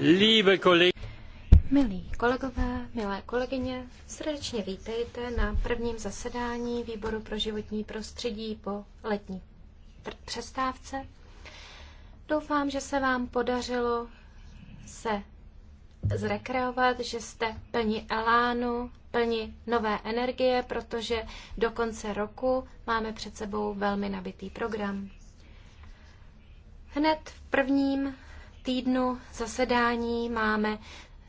Milí kolegové, milé kolegyně, srdečně vítejte na prvním zasedání Výboru pro životní prostředí po letní přestávce. Doufám, že se vám podařilo se zrekreovat, že jste plni elánu, plni nové energie, protože do konce roku máme před sebou velmi nabitý program. Hned v prvním týdnu zasedání máme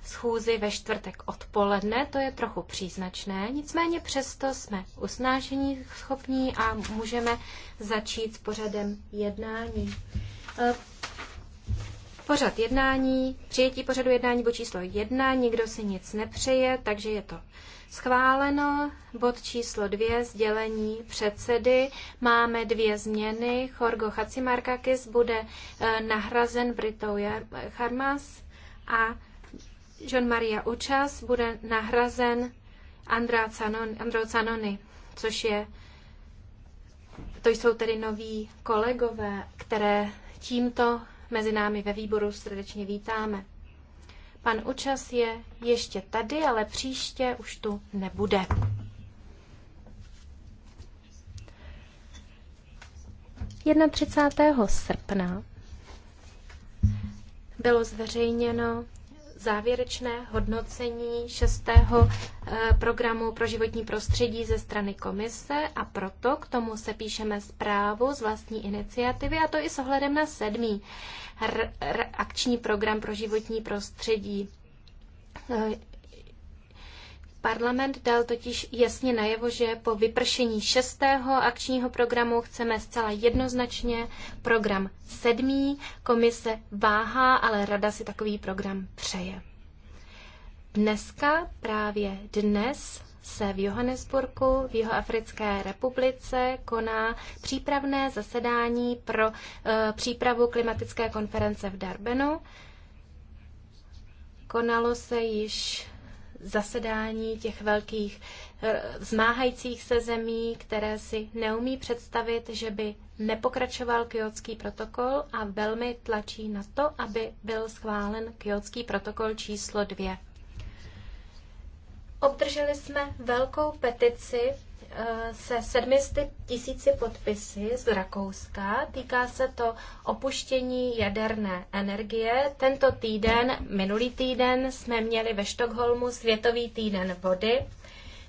schůzi ve čtvrtek odpoledne, to je trochu příznačné, nicméně přesto jsme usnášení schopní a můžeme začít s pořadem jednání. Pořad jednání, přijetí pořadu jednání bod číslo jedna, nikdo si nic nepřeje, takže je to schváleno. Bod číslo dvě sdělení předsedy. Máme dvě změny. Chorgo Chacimarkakis bude eh, nahrazen Britou Charmas a John Maria Učas bude nahrazen Androu Canony, což je to jsou tedy noví kolegové, které tímto mezi námi ve výboru srdečně vítáme. Pan Učas je ještě tady, ale příště už tu nebude. Jedna 31. srpna bylo zveřejněno závěrečné hodnocení šestého eh, programu pro životní prostředí ze strany komise a proto k tomu se píšeme zprávu z vlastní iniciativy a to i s ohledem na sedmý akční program pro životní prostředí. Parlament dal totiž jasně najevo, že po vypršení šestého akčního programu chceme zcela jednoznačně program sedmý. Komise váhá, ale rada si takový program přeje. Dneska, právě dnes, se v Johannesburgu v Jihoafrické republice koná přípravné zasedání pro e, přípravu klimatické konference v Darbenu. Konalo se již zasedání těch velkých eh, zmáhajících se zemí, které si neumí představit, že by nepokračoval kyotský protokol a velmi tlačí na to, aby byl schválen kyotský protokol číslo 2. Obdrželi jsme velkou petici eh, se 700 tisíci podpisy z Rakouska. Týká se to opuštění jaderné energie. Tento týden, minulý týden, jsme měli ve Štokholmu Světový týden vody.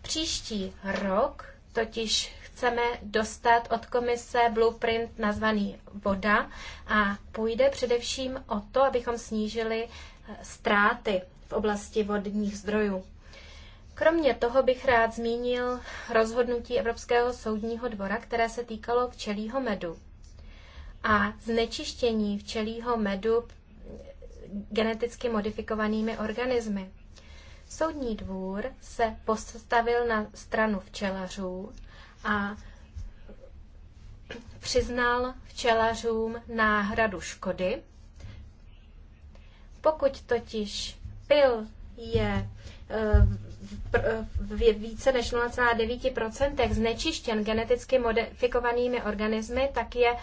Příští rok totiž chceme dostat od komise blueprint nazvaný voda a půjde především o to, abychom snížili eh, ztráty v oblasti vodních zdrojů. Kromě toho bych rád zmínil rozhodnutí Evropského soudního dvora, které se týkalo včelího medu. A znečištění včelího medu geneticky modifikovanými organismy. Soudní dvůr se postavil na stranu včelařů a přiznal včelařům náhradu škody. Pokud totiž pil je eh, v více než 0,9 znečištěn geneticky modifikovanými organismy, tak je e,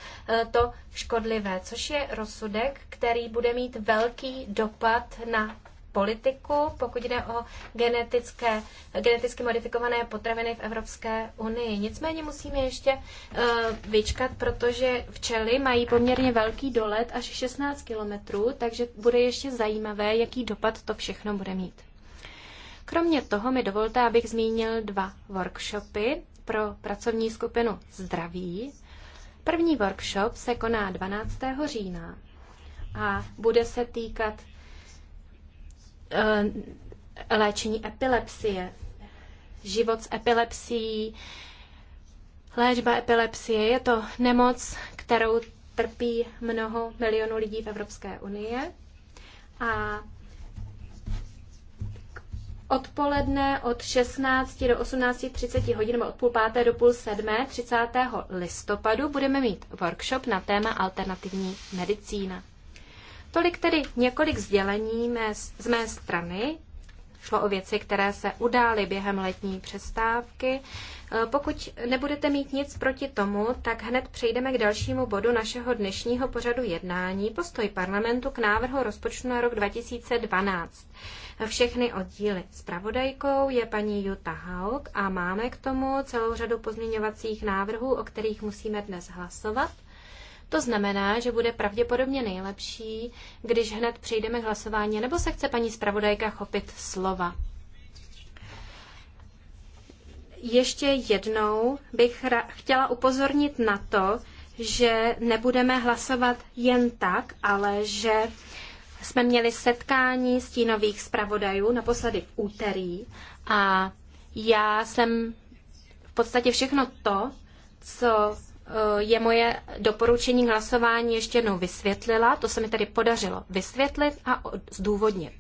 to škodlivé, což je rozsudek, který bude mít velký dopad na politiku, pokud jde o genetické, geneticky modifikované potraviny v Evropské unii. Nicméně musíme ještě uh, vyčkat, protože včely mají poměrně velký dolet až 16 kilometrů, takže bude ještě zajímavé, jaký dopad to všechno bude mít. Kromě toho mi dovolte, abych zmínil dva workshopy pro pracovní skupinu Zdraví. První workshop se koná 12. října a bude se týkat eh, léčení epilepsie, život s epilepsií, léčba epilepsie. Je to nemoc, kterou trpí mnoho milionů lidí v Evropské unii a odpoledne od 16 do 18.30 hodin nebo od půl páté do půl sedmé 30. listopadu budeme mít workshop na téma alternativní medicína. Tolik tedy několik sdělení mé, z mé strany. Šlo o věci, které se udály během letní přestávky. E, pokud nebudete mít nic proti tomu, tak hned přejdeme k dalšímu bodu našeho dnešního pořadu jednání postoj parlamentu k návrhu rozpočtu na rok 2012 všechny oddíly. Spravodajkou je paní Jutta Haug a máme k tomu celou řadu pozměňovacích návrhů, o kterých musíme dnes hlasovat. To znamená, že bude pravděpodobně nejlepší, když hned přejdeme k hlasování, nebo se chce paní zpravodajka chopit slova. Ještě jednou bych chtěla upozornit na to, že nebudeme hlasovat jen tak, ale že jsme měli setkání stínových zpravodajů, naposledy v úterý, a já jsem v podstatě všechno to, co eh, je moje doporučení hlasování ještě jednou vysvětlila. To se mi tedy podařilo vysvětlit a zdůvodnit.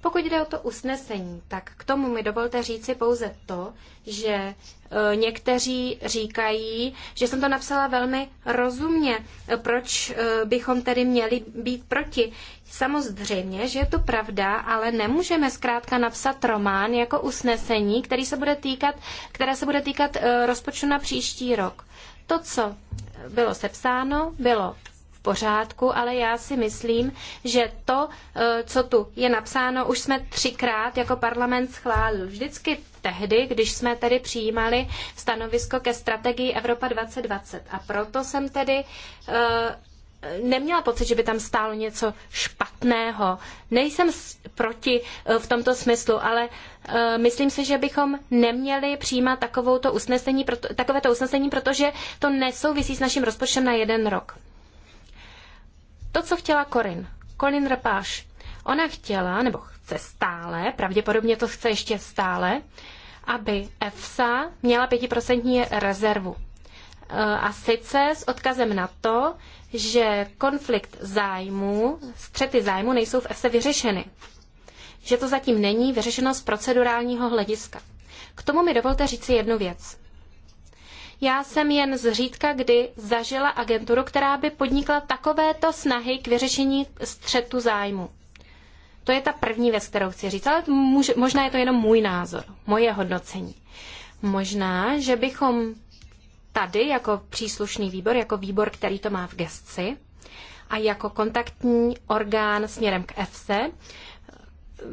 Pokud jde o to usnesení, tak k tomu mi dovolte říci pouze to, že eh, někteří říkají, že jsem to napsala velmi rozumně. Eh, proč eh, bychom tedy měli být proti? Samozřejmě, že je to pravda, ale nemůžeme zkrátka napsat román jako usnesení, který se bude týkat, které se bude týkat rozpočtu na příští rok. To, co bylo sepsáno, bylo pořádku, ale já si myslím, že to, e, co tu je napsáno, už jsme třikrát jako parlament schválil. Vždycky tehdy, když jsme tedy přijímali stanovisko ke strategii Evropa 2020. A proto jsem tedy e, neměla pocit, že by tam stálo něco špatného. Nejsem proti e, v tomto smyslu, ale myslím si, že bychom neměli přijímat takovouto usnesení, takovéto usnesení, protože to nesouvisí s naším rozpočtem na jeden rok. To, co chtěla Corin, Colin Rapáš, ona chtěla, nebo chce stále, pravděpodobně to chce ještě stále, aby EFSA měla pětiprocentní rezervu. Eh, a sice s odkazem na to, že konflikt zájmu, střety zájmu nejsou v EFSA vyřešeny. Že to zatím není vyřešeno z procedurálního hlediska. K tomu mi dovolte říci jednu věc. Já jsem jen zřídka kdy zažila agenturu, která by podnikla takovéto snahy k vyřešení střetu zájmu. To je ta první věc, kterou chci říct, ale možná je to jenom můj názor, moje hodnocení. Možná, že bychom tady jako příslušný výbor, jako výbor, který to má v gesci a jako kontaktní orgán směrem k EFSE,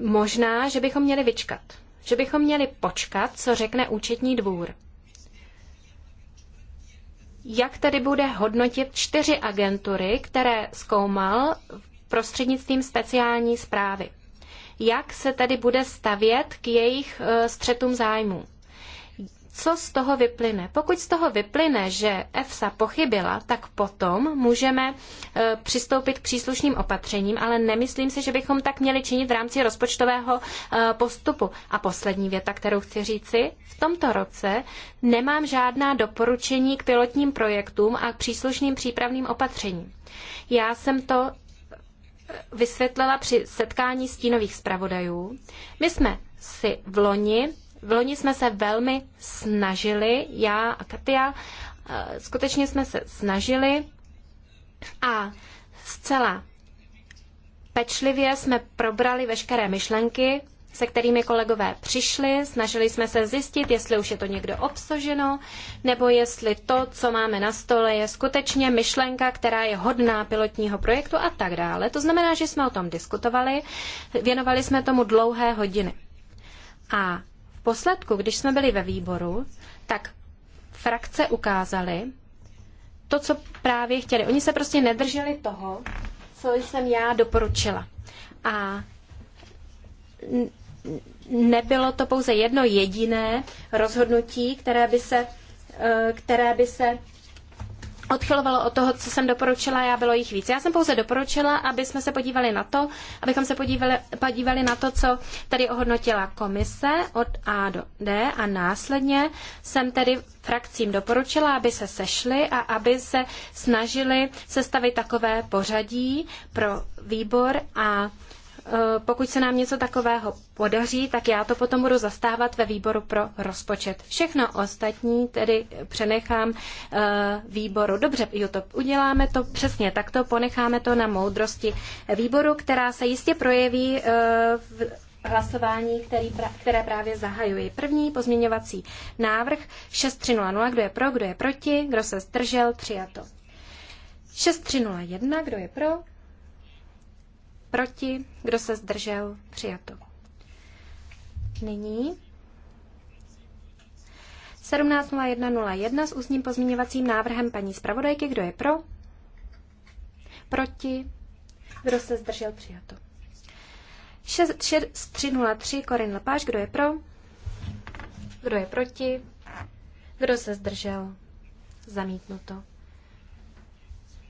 možná, že bychom měli vyčkat. Že bychom měli počkat, co řekne účetní dvůr jak tedy bude hodnotit čtyři agentury, které zkoumal prostřednictvím speciální zprávy. Jak se tedy bude stavět k jejich eh, střetům zájmů? co z toho vyplyne. Pokud z toho vyplyne, že EFSA pochybila, tak potom můžeme e, přistoupit k příslušným opatřením, ale nemyslím si, že bychom tak měli činit v rámci rozpočtového e, postupu. A poslední věta, kterou chci říci, v tomto roce nemám žádná doporučení k pilotním projektům a k příslušným přípravným opatřením. Já jsem to e, vysvětlila při setkání stínových zpravodajů. My jsme si v loni v loni jsme se velmi snažili, já a Katia, eh, skutečně jsme se snažili a zcela pečlivě jsme probrali veškeré myšlenky, se kterými kolegové přišli. Snažili jsme se zjistit, jestli už je to někdo obsaženo, nebo jestli to, co máme na stole, je skutečně myšlenka, která je hodná pilotního projektu a tak dále. To znamená, že jsme o tom diskutovali, věnovali jsme tomu dlouhé hodiny. A posledku, když jsme byli ve výboru, tak frakce ukázaly to, co právě chtěli. Oni se prostě nedrželi toho, co jsem já doporučila. A nebylo to pouze jedno jediné rozhodnutí, které by se, eh, které by se odchylovalo od toho, co jsem doporučila, já bylo jich víc. Já jsem pouze doporučila, aby jsme se podívali na to, abychom se podívali, podívali na to, co tady ohodnotila komise od A do D a následně jsem tedy frakcím doporučila, aby se sešly a aby se snažili sestavit takové pořadí pro výbor a Eh, pokud se nám něco takového podaří, tak já to potom budu zastávat ve výboru pro rozpočet. Všechno ostatní tedy přenechám eh, výboru. Dobře, YouTube, uděláme to přesně takto, ponecháme to na moudrosti výboru, která se jistě projeví eh, v hlasování, který, které právě zahajuji. První pozměňovací návrh 6300. Kdo je pro, kdo je proti, kdo se zdržel, přijato. 6301. Kdo je pro, Proti? Kdo se zdržel? Přijato. Nyní 17.01.01 s ústním pozměňovacím návrhem paní zpravodajky. Kdo je pro? Proti? Kdo se zdržel? Přijato. 6303 Korin Lepáš. Kdo je pro? Kdo je proti? Kdo se zdržel? Zamítnuto.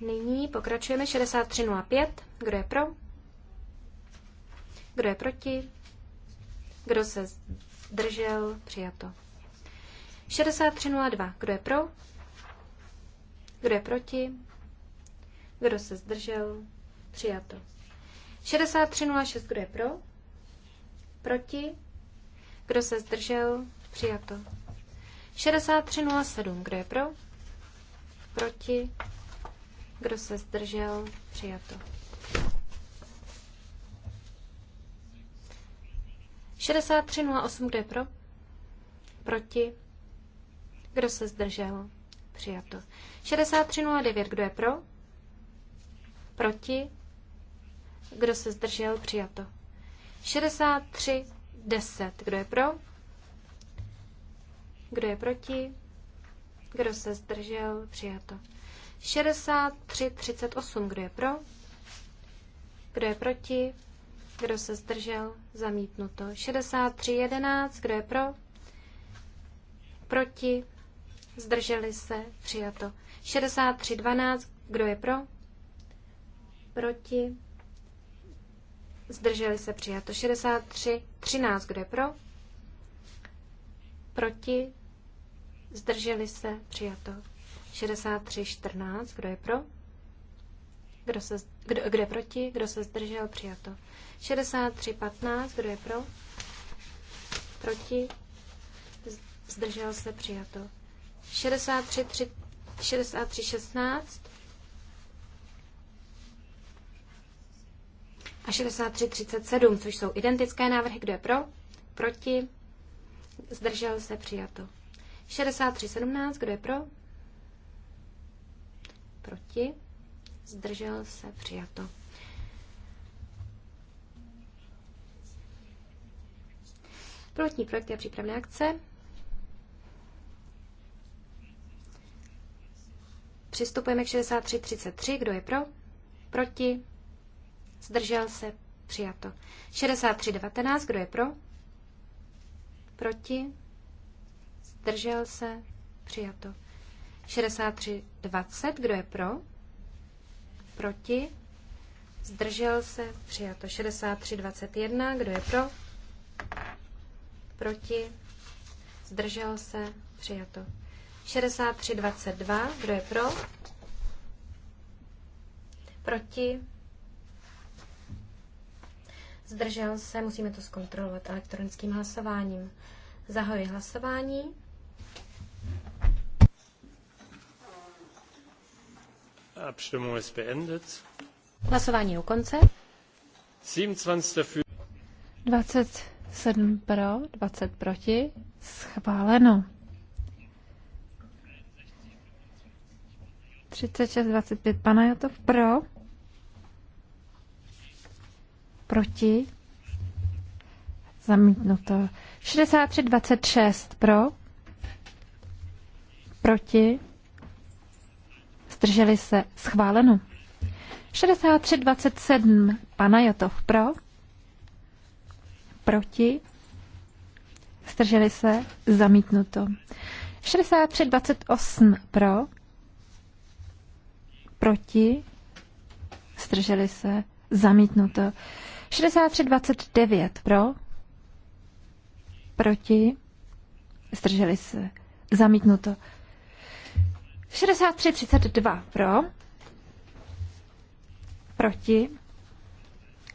Nyní pokračujeme 6305. Kdo je pro? Kdo je proti? Kdo se zdržel? Přijato. 6302. Kdo je pro? Kdo je proti? Kdo se zdržel? Přijato. 6306. Kdo je pro? Proti? Kdo se zdržel? Přijato. 6307. Kdo je pro? Proti? Kdo se zdržel? Přijato. 6308, kdo je pro? Proti? Kdo se zdržel? Přijato. 6309, kdo je pro? Proti? Kdo se zdržel? Přijato. 6310, kdo je pro? Kdo je proti? Kdo se zdržel? Přijato. 6338, kdo je pro? Kdo je proti? kdo se zdržel, zamítnuto. 63.11, kdo je pro, proti, zdrželi se, přijato. 63.12, kdo je pro, proti, zdrželi se, přijato. 63.13, kdo je pro, proti, zdrželi se, přijato. 63.14, kdo je pro, kdo, se, kdo, kdo je proti, kdo se zdržel, přijato. 63.15, kdo je pro, proti, zdržel se, přijato. 63.16, 63, 16, a 6337, což jsou identické návrhy, kdo je pro, proti, zdržel se, přijato. 6317, kdo je pro, proti, zdržel se, přijato. Pilotní projekty a přípravné akce. Přistupujeme k 63.33. Kdo je pro? Proti? Zdržel se? Přijato. 63.19. Kdo je pro? Proti? Zdržel se? Přijato. 63.20. Kdo je pro? Proti? Zdržel se? Přijato 6321. Kdo je pro? Proti? Zdržel se? Přijato 6322. Kdo je pro? Proti? Zdržel se? Musíme to zkontrolovat elektronickým hlasováním. Zahoji hlasování. Abstimmung ist beendet. Hlasování je u konce. 27 pro, 20 proti. Schváleno. 36, 25 to pro. Proti. Zamítnuto. 63, 26 pro. Proti zdrželi se, schváleno. 6327 Jotov pro, proti, zdrželi se, zamítnuto. 6328 pro, proti, zdrželi se, zamítnuto. 6329 pro, proti, zdrželi se, zamítnuto. 63-32 pro, proti,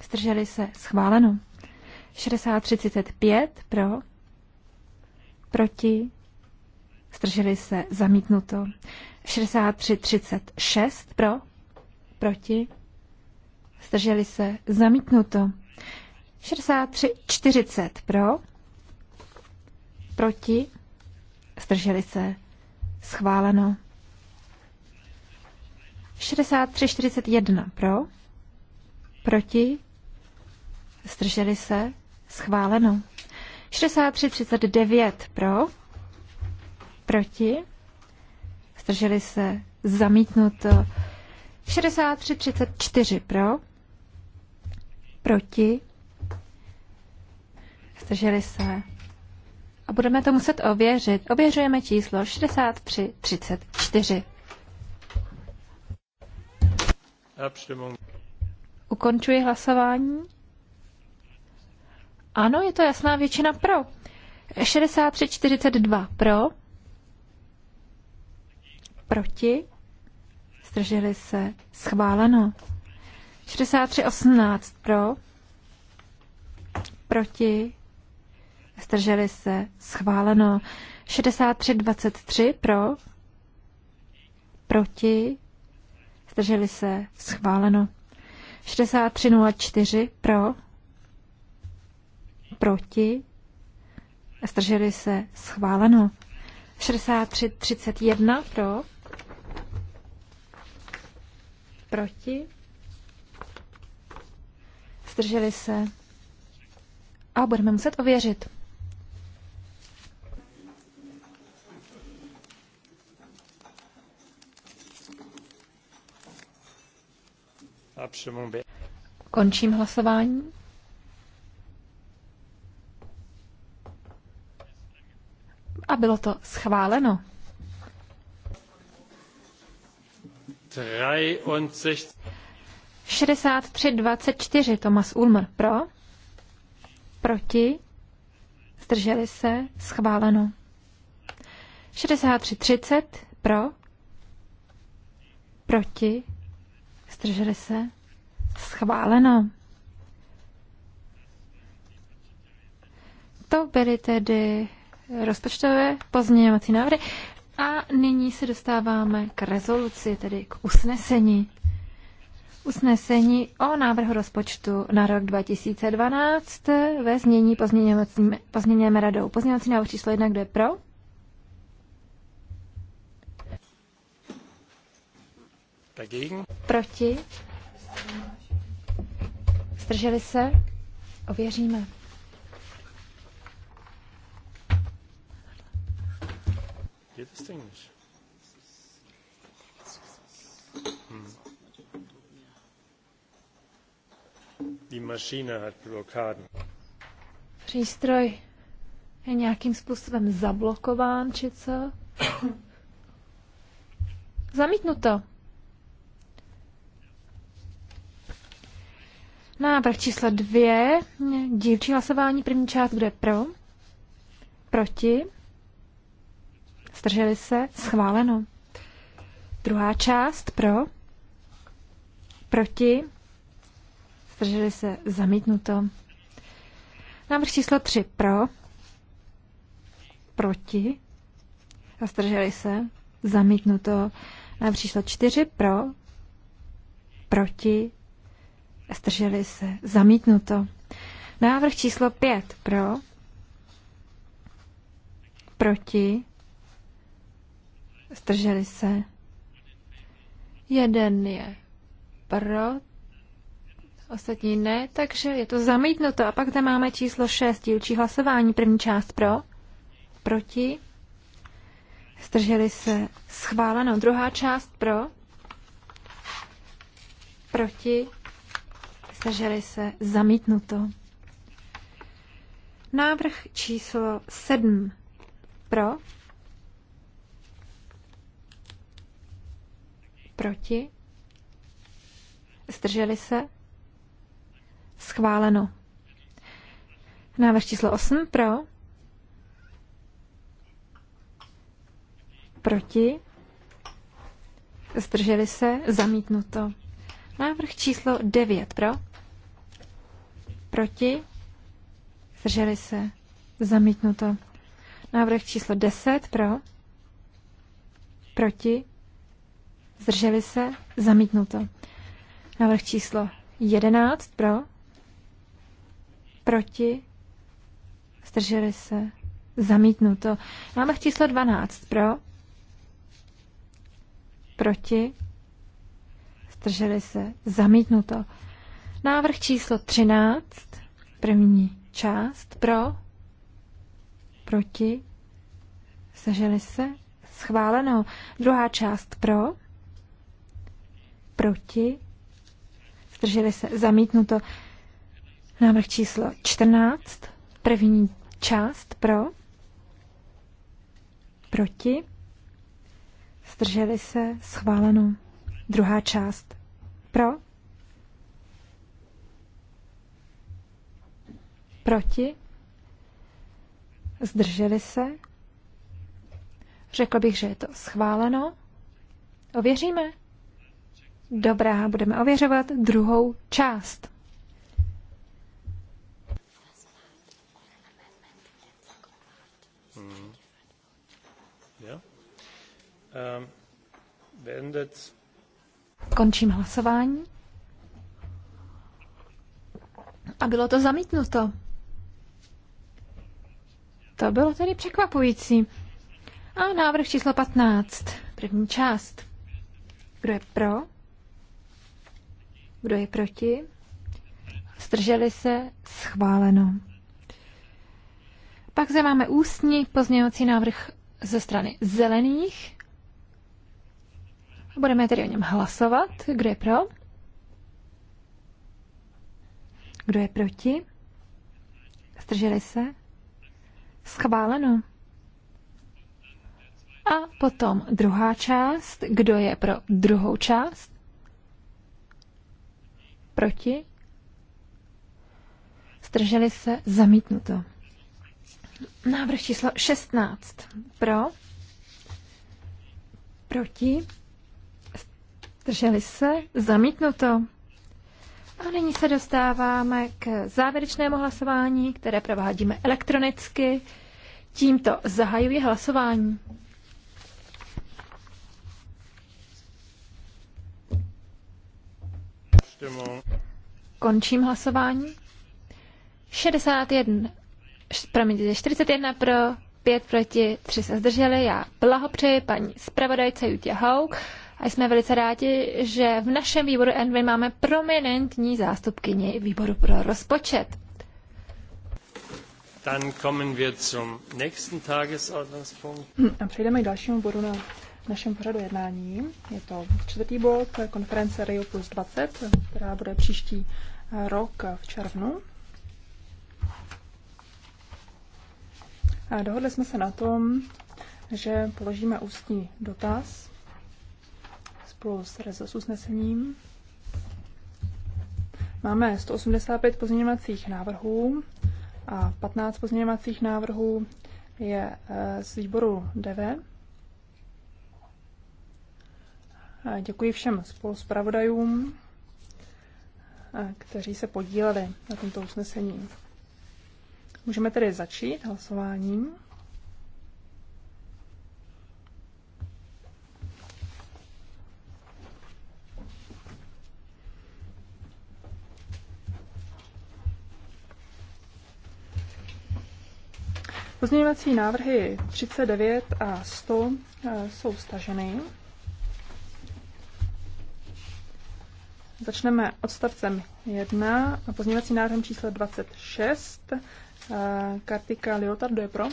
zdrželi se, schváleno. 63-35 pro, proti, zdrželi se, zamítnuto. 63-36 pro, proti, zdrželi se, zamítnuto. 63-40 pro, proti, zdrželi se, schváleno. 63,41 pro, proti, zdrželi se, schváleno. 63,39 pro, proti, zdrželi se, zamítnuto. 63,34 pro, proti, zdrželi se. A budeme to muset ověřit. Ověřujeme číslo 63,34. Ukončuji hlasování. Ano, je to jasná většina pro. 63-42 pro. Proti. Zdrželi se. Schváleno. 63-18 pro. Proti. Zdrželi se. Schváleno. 63-23 pro. Proti zdrželi se, schváleno. 6304 pro, proti, zdrželi se, schváleno. 6331 pro, proti, zdrželi se a budeme muset ověřit. Končím hlasování. A bylo to schváleno. 63-24 Tomas Ulmer pro, proti, zdrželi se, schváleno. 63-30 pro, proti, Zdrželi se? Schváleno. To byly tedy rozpočtové pozměňovací návrhy. A nyní se dostáváme k rezoluci, tedy k usnesení. Usnesení o návrhu rozpočtu na rok 2012 ve znění pozměňujeme radou. Pozměňovací návrh číslo 1, kde pro? Dagegen? Proti? Zdrželi se? Ověříme. Geht es denn nicht? Die Maschine hat Blockaden. Přístroj je nějakým způsobem zablokován, či co? Zamítnuto. Návrh číslo dvě, dílčí hlasování, první část, kde pro, proti, zdrželi se, schváleno. Druhá část, pro, proti, zdrželi se, zamítnuto. Návrh číslo tři, pro, proti, zdrželi se, zamítnuto. Návrh číslo čtyři, pro, proti, Zdrželi se. Zamítnuto. Návrh číslo 5. Pro. Proti. Zdrželi se. Jeden je pro, ostatní ne, takže je to zamítnuto. A pak tam máme číslo 6, dílčí hlasování. První část pro, proti, zdrželi se schváleno. Druhá část pro, proti, Zdrželi se zamítnuto. Návrh číslo 7. Pro. Proti. Zdrželi se. Schváleno. Návrh číslo 8. Pro. Proti. Zdrželi se. Zamítnuto. Návrh číslo 9. Pro. Proti? Zdrželi se? Zamítnuto. Návrh číslo 10 pro? Proti? Zdrželi se? Zamítnuto. Návrh číslo 11 pro? Proti? Zdrželi se? Zamítnuto. Návrh číslo 12 pro? Proti? Zdrželi se? Zamítnuto. Návrh číslo 13, první část, pro, proti, zdrželi se, schváleno. Druhá část pro, proti, zdrželi se, zamítnuto. Návrh číslo 14, první část pro, proti, zdrželi se, schváleno. Druhá část pro, Proti? Zdrželi se? Řekl bych, že je to schváleno. Ověříme? Dobrá, budeme ověřovat druhou část. Mhm. Ähm, Končím hlasování. A bylo to zamítnuto. To bylo tedy překvapující. A návrh číslo 15, první část. Kdo je pro? Kdo je proti? Zdrželi se? Schváleno. Pak zde máme ústní pozměňovací návrh ze strany zelených. Budeme tedy o něm hlasovat. Kdo je pro? Kdo je proti? Zdrželi se? Schváleno. A potom druhá část. Kdo je pro druhou část? Proti? Zdrželi se? Zamítnuto. Návrh číslo 16. Pro? Proti? Zdrželi se? Zamítnuto. A nyní se dostáváme k závěrečnému hlasování, které provádíme elektronicky. Tímto zahajuji hlasování. Končím hlasování. 61, promiňte, 41 pro, 5 proti, 3 se zdrželi. Já blahopřeji paní zpravodajce Jutě Hauk a jsme velice rádi, že v našem výboru ENVY máme prominentní zástupkyni výboru pro rozpočet. Dann kommen wir zum nächsten Tagesordnungspunkt. Hm, a přejdeme k dalšímu bodu na našem pořadu jednání. Je to čtvrtý bod konference Rio plus 20, která bude příští eh, rok v červnu. A dohodli jsme se na tom, že položíme ústní dotaz spolu s, s usnesením. Máme 185 pozměňovacích návrhů a 15 pozměňovacích návrhů je eh, z výboru DV. Děkuji všem spoluzpravodajům, eh, kteří se podíleli na tomto usnesení. Můžeme tedy začít hlasováním. Pozměňovací návrhy 39 a 100 eh, jsou staženy. Začneme odstavcem 1 a pozměňovacím návrhem číslo 26. Eh, Kartika Lyotard, je pro.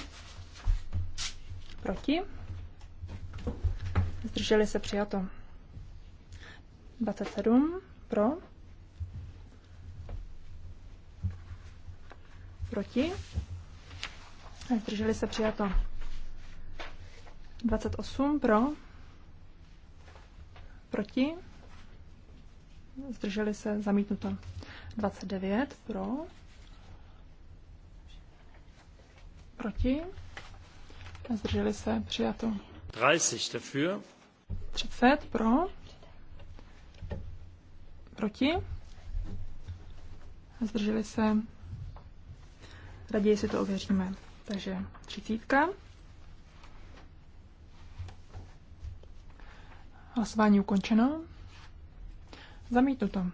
Proti. Zdrželi se přijato. 27 pro. Proti. Zdrželi se přijato. 28 pro. Proti. Zdrželi se zamítnuto. 29 pro. Proti. Zdrželi se přijato. 30 dafür. 30 pro. Proti. Zdrželi se. Raději si to ověříme. Takže třicítka. Hlasování ukončeno. Zamítnuto.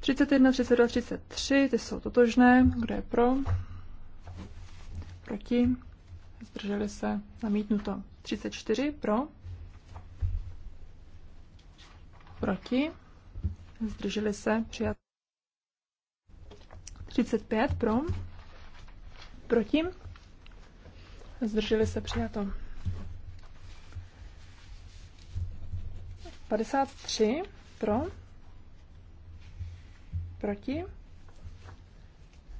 31, 32, 33, ty jsou totožné. Kdo je pro? Proti? Zdrželi se. Zamítnuto. 34, pro? Proti? Zdrželi se. Přijat. 35 pro, proti, zdrželi se přijato. 53 pro, proti,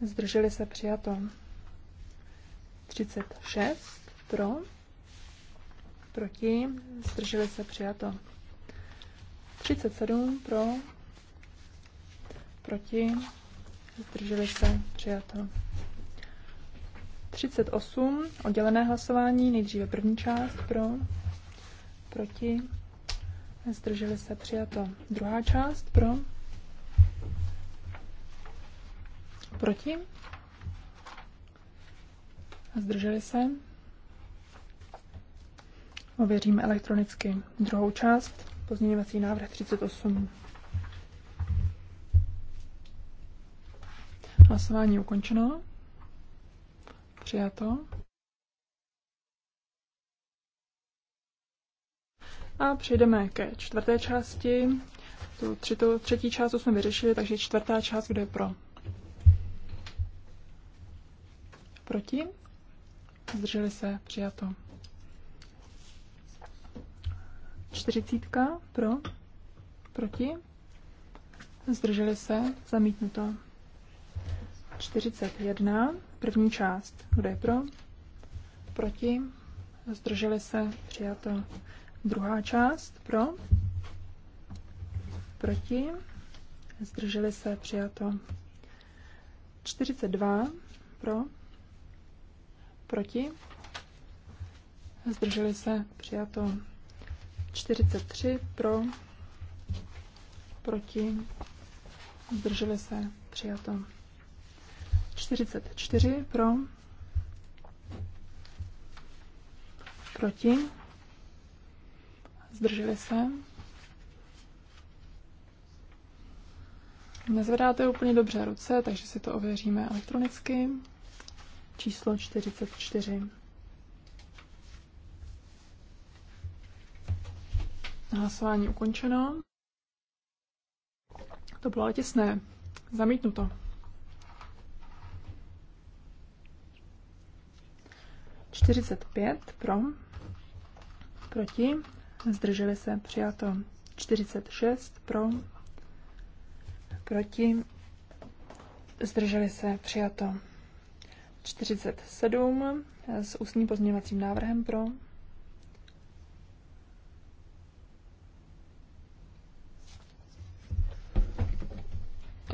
zdrželi se přijato. 36 pro, proti, zdrželi se přijato. 37 pro, proti, zdrželi se, přijato. 38, oddělené hlasování, nejdříve první část pro, proti, zdrželi se, přijato. Druhá část pro, proti, zdrželi se. Ověříme elektronicky druhou část, pozměňovací návrh 38. Hlasování ukončeno. Přijato. A přejdeme ke čtvrté části. Tu, tři, třetí část jsme vyřešili, takže čtvrtá část, kde je pro. Proti? Zdrželi se, přijato. Čtyřicítka pro, proti, zdrželi se, zamítnuto. 41, první část. Kdo je pro? Proti? Zdrželi se? Přijato. Druhá část. Pro? Proti? Zdrželi se? Přijato. 42. Pro? Proti? Zdrželi se? Přijato. 43. Pro? Proti? Zdrželi se? Přijato. 44 pro, proti, zdrželi se. Nezvedáte úplně dobře ruce, takže si to ověříme elektronicky. Číslo 44. Hlasování ukončeno. To bylo těsné. Zamítnuto. 45 pro, proti, zdrželi se přijato 46 pro, proti, zdrželi se přijato 47 s ústním pozměňovacím návrhem pro,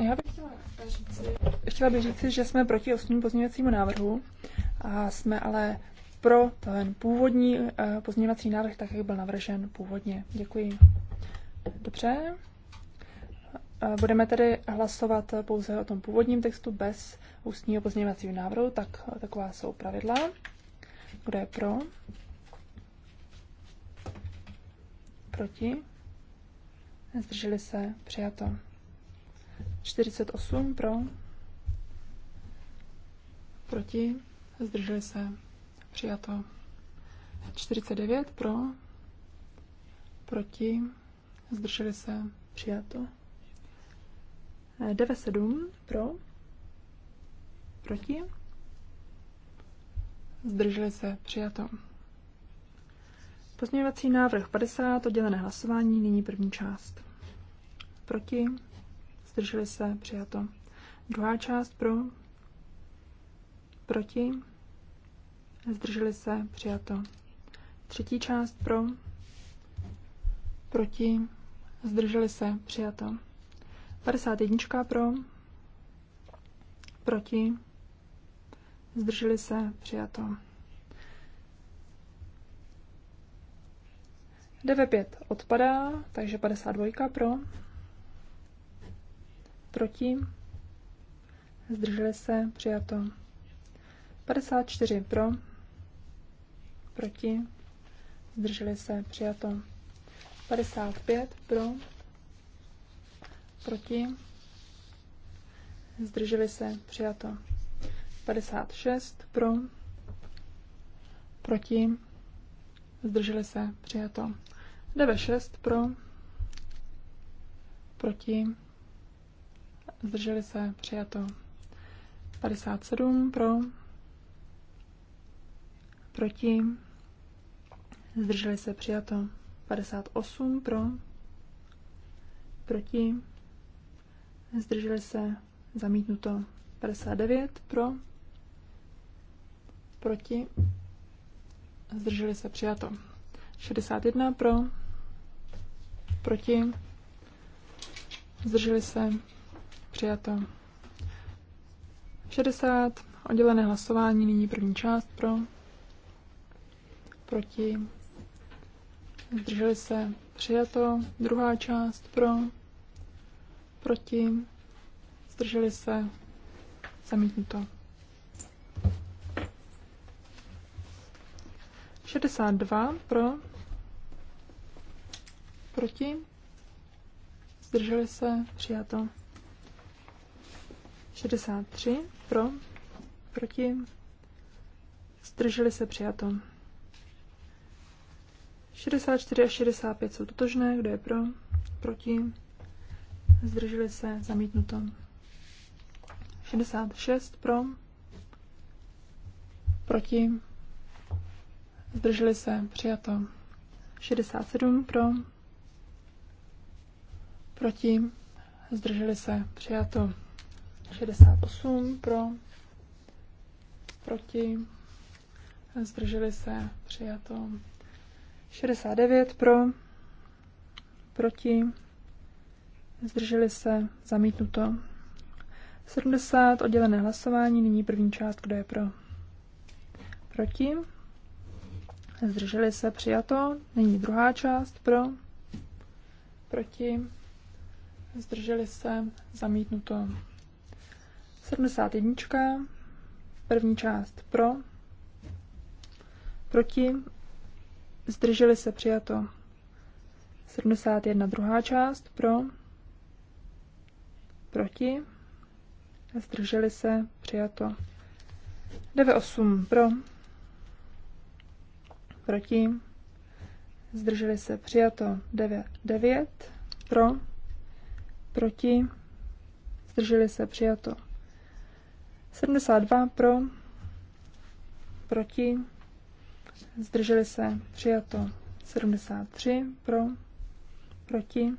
Já bych chtěla říci, chtěla bych říci, že jsme proti ústnímu pozměňovacímu návrhu a jsme ale pro ten původní eh, pozměňovací návrh, tak jak byl navržen původně. Děkuji. Dobře. Eh, budeme tedy hlasovat pouze o tom původním textu bez ústního pozměňovacího návrhu, tak eh, taková jsou pravidla. Kdo je pro? Proti? Zdrželi se? Přijato. 48 pro? Proti? Zdrželi se? Přijato. 49 pro, proti, zdrželi se, přijato. 97 pro, proti, zdrželi se, přijato. Pozměňovací návrh 50, oddělené hlasování, nyní první část. Proti, zdrželi se, přijato. Druhá část pro, proti, zdrželi se, přijato. Třetí část pro, proti, zdrželi se, přijato. 51 pro, proti, zdrželi se, přijato. DV5 odpadá, takže 52 pro, proti, zdrželi se, přijato. 54 pro, proti, zdrželi se, přijato. 55 pro, proti, zdrželi se, přijato. 56 pro, proti, zdrželi se, přijato. 96 pro, proti, zdrželi se, přijato. 57 pro, Proti? Zdrželi se přijato. 58 pro. Proti? Zdrželi se zamítnuto. 59 pro. Proti? Zdrželi se přijato. 61 pro. Proti? Zdrželi se přijato. 60. Oddělené hlasování, nyní první část pro proti, zdrželi se, přijato. Druhá část pro, proti, zdrželi se, zamítnuto. 62 pro, proti, zdrželi se, přijato. 63 pro, proti, zdrželi se, přijato. 64 a 65 jsou totožné. Kdo je pro? Proti? Zdrželi se? Zamítnuto. 66 pro? Proti? Zdrželi se? Přijato. 67 pro? Proti? Zdrželi se? Přijato. 68 pro? Proti? Zdrželi se? Přijato. 69 pro, proti, zdrželi se, zamítnuto. 70 oddělené hlasování, nyní první část, kdo je pro, proti, zdrželi se, přijato, nyní druhá část, pro, proti, zdrželi se, zamítnuto. 71, první část pro, proti, zdrželi se přijato. 71 druhá část pro, proti, zdrželi se přijato. 98 pro, proti, zdrželi se přijato. 99 pro, proti, zdrželi se přijato. 72 pro, proti, zdrželi se, přijato 73 pro, proti,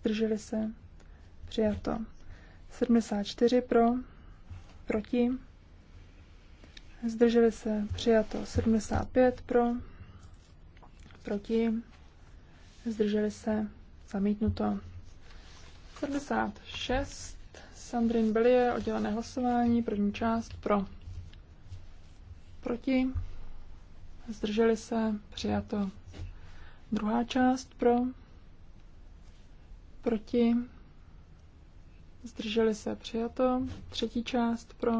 zdrželi se, přijato 74 pro, proti, zdrželi se, přijato 75 pro, proti, zdrželi se, zamítnuto 76 Sandrine Bellier, oddělené hlasování, první část pro, proti, zdrželi se, přijato. Druhá část pro, proti, zdrželi se, přijato. Třetí část pro,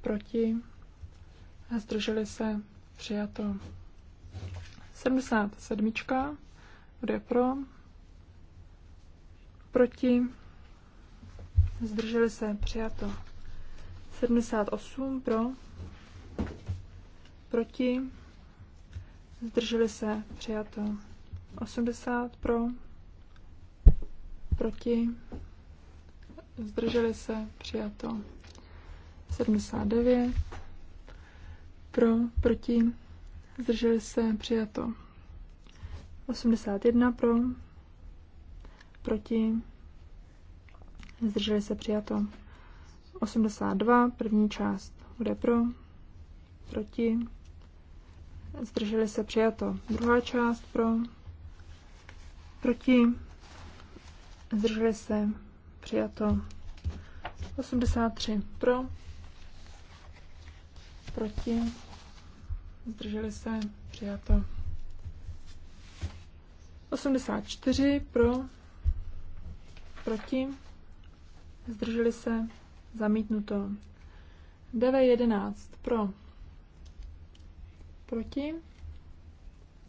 proti, a zdrželi se, přijato. 77. Kdo pro? Proti? Zdrželi se, přijato. 78 pro, proti, zdrželi se, přijato. 80 pro, proti, zdrželi se, přijato. 79 pro, proti, zdrželi se, přijato. 81 pro, proti, zdrželi se, přijato. 82, první část bude pro, proti, zdrželi se přijato. Druhá část pro, proti, zdrželi se přijato. 83 pro, proti, zdrželi se přijato. 84 pro, proti, zdrželi se, zamítnuto. 911 pro, Proti?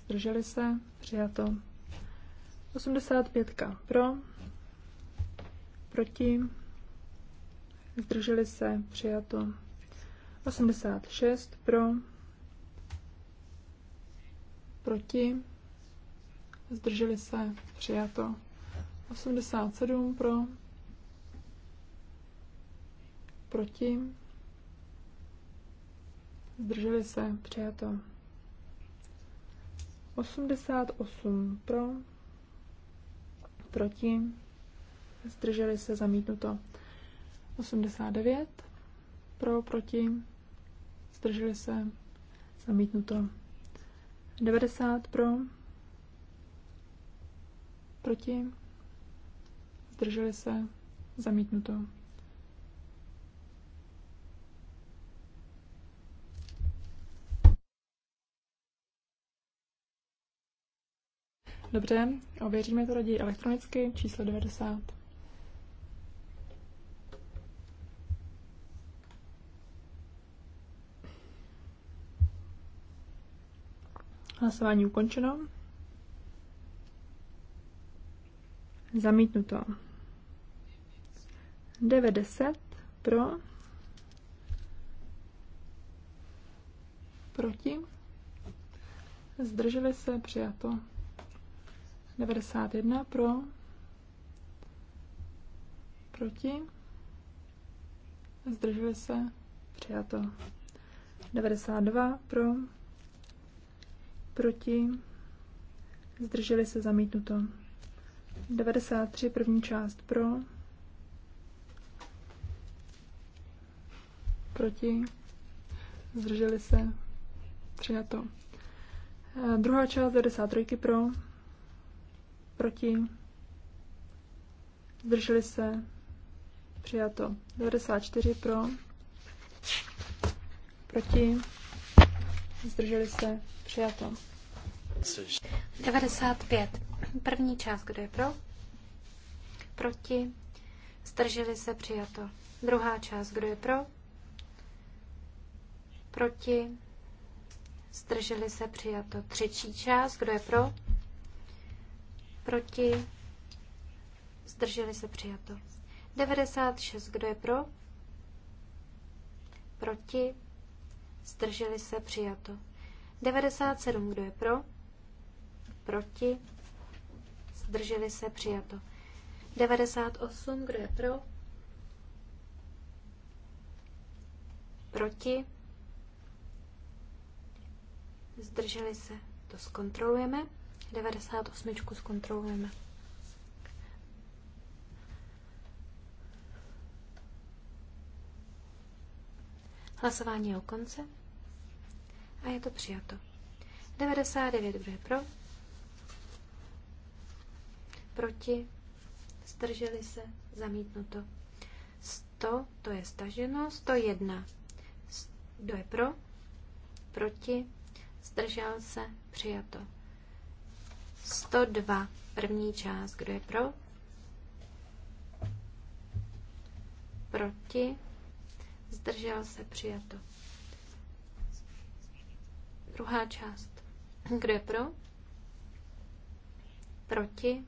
Zdrželi se? Přijato. 85. Pro? Proti? Zdrželi se? Přijato. 86. Pro? Proti? Zdrželi se? Přijato. 87 pro, proti, zdrželi se, přijato. 88 pro, proti, zdrželi se zamítnuto. 89 pro, proti, zdrželi se zamítnuto. 90 pro, proti, zdrželi se zamítnuto. Dobře, ověříme to raději elektronicky, číslo 90. Hlasování ukončeno. Zamítnuto. 90 pro. Proti. Zdrželi se, přijato. 91 pro, proti, zdrželi se, přijato. 92 pro, proti, zdrželi se, zamítnuto. 93 první část pro, proti, zdrželi se, přijato. Eh, druhá část 93 pro, Proti? Zdrželi se? Přijato. 94 pro. Proti? Zdrželi se? Přijato. 95. První část, kdo je pro? Proti? Zdrželi se? Přijato. Druhá část, kdo je pro? Proti? Zdrželi se? Přijato. Třetí část, kdo je pro? Proti? Zdrželi se přijato. 96. Kdo je pro? Proti? Zdrželi se přijato. 97. Kdo je pro? Proti? Zdrželi se přijato. 98. Kdo je pro? Proti? Zdrželi se. To zkontrolujeme. 98 zkontrolujeme. Hlasování je u konce a je to přijato. 99, bude pro? Proti? Zdrželi se? Zamítnuto. 100, to je staženo. 101, kdo je pro? Proti? Zdržel se? Přijato. 102. První část. Kdo je pro? Proti? Zdržel se přijato. Druhá část. Kdo je pro? Proti?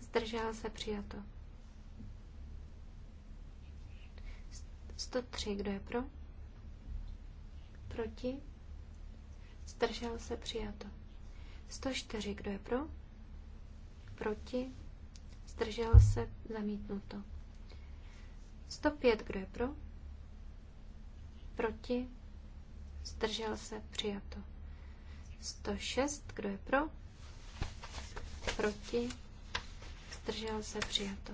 Zdržel se přijato. 103. Kdo je pro? Proti? Zdržel se přijato. 104, kdo je pro? Proti? Zdržel se? Zamítnuto. 105, kdo je pro? Proti? Zdržel se? Přijato. 106, kdo je pro? Proti? Zdržel se? Přijato.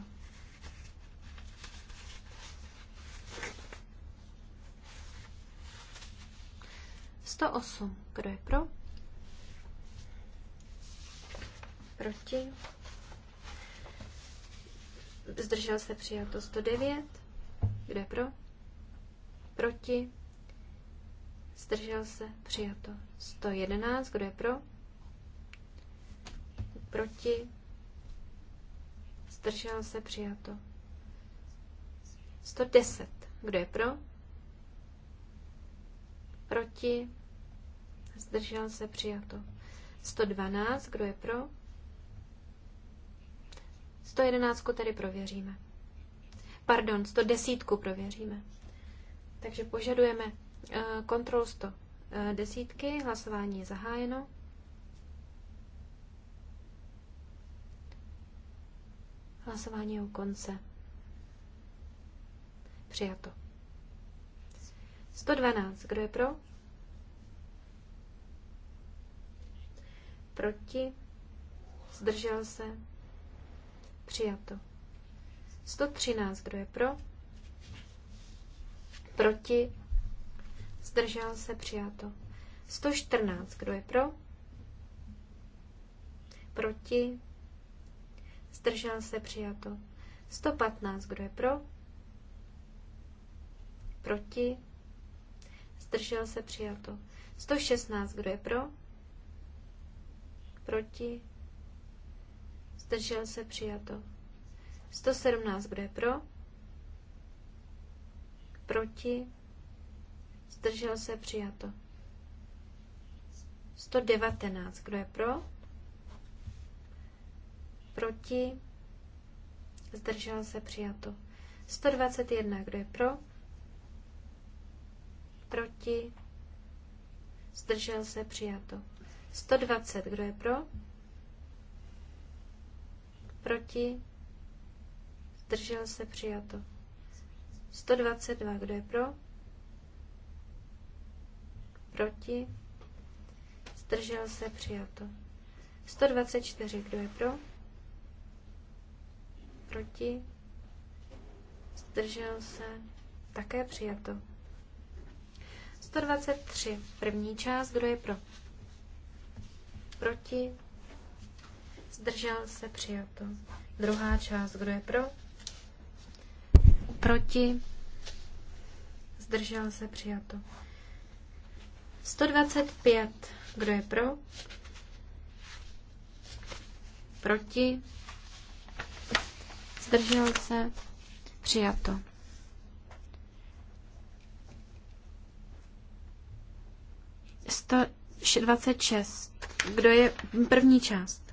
Sto osm, kdo je pro? proti, zdržel se přijato 109, kdo je pro, proti, zdržel se přijato 111, kdo je pro, proti, zdržel se přijato 110, kdo je pro, proti, zdržel se přijato 112, kdo je pro, 111 tedy prověříme. Pardon, 110 prověříme. Takže požadujeme eh, kontrol 110, eh, hlasování je zahájeno. Hlasování je u konce. Přijato. 112. Kdo je pro? Proti? Zdržel se? Přijato. 113. Kdo je pro? Proti? Zdržel se? Přijato. 114. Kdo je pro? Proti? Zdržel se? Přijato. 115. Kdo je pro? Proti? Zdržel se? Přijato. 116. Kdo je pro? Proti? zdržel se přijato. 117, bude je pro? Proti? Zdržel se přijato. 119, kdo je pro? Proti? Zdržel se přijato. 121, kdo je pro? Proti? Zdržel se přijato. 120, kdo je pro? Proti? Zdržel se přijato. 122. Kdo je pro? Proti? Zdržel se přijato. 124. Kdo je pro? Proti? Zdržel se také přijato. 123. První část. Kdo je pro? Proti? zdržel se, přijato. Druhá část, kdo je pro, proti, zdržel se, přijato. 125, kdo je pro, proti, zdržel se, přijato. Sto 26. Kdo je první část?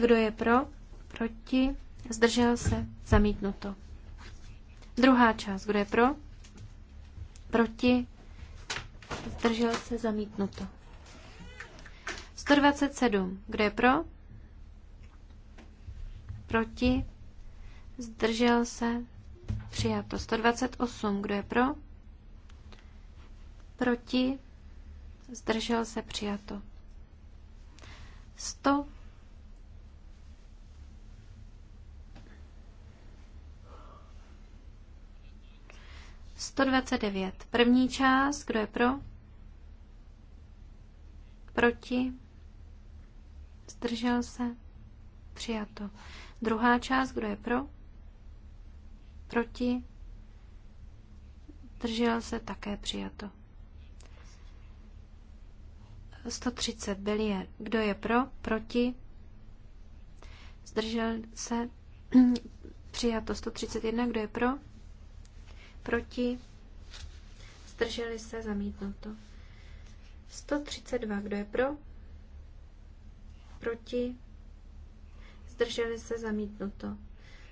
Kdo je pro? Proti? Zdržel se? Zamítnuto. Druhá část. Kdo je pro? Proti? Zdržel se? Zamítnuto. 127. Kdo je pro? Proti? Zdržel se? Přijato. 128. Kdo je pro? Proti? Zdržel se? Přijato. 100. 129. První část, kdo je pro? Proti? Zdržel se? Přijato. Druhá část, kdo je pro? Proti? Zdržel se? Také přijato. 130 je. Kdo je pro? Proti? Zdržel se? Přijato 131. Kdo je pro? Proti? Zdrželi se? Zamítnuto. 132. Kdo je pro? Proti? Zdrželi se? Zamítnuto.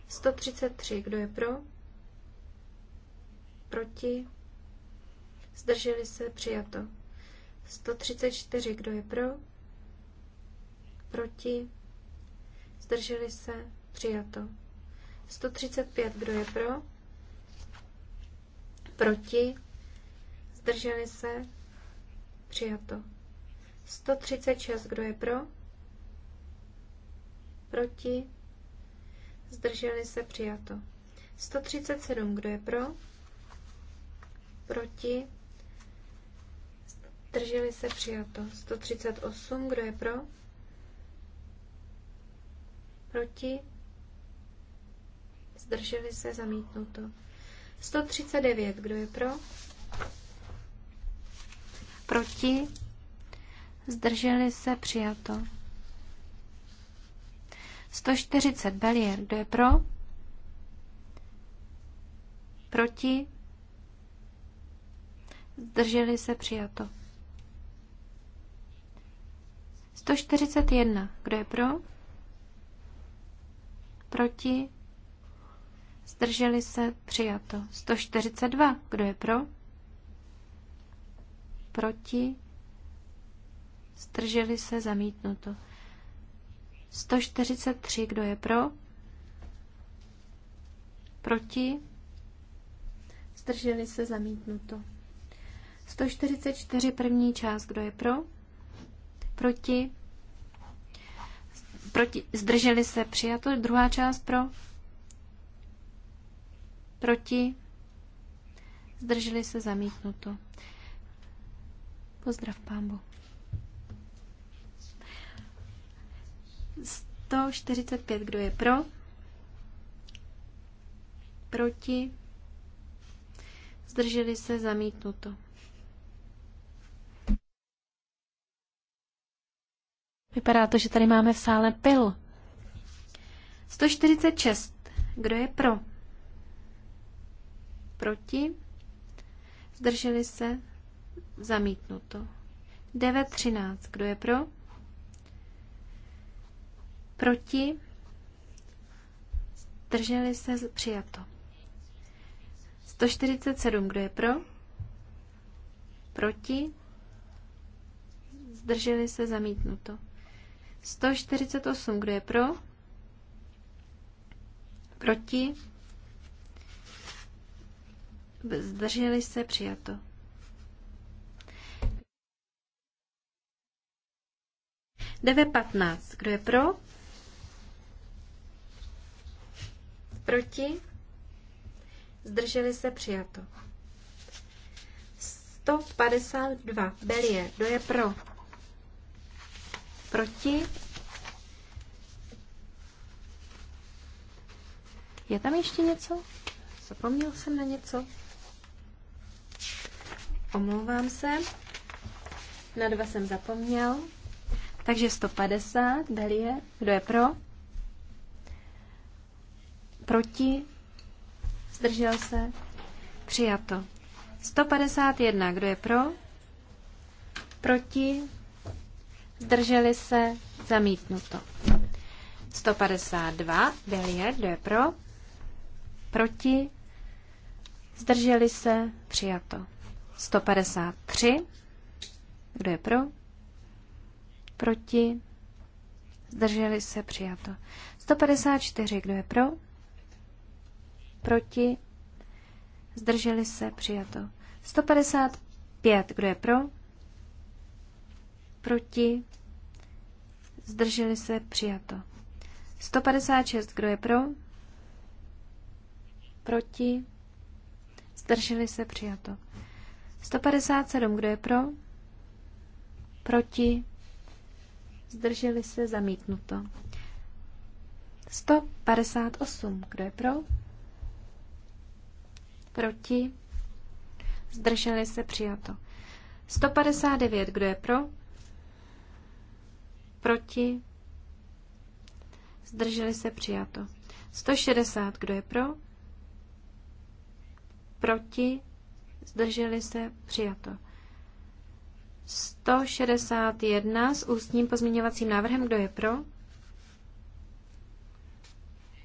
133. Kdo je pro? Proti? Zdrželi se? Přijato. 134. Kdo je pro? Proti? Zdrželi se? Přijato. 135. Kdo je pro? proti, zdrželi se, přijato. 136, kdo je pro, proti, zdrželi se, přijato. 137, kdo je pro, proti, zdrželi se, přijato. 138, kdo je pro, proti, zdrželi se, zamítnuto. 139. Kdo je pro? Proti? Zdrželi se přijato. 140. Belier. Kdo je pro? Proti? Zdrželi se přijato. 141. Kdo je pro? Proti? Zdrželi se? Přijato. 142. Kdo je pro? Proti? Zdrželi se? Zamítnuto. 143. Kdo je pro? Proti? Zdrželi se? Zamítnuto. 144. První část. Kdo je pro? Proti? Proti, zdrželi se přijato, druhá část pro, Proti? Zdrželi se zamítnuto. Pozdrav pámbu. 145, kdo je pro? Proti? Zdrželi se zamítnuto. Vypadá to, že tady máme v sále pil. 146. Kdo je pro? proti, zdrželi se, zamítnuto. 9.13, kdo je pro, proti, zdrželi se, přijato. 147, kdo je pro, proti, zdrželi se, zamítnuto. 148, kdo je pro, proti, Zdrželi se přijato. DV15. Kdo je pro? Proti? Zdrželi se přijato. 152. Belie. Kdo je pro? Proti? Je tam ještě něco? Zapomněl jsem na něco? omlouvám se. Na dva jsem zapomněl. Takže 150, Belie, kdo je pro? Proti? Zdržel se? Přijato. 151, kdo je pro? Proti? Zdrželi se? Zamítnuto. 152, Belie, kdo je pro? Proti? Zdrželi se? Přijato. 153. Kdo je pro? Proti? Zdrželi se přijato. 154. Kdo je pro? Proti? Zdrželi se přijato. 155. Kdo je pro? Proti? Zdrželi se přijato. 156. Kdo je pro? Proti? Zdrželi se přijato. 157, kdo je pro? Proti? Zdrželi se zamítnuto. 158, kdo je pro? Proti? Zdrželi se přijato. 159, kdo je pro? Proti? Zdrželi se přijato. 160, kdo je pro? Proti? zdrželi se, přijato. 161 s ústním pozměňovacím návrhem, kdo je pro?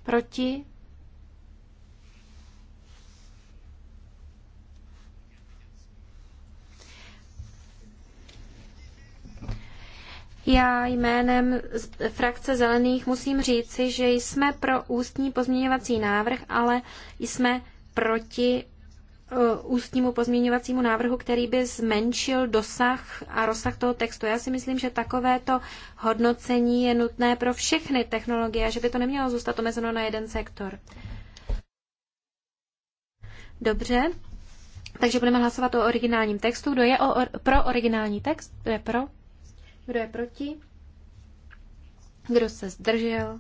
Proti? Já jménem frakce Zelených musím říci, že jsme pro ústní pozměňovací návrh, ale jsme proti Uh, ústnímu pozměňovacímu návrhu, který by zmenšil dosah a rozsah toho textu. Já si myslím, že takovéto hodnocení je nutné pro všechny technologie, a že by to nemělo zůstat omezeno na jeden sektor. Dobře, takže budeme hlasovat o originálním textu. Kdo je o, or, pro originální text? Kdo je pro? Kdo je proti? Kdo se zdržel?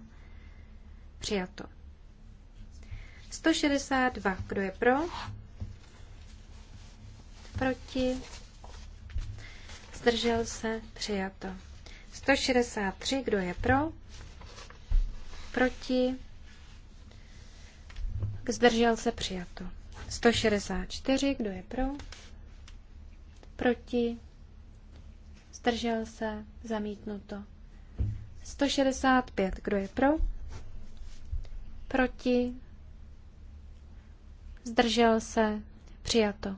Přijato. 162. Kdo je pro? Proti? Zdržel se? Přijato. 163. Kdo je pro? Proti? Zdržel se? Přijato. 164. Kdo je pro? Proti? Zdržel se? Zamítnuto. 165. Kdo je pro? Proti? Zdržel se? Přijato.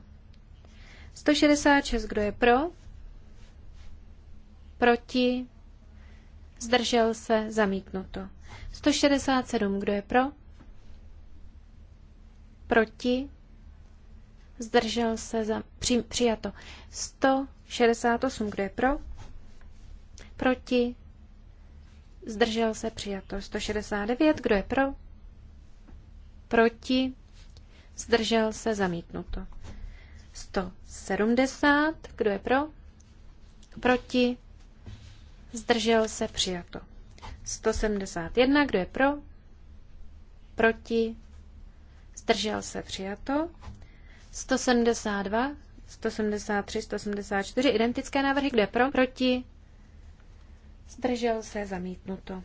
166, kdo je pro? Proti? Zdržel se? Zamítnuto. 167, kdo je pro? Proti? Zdržel se? Za, při, přijato. 168, kdo je pro? Proti? Zdržel se? Přijato. 169, kdo je pro? Proti? Zdržel se? Zamítnuto. 170. Kdo je pro? Proti? Zdržel se přijato. 171. Kdo je pro? Proti? Zdržel se přijato. 172. 173, 174, identické návrhy, kde pro, proti, zdržel se, zamítnuto.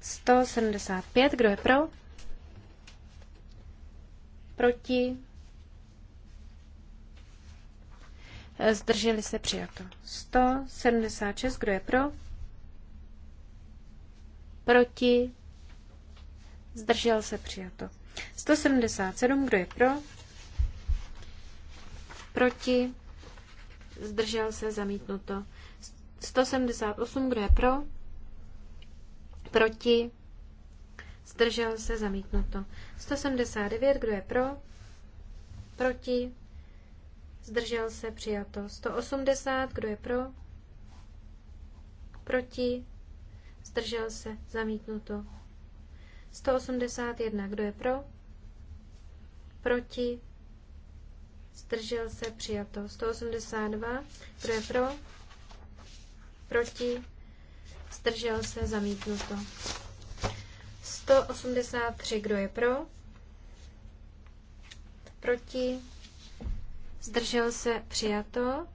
175, kdo je pro, proti, Zdrželi se přijato. 176, kdo je pro? Proti? Zdržel se přijato. 177, kdo je pro? Proti? Zdržel se zamítnuto. 178, kdo je pro? Proti? Zdržel se zamítnuto. 179, kdo je pro? Proti? zdržel se, přijato. 180, kdo je pro, proti, zdržel se, zamítnuto. 181, kdo je pro, proti, zdržel se, přijato. 182, kdo je pro, proti, zdržel se, zamítnuto. 183, kdo je pro, proti, zdržel se, přijato.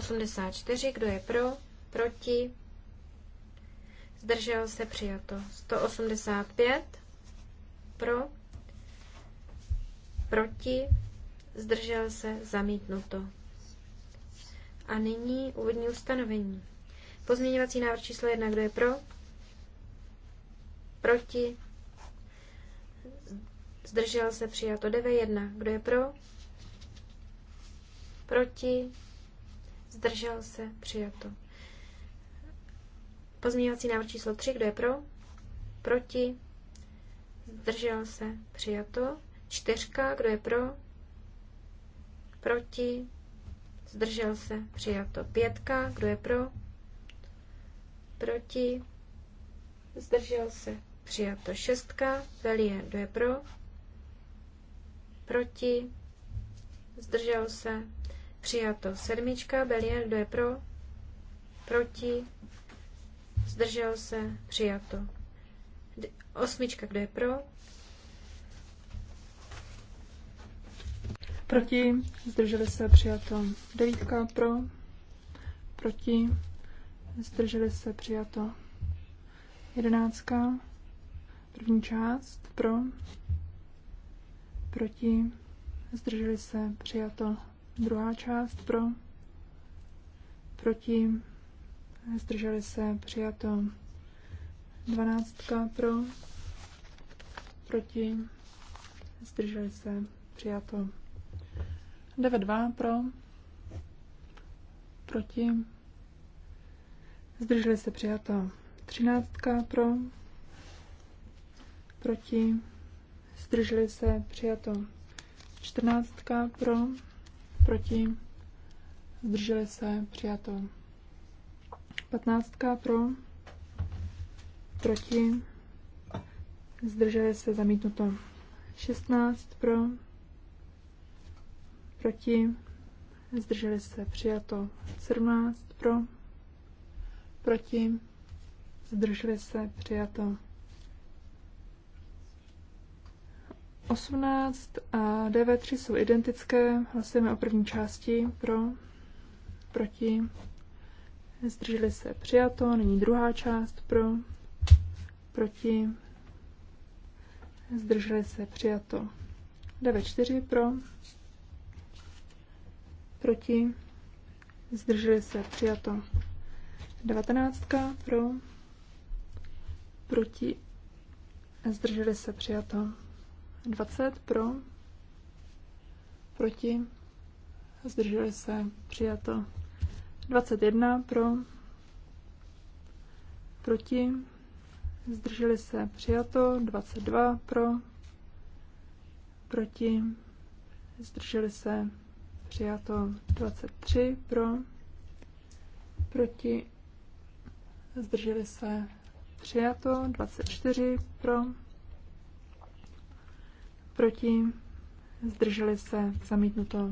184, kdo je pro, proti, zdržel se, přijato. 185, pro, proti, zdržel se, zamítnuto. A nyní úvodní ustanovení. Pozměňovací návrh číslo 1, kdo je pro? Proti? Zdržel se přijato 9.1. Kdo je pro? proti, zdržel se, přijato. Pozměňovací návrh číslo 3, kdo je pro, proti, zdržel se, přijato. Čtyřka, kdo je pro, proti, zdržel se, přijato. Pětka, kdo je pro, proti, zdržel se, přijato. Šestka, velie, kdo je pro, proti, zdržel se, Přijato. Sedmička, Belier, kdo je pro? Proti? Zdržel se? Přijato. D- osmička, kdo je pro? Proti? Zdrželi se? Přijato. Devítka, pro? Proti? Zdrželi se? Přijato. Jedenáctka. První část. Pro. Proti. Zdrželi se. Přijato. Druhá část pro, proti, zdrželi se, přijato. Dvanáctka pro, proti, zdrželi se, přijato. 9-2 pro, proti, zdrželi se, přijato. Třináctka pro, proti, zdrželi se, přijato. Čtrnáctka pro, proti, zdrželi se, přijato. 15 pro, proti, zdrželi se, zamítnuto. 16 pro, proti, zdrželi se, přijato. 17 pro, proti, zdrželi se, přijato. 18 a DV3 jsou identické. Hlasujeme o první části pro, proti. Zdrželi se přijato. Nyní druhá část pro, proti. Zdrželi se přijato. DV4 pro, proti. Zdrželi se přijato. 19 pro, proti. Zdrželi se přijato. 20 pro, proti, zdrželi se, přijato. 21 pro, proti, zdrželi se, přijato. 22 pro, proti, zdrželi se, přijato. 23 pro, proti, zdrželi se, přijato. 24 pro, proti, zdrželi se, zamítnuto.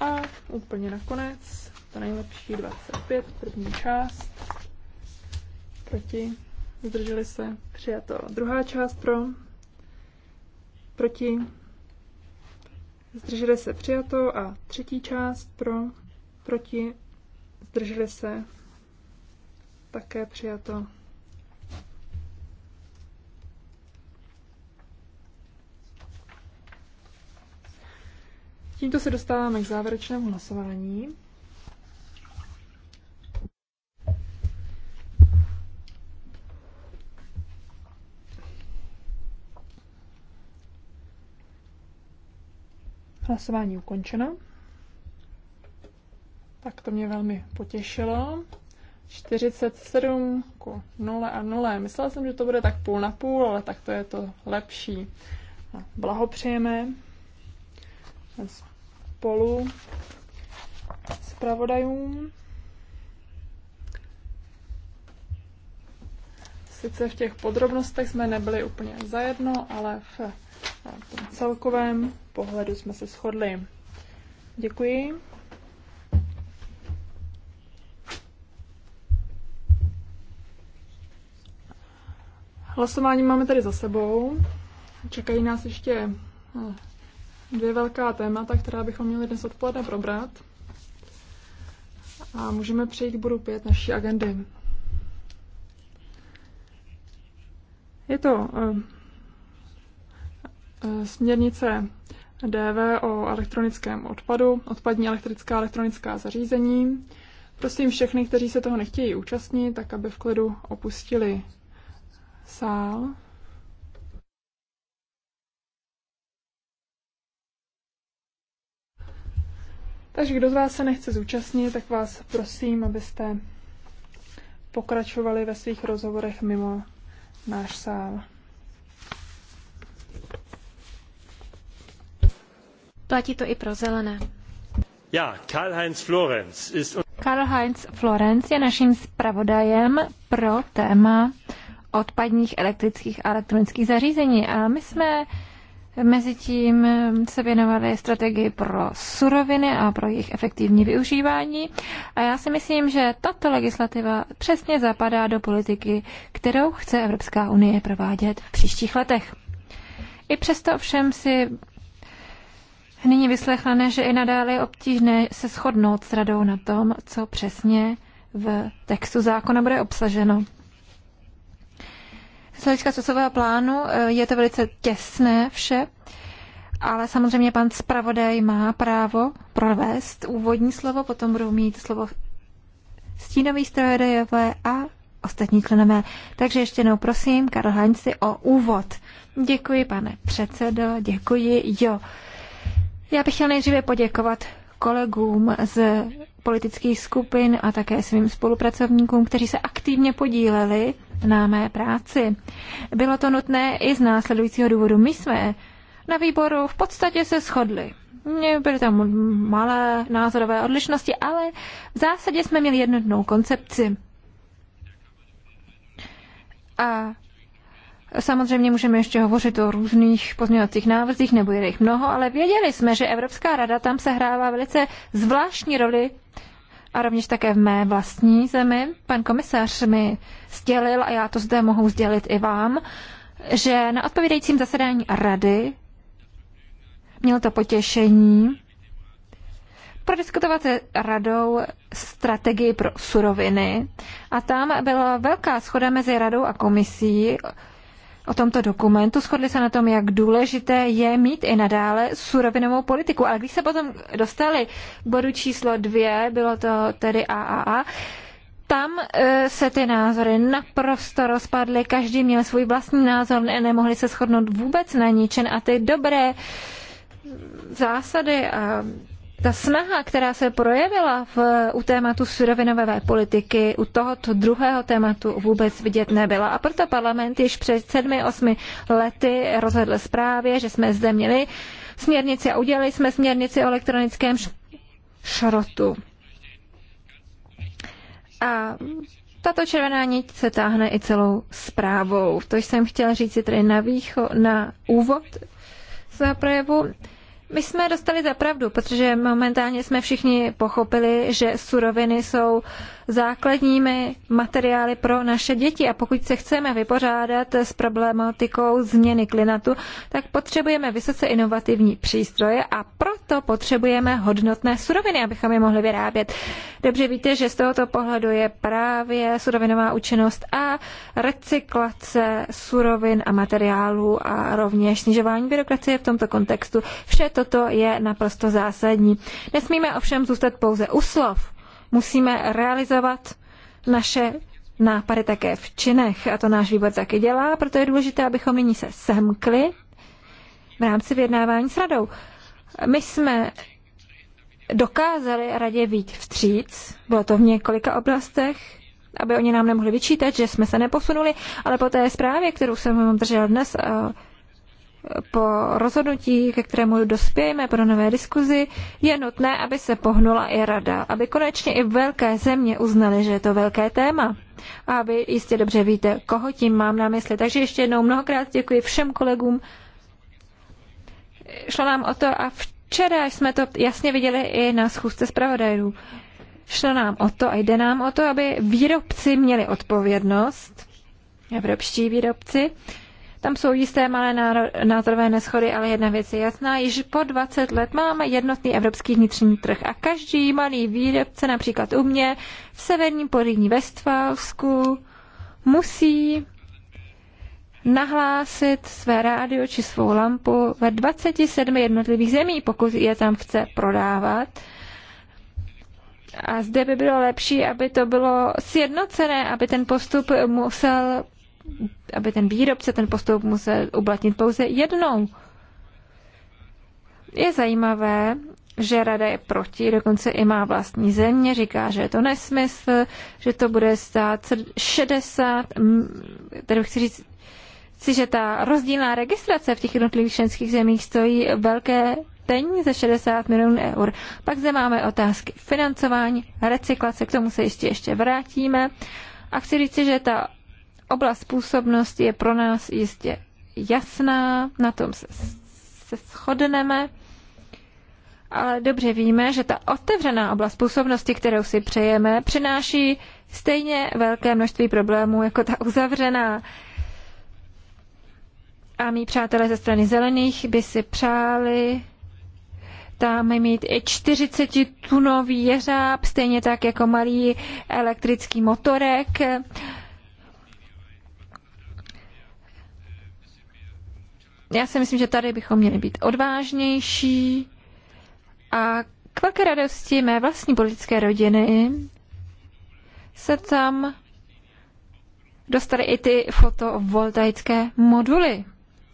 A úplně nakonec, to nejlepší 25, první část, proti, zdrželi se, přijato. Druhá část pro, proti, zdrželi se, přijato. A třetí část pro, proti, zdrželi se, také přijato. Tímto se dostáváme k závěrečnému hlasování. Hlasování ukončeno. Tak to mě velmi potěšilo. 47 ku 0 a 0. Myslela jsem, že to bude tak půl na půl, ale tak to je to lepší. Blahopřejeme spolu pravodajům. Sice v těch podrobnostech jsme nebyli úplně zajedno, ale eh, v tom celkovém pohledu jsme se shodli. Děkuji. Hlasování máme tady za sebou. Čekají nás ještě eh, dvě velká témata, která bychom měli dnes odpoledne probrat. A můžeme přejít k bodu pět naší agendy. Je to uh, uh, směrnice DV o elektronickém odpadu, odpadní elektrická elektronická zařízení. Prosím všechny, kteří se toho nechtějí účastnit, tak aby v klidu opustili sál. Takže kdo z vás se nechce zúčastnit, tak vás prosím, abyste pokračovali ve svých rozhovorech mimo náš sál. Platí to i pro zelené. Ja, Karl-Heinz Florenz ist... Karl-Heinz Florenz je naším zpravodajem pro téma odpadních elektrických a elektronických zařízení. A my jsme Mezitím se věnovali strategii pro suroviny a pro jejich efektivní využívání. A já si myslím, že tato legislativa přesně zapadá do politiky, kterou chce Evropská unie provádět v příštích letech. I přesto všem si nyní vyslechne, že i nadále je obtížné se shodnout s radou na tom, co přesně v textu zákona bude obsaženo. Z hlediska časového plánu eh, je to velice těsné vše, ale samozřejmě pan zpravodaj má právo provést úvodní slovo, potom budou mít slovo stínový strojedejové a ostatní členové. Takže ještě jednou prosím, Karl Heinzi, o úvod. Děkuji, pane předsedo, děkuji, jo. Já bych chtěl nejdříve poděkovat kolegům z politických skupin a také svým spolupracovníkům, kteří se aktivně podíleli na mé práci. Bylo to nutné i z následujícího důvodu. My jsme na výboru v podstatě se shodli. Byly tam malé názorové odlišnosti, ale v zásadě jsme měli jednotnou koncepci. A Samozřejmě můžeme ještě hovořit o různých pozměňovacích návrzích, nebo je jich mnoho, ale věděli jsme, že Evropská rada tam se hrává velice zvláštní roli a rovněž také v mé vlastní zemi. Pan komisař mi sdělil, a já to zde mohu sdělit i vám, že na odpovídajícím zasedání rady měl to potěšení prodiskutovat se radou strategii pro suroviny a tam byla velká schoda mezi radou a komisí o tomto dokumentu. Shodli se na tom, jak důležité je mít i nadále surovinovou politiku. Ale když se potom dostali k bodu číslo dvě, bylo to tedy AAA, tam e, se ty názory naprosto rozpadly, každý měl svůj vlastní názor, ne, nemohli se shodnout vůbec na ničem a ty dobré zásady a ta snaha, která se projevila v, u tématu surovinové politiky, u tohoto druhého tématu vůbec vidět nebyla. A proto parlament již před sedmi, osmi lety rozhodl zprávě, že jsme zde měli směrnici a udělali jsme směrnici o elektronickém šrotu. A tato červená niť se táhne i celou zprávou. To jsem chtěla říct si tady na, výcho, na úvod svého projevu. My jsme dostali za pravdu, protože momentálně jsme všichni pochopili, že suroviny jsou základními materiály pro naše děti. A pokud se chceme vypořádat s problematikou změny klimatu, tak potřebujeme vysoce inovativní přístroje a proto potřebujeme hodnotné suroviny, abychom je mohli vyrábět. Dobře víte, že z tohoto pohledu je právě surovinová účinnost a recyklace surovin a materiálů a rovněž snižování byrokracie v tomto kontextu. Vše toto je naprosto zásadní. Nesmíme ovšem zůstat pouze u slov musíme realizovat naše nápady také v činech. A to náš výbor taky dělá, proto je důležité, abychom nyní se semkli v rámci vyjednávání s radou. My jsme dokázali radě být vstříc, bylo to v několika oblastech, aby oni nám nemohli vyčítat, že jsme se neposunuli, ale po té zprávě, kterou jsem vám dnes, eh, po rozhodnutí, ke kterému dospějeme pro nové diskuzi, je nutné, aby se pohnula i rada, aby konečně i velké země uznaly, že je to velké téma. A vy jistě dobře víte, koho tím mám na mysli. Takže ještě jednou mnohokrát děkuji všem kolegům. Šlo nám o to a včera jsme to jasně viděli i na schůzce zpravodajů. Šlo nám o to a jde nám o to, aby výrobci měli odpovědnost, evropští výrobci, tam jsou jisté malé názorové neschody, ale jedna věc je jasná. Již po 20 let máme jednotný evropský vnitřní trh a každý malý výrobce, například u mě, v severním Porýní Vestfálsku, musí nahlásit své rádio či svou lampu ve 27 jednotlivých zemí, pokud je tam chce prodávat. A zde by bylo lepší, aby to bylo sjednocené, aby ten postup musel aby ten výrobce ten postup musel uplatnit pouze jednou. Je zajímavé, že rada je proti, dokonce i má vlastní země, říká, že je to nesmysl, že to bude stát 60, tedy chci říct, chci, že ta rozdílná registrace v těch jednotlivých členských zemích stojí velké peníze 60 milionů eur. Pak zde máme otázky financování, recyklace, k tomu se ještě ještě vrátíme. A chci říct, že ta Oblast působnosti je pro nás jistě jasná, na tom se, se shodneme, ale dobře víme, že ta otevřená oblast působnosti, kterou si přejeme, přináší stejně velké množství problémů jako ta uzavřená. A mý přátelé ze strany zelených by si přáli tam mít i 40-tunový jeřáb, stejně tak jako malý elektrický motorek. já si myslím, že tady bychom měli být odvážnější a k velké radosti mé vlastní politické rodiny se tam dostaly i ty fotovoltaické moduly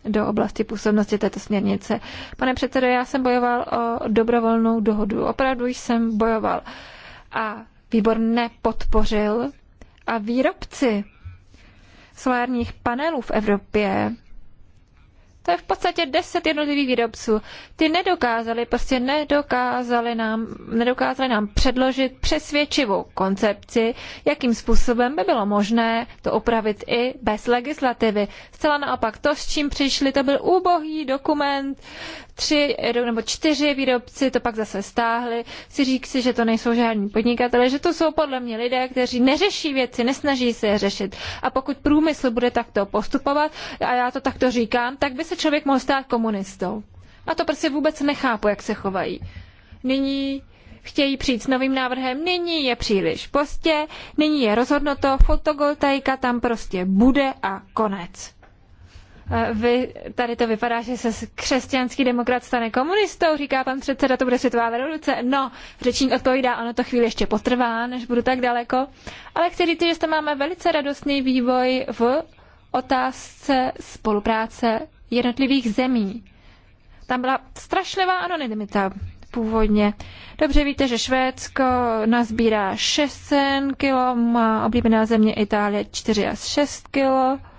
do oblasti působnosti této směrnice. Pane předsedo, já jsem bojoval o dobrovolnou dohodu. Opravdu jsem bojoval. A výbor nepodpořil. A výrobci solárních panelů v Evropě to je v podstatě deset jednotlivých výrobců. Ty nedokázali, prostě nedokázali nám, nedokázali nám předložit přesvědčivou koncepci, jakým způsobem by bylo možné to opravit i bez legislativy. Zcela naopak to, s čím přišli, to byl úbohý dokument tři nebo čtyři výrobci to pak zase stáhli. Chci říct si, že to nejsou žádní podnikatele, že to jsou podle mě lidé, kteří neřeší věci, nesnaží se je řešit. A pokud průmysl bude takto postupovat, a já to takto říkám, tak by se člověk mohl stát komunistou. A to prostě vůbec nechápu, jak se chovají. Nyní chtějí přijít s novým návrhem, nyní je příliš pozdě, nyní je rozhodnuto, fotovoltaika tam prostě bude a konec vy, tady to vypadá, že se křesťanský demokrat stane komunistou, říká pan předseda, to bude světová revoluce. No, řečník odpovídá, ono to chvíli ještě potrvá, než budu tak daleko. Ale chci říct, že zde máme velice radostný vývoj v otázce spolupráce jednotlivých zemí. Tam byla strašlivá anonymita původně. Dobře víte, že Švédsko nazbírá 600 kg, má oblíbená země Itálie 4 až 6 kg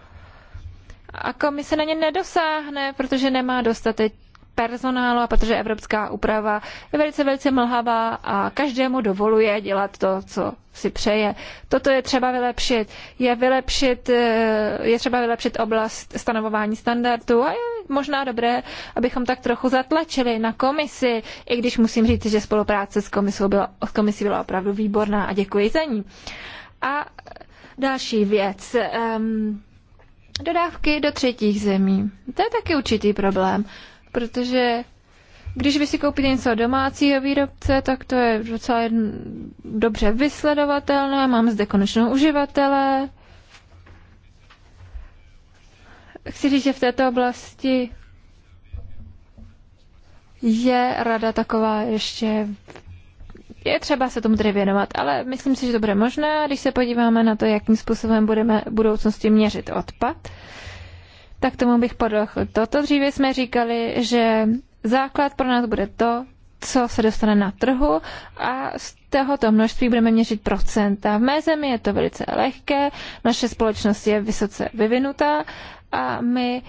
a komise na ně nedosáhne, protože nemá dostatek personálu a protože evropská úprava je velice, velice mlhavá a každému dovoluje dělat to, co si přeje. Toto je třeba vylepšit. Je, vylepšit, eh, je třeba vylepšit oblast stanovování standardů a je možná dobré, abychom tak trochu zatlačili na komisi, i když musím říct, že spolupráce s komisou byla, s komisí byla opravdu výborná a děkuji za ní. A další věc. Um, Dodávky do třetích zemí. To je taky určitý problém, protože když vy si koupíte něco domácího výrobce, tak to je docela dobře vysledovatelné, mám zde konečnou uživatele. Chci říct, že v této oblasti je rada taková ještě je třeba se tomu tedy věnovat, ale myslím si, že to bude možné, když se podíváme na to, jakým způsobem budeme v budoucnosti měřit odpad. Tak tomu bych podlochl toto. Dříve jsme říkali, že základ pro nás bude to, co se dostane na trhu a z tohoto množství budeme měřit procenta. V mé zemi je to velice lehké, naše společnost je vysoce vyvinutá a my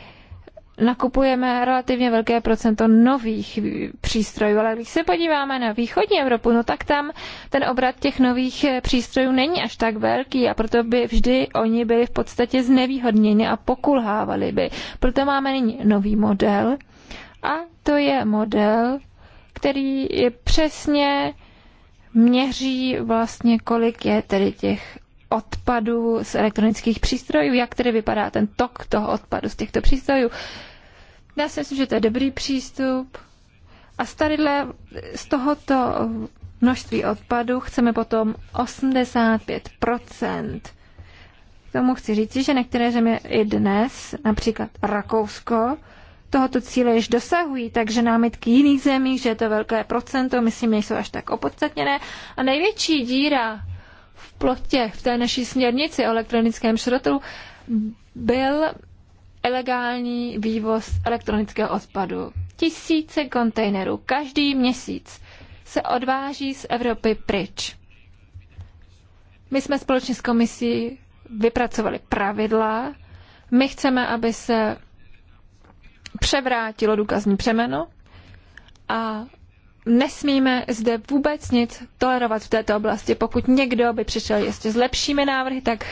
nakupujeme relativně velké procento nových přístrojů, ale když se podíváme na východní Evropu, no tak tam ten obrat těch nových přístrojů není až tak velký a proto by vždy oni byli v podstatě znevýhodněni a pokulhávali by. Proto máme nyní nový model a to je model, který je přesně měří vlastně, kolik je tedy těch odpadu z elektronických přístrojů, jak tedy vypadá ten tok toho odpadu z těchto přístrojů. Já si myslím, že to je dobrý přístup. A z tadyhle, z tohoto množství odpadu chceme potom 85 K tomu chci říct, že některé země i dnes, například Rakousko, tohoto cíle již dosahují, takže námitky jiných zemí, že je to velké procento, myslím, nejsou až tak opodstatněné. A největší díra plotě, v té naší směrnici o elektronickém šrotu, byl ilegální vývoz elektronického odpadu. Tisíce kontejnerů každý měsíc se odváží z Evropy pryč. My jsme společně s komisí vypracovali pravidla. My chceme, aby se převrátilo důkazní přemeno a nesmíme zde vůbec nic tolerovat v této oblasti. Pokud někdo by přišel ještě s lepšími návrhy, tak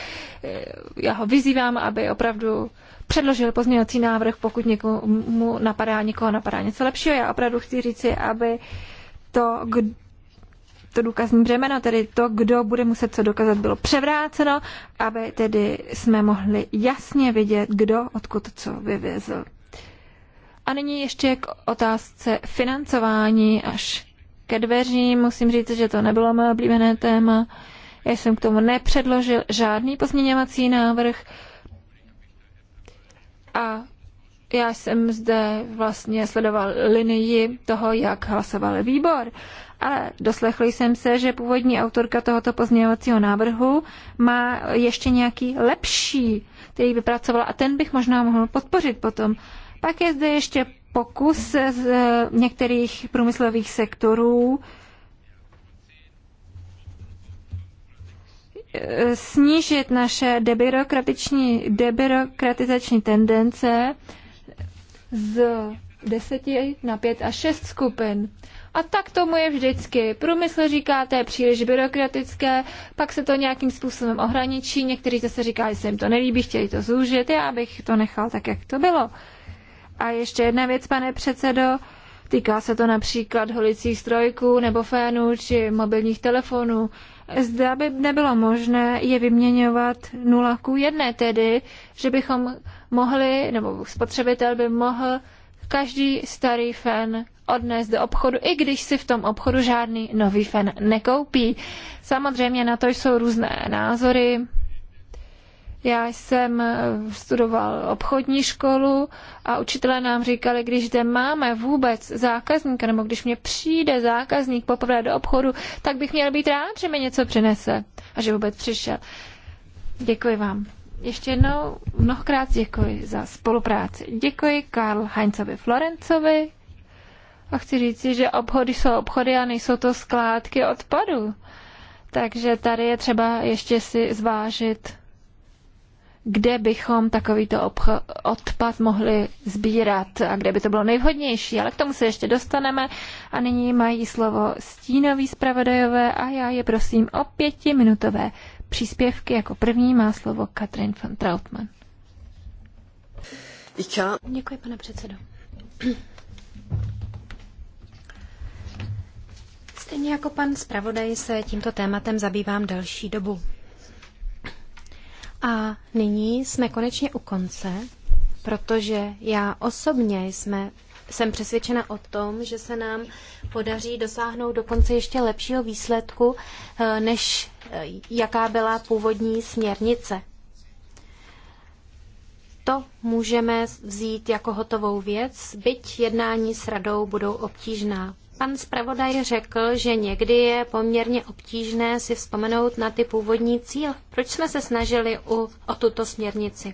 eh, já ho vyzývám, aby opravdu předložil pozměňovací návrh, pokud někomu napadá, někoho napadá něco lepšího. Já opravdu chci říci, aby to, to důkazní břemeno, tedy to, kdo bude muset co dokázat, bylo převráceno, aby tedy jsme mohli jasně vidět, kdo odkud co vyvězl. A nyní ještě k otázce financování až ke dveřím. Musím říct, že to nebylo moje oblíbené téma. Já jsem k tomu nepředložil žádný pozměňovací návrh. A já jsem zde vlastně sledoval linii toho, jak hlasoval výbor. Ale doslechl jsem se, že původní autorka tohoto pozměňovacího návrhu má ještě nějaký lepší, který vypracovala a ten bych možná mohl podpořit potom. Pak je zde ještě pokus z některých průmyslových sektorů eh, snížit naše debirokratiční, debirokratizační tendence z deseti na pět a šest skupin. A tak tomu je vždycky. Průmysl říká, to je příliš byrokratické, pak se to nějakým způsobem ohraničí, někteří zase říkají, že se jim to nelíbí, chtějí to zúžit, já bych to nechal tak, jak to bylo. A ještě jedna věc, pane předsedo, týká se to například holicích strojků nebo fénů či mobilních telefonů. Zda by nebylo možné je vyměňovat 0 ku 1, tedy, že bychom mohli, nebo spotřebitel by mohl každý starý fen odnést do obchodu, i když si v tom obchodu žádný nový fen nekoupí. Samozřejmě na to jsou různé názory, já jsem eh, studoval obchodní školu a učitelé nám říkali, když zde máme vůbec zákazníka, nebo když mě přijde zákazník poprvé do obchodu, tak bych měl být rád, že mi něco přinese a že vůbec přišel. Děkuji vám. Ještě jednou mnohokrát děkuji za spolupráci. Děkuji Karl Heinzovi Florencovi a chci říct, že obchody jsou obchody a nejsou to skládky odpadu. Takže tady je třeba ještě si zvážit kde bychom takovýto odpad mohli sbírat a kde by to bylo nejvhodnější. Ale k tomu se ještě dostaneme. A nyní mají slovo stínoví zpravodajové a já je prosím o pětiminutové příspěvky. Jako první má slovo Katrin van Trautmann. Děkuji, pane předsedo. Stejně jako pan zpravodaj se tímto tématem zabývám další dobu. A nyní jsme konečně u konce, protože já osobně jsme, jsem přesvědčena o tom, že se nám podaří dosáhnout dokonce ještě lepšího výsledku, eh, než eh, jaká byla původní směrnice. To můžeme vzít jako hotovou věc, byť jednání s radou budou obtížná. Pan zpravodaj řekl, že někdy je poměrně obtížné si vzpomenout na ty původní cíle. Proč jsme se snažili u, o tuto směrnici?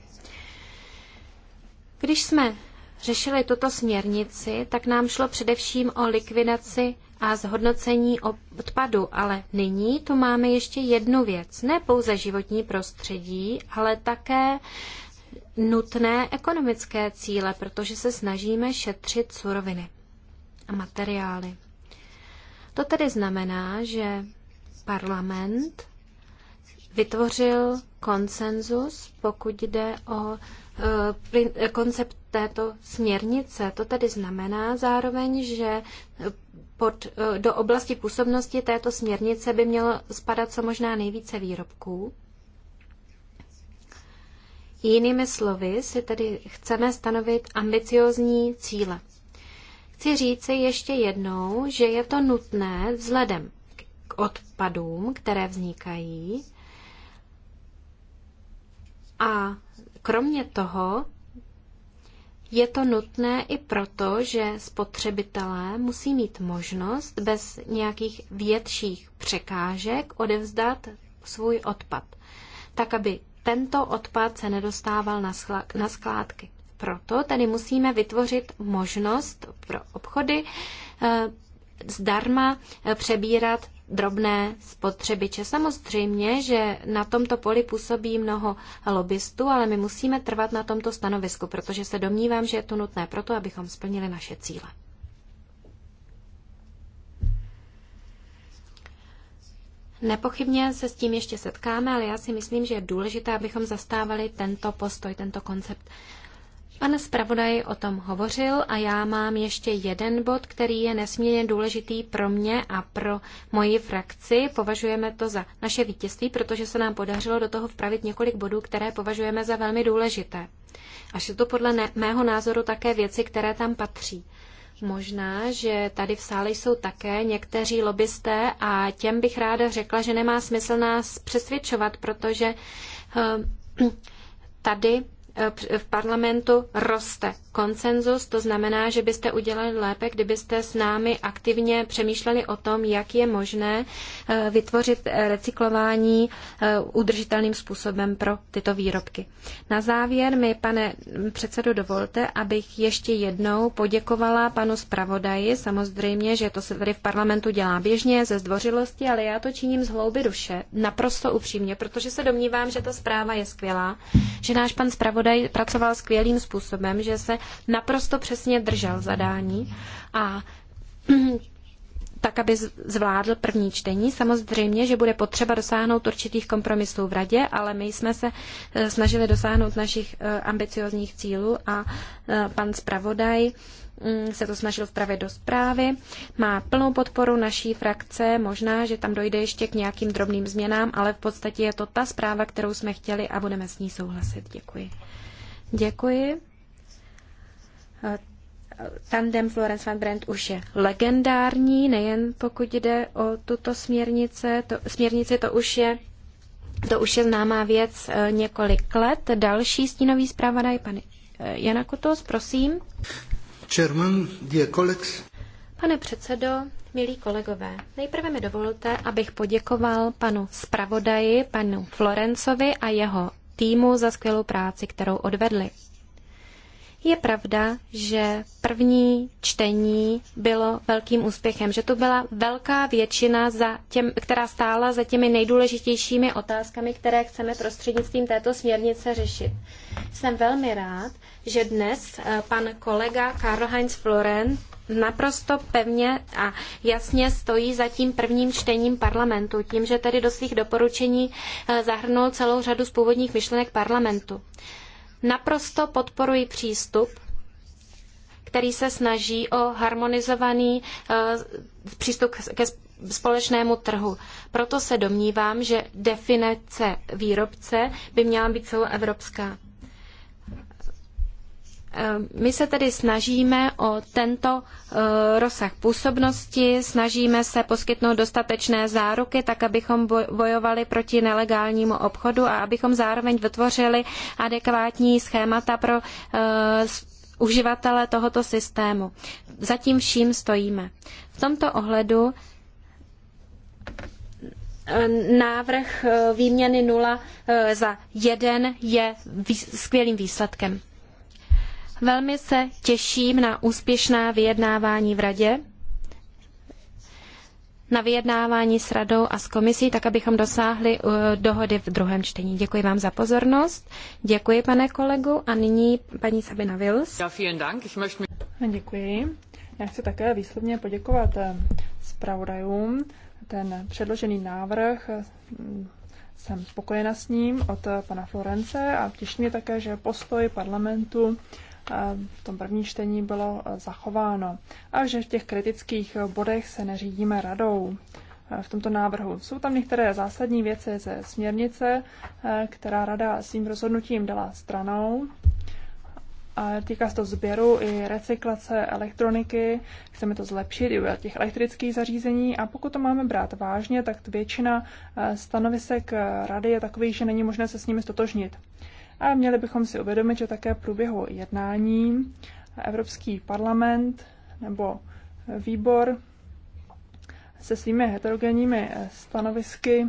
Když jsme řešili tuto směrnici, tak nám šlo především o likvidaci a zhodnocení odpadu, ale nyní tu máme ještě jednu věc, ne pouze životní prostředí, ale také nutné ekonomické cíle, protože se snažíme šetřit suroviny a materiály. To tedy znamená, že parlament vytvořil konsenzus, pokud jde o e, koncept této směrnice. To tedy znamená zároveň, že pod, e, do oblasti působnosti této směrnice by mělo spadat co možná nejvíce výrobků. Jinými slovy si tedy chceme stanovit ambiciozní cíle Chci říci ještě jednou, že je to nutné vzhledem k odpadům, které vznikají. A kromě toho je to nutné i proto, že spotřebitelé musí mít možnost bez nějakých větších překážek odevzdat svůj odpad, tak aby tento odpad se nedostával na, schla- na skládky proto tedy musíme vytvořit možnost pro obchody eh, zdarma eh, přebírat drobné spotřebiče. Samozřejmě, že na tomto poli působí mnoho lobbystů, ale my musíme trvat na tomto stanovisku, protože se domnívám, že je to nutné proto, abychom splnili naše cíle. Nepochybně se s tím ještě setkáme, ale já si myslím, že je důležité, abychom zastávali tento postoj, tento koncept. Pan zpravodaj o tom hovořil a já mám ještě jeden bod, který je nesmírně důležitý pro mě a pro moji frakci. Považujeme to za naše vítězství, protože se nám podařilo do toho vpravit několik bodů, které považujeme za velmi důležité. A je to podle ne- mého názoru také věci, které tam patří. Možná, že tady v sále jsou také někteří lobbysté a těm bych ráda řekla, že nemá smysl nás přesvědčovat, protože uh, tady Eh, v parlamentu roste konsenzus, to znamená, že byste udělali lépe, kdybyste s námi aktivně přemýšleli o tom, jak je možné eh, vytvořit eh, recyklování eh, udržitelným způsobem pro tyto výrobky. Na závěr mi, pane předsedo, dovolte, abych ještě jednou poděkovala panu zpravodaji. Samozřejmě, že to se tady v parlamentu dělá běžně ze zdvořilosti, ale já to činím z hlouby duše, naprosto upřímně, protože se domnívám, že ta zpráva je skvělá, že náš pan zpravodaj pracoval skvělým způsobem, že se naprosto přesně držel zadání a tak, aby zvládl první čtení. Samozřejmě, že bude potřeba dosáhnout určitých kompromisů v radě, ale my jsme se eh, snažili dosáhnout našich eh, ambiciozních cílů a eh, pan zpravodaj mm, se to snažil vpravit do zprávy. Má plnou podporu naší frakce, možná, že tam dojde ještě k nějakým drobným změnám, ale v podstatě je to ta zpráva, kterou jsme chtěli a budeme s ní souhlasit. Děkuji. Děkuji. Eh, tandem Florence van Brandt už je legendární, nejen pokud jde o tuto směrnice, to, směrnici to už je to už je známá věc eh, několik let. Další stínový zpravodaj, pan eh, Jana Kotos, prosím. Chairman, dear colleagues. Pane předsedo, milí kolegové, nejprve mi dovolte, abych poděkoval panu zpravodaji, panu Florencovi a jeho týmu za skvělou práci, kterou odvedli. Je pravda, že první čtení bylo velkým úspěchem, že to byla velká většina, za těm, která stála za těmi nejdůležitějšími otázkami, které chceme prostřednictvím této směrnice řešit. Jsem velmi rád, že dnes eh, pan kolega Karl-Heinz Floren naprosto pevně a jasně stojí za tím prvním čtením parlamentu, tím, že tedy do svých doporučení eh, zahrnul celou řadu z původních myšlenek parlamentu. Naprosto podporuji přístup, který se snaží o harmonizovaný eh, přístup ke společnému trhu. Proto se domnívám, že definice výrobce by měla být celoevropská. Eh, my se tedy snažíme o tento eh, rozsah působnosti, snažíme se poskytnout dostatečné záruky, tak abychom bojovali proti nelegálnímu obchodu a abychom zároveň vytvořili adekvátní schémata pro eh, uživatele tohoto systému. Zatím vším stojíme. V tomto ohledu návrh výměny nula za jeden je skvělým výsledkem. Velmi se těším na úspěšná vyjednávání v radě, na vyjednávání s radou a s komisí, tak abychom dosáhli uh, dohody v druhém čtení. Děkuji vám za pozornost. Děkuji, pane kolegu. A nyní paní Sabina Wills. Děkuji. Já chci také výslovně poděkovat eh, zpravodajům. Ten předložený návrh eh, jsem spokojena s ním od eh, pana Florence a těší mě také, že postoj parlamentu v tom prvním čtení bylo eh, zachováno a že v těch kritických eh, bodech se neřídíme radou eh, v tomto návrhu. Jsou tam některé zásadní věci ze směrnice, která rada svým rozhodnutím dala stranou. A týká se to sběru i recyklace elektroniky, chceme to zlepšit i u těch elektrických zařízení a pokud to máme brát vážně, tak většina stanovisek rady je takových, že není možné se s nimi stotožnit. A měli bychom si uvědomit, že také v průběhu jednání Evropský parlament nebo výbor se svými heterogenními eh, stanovisky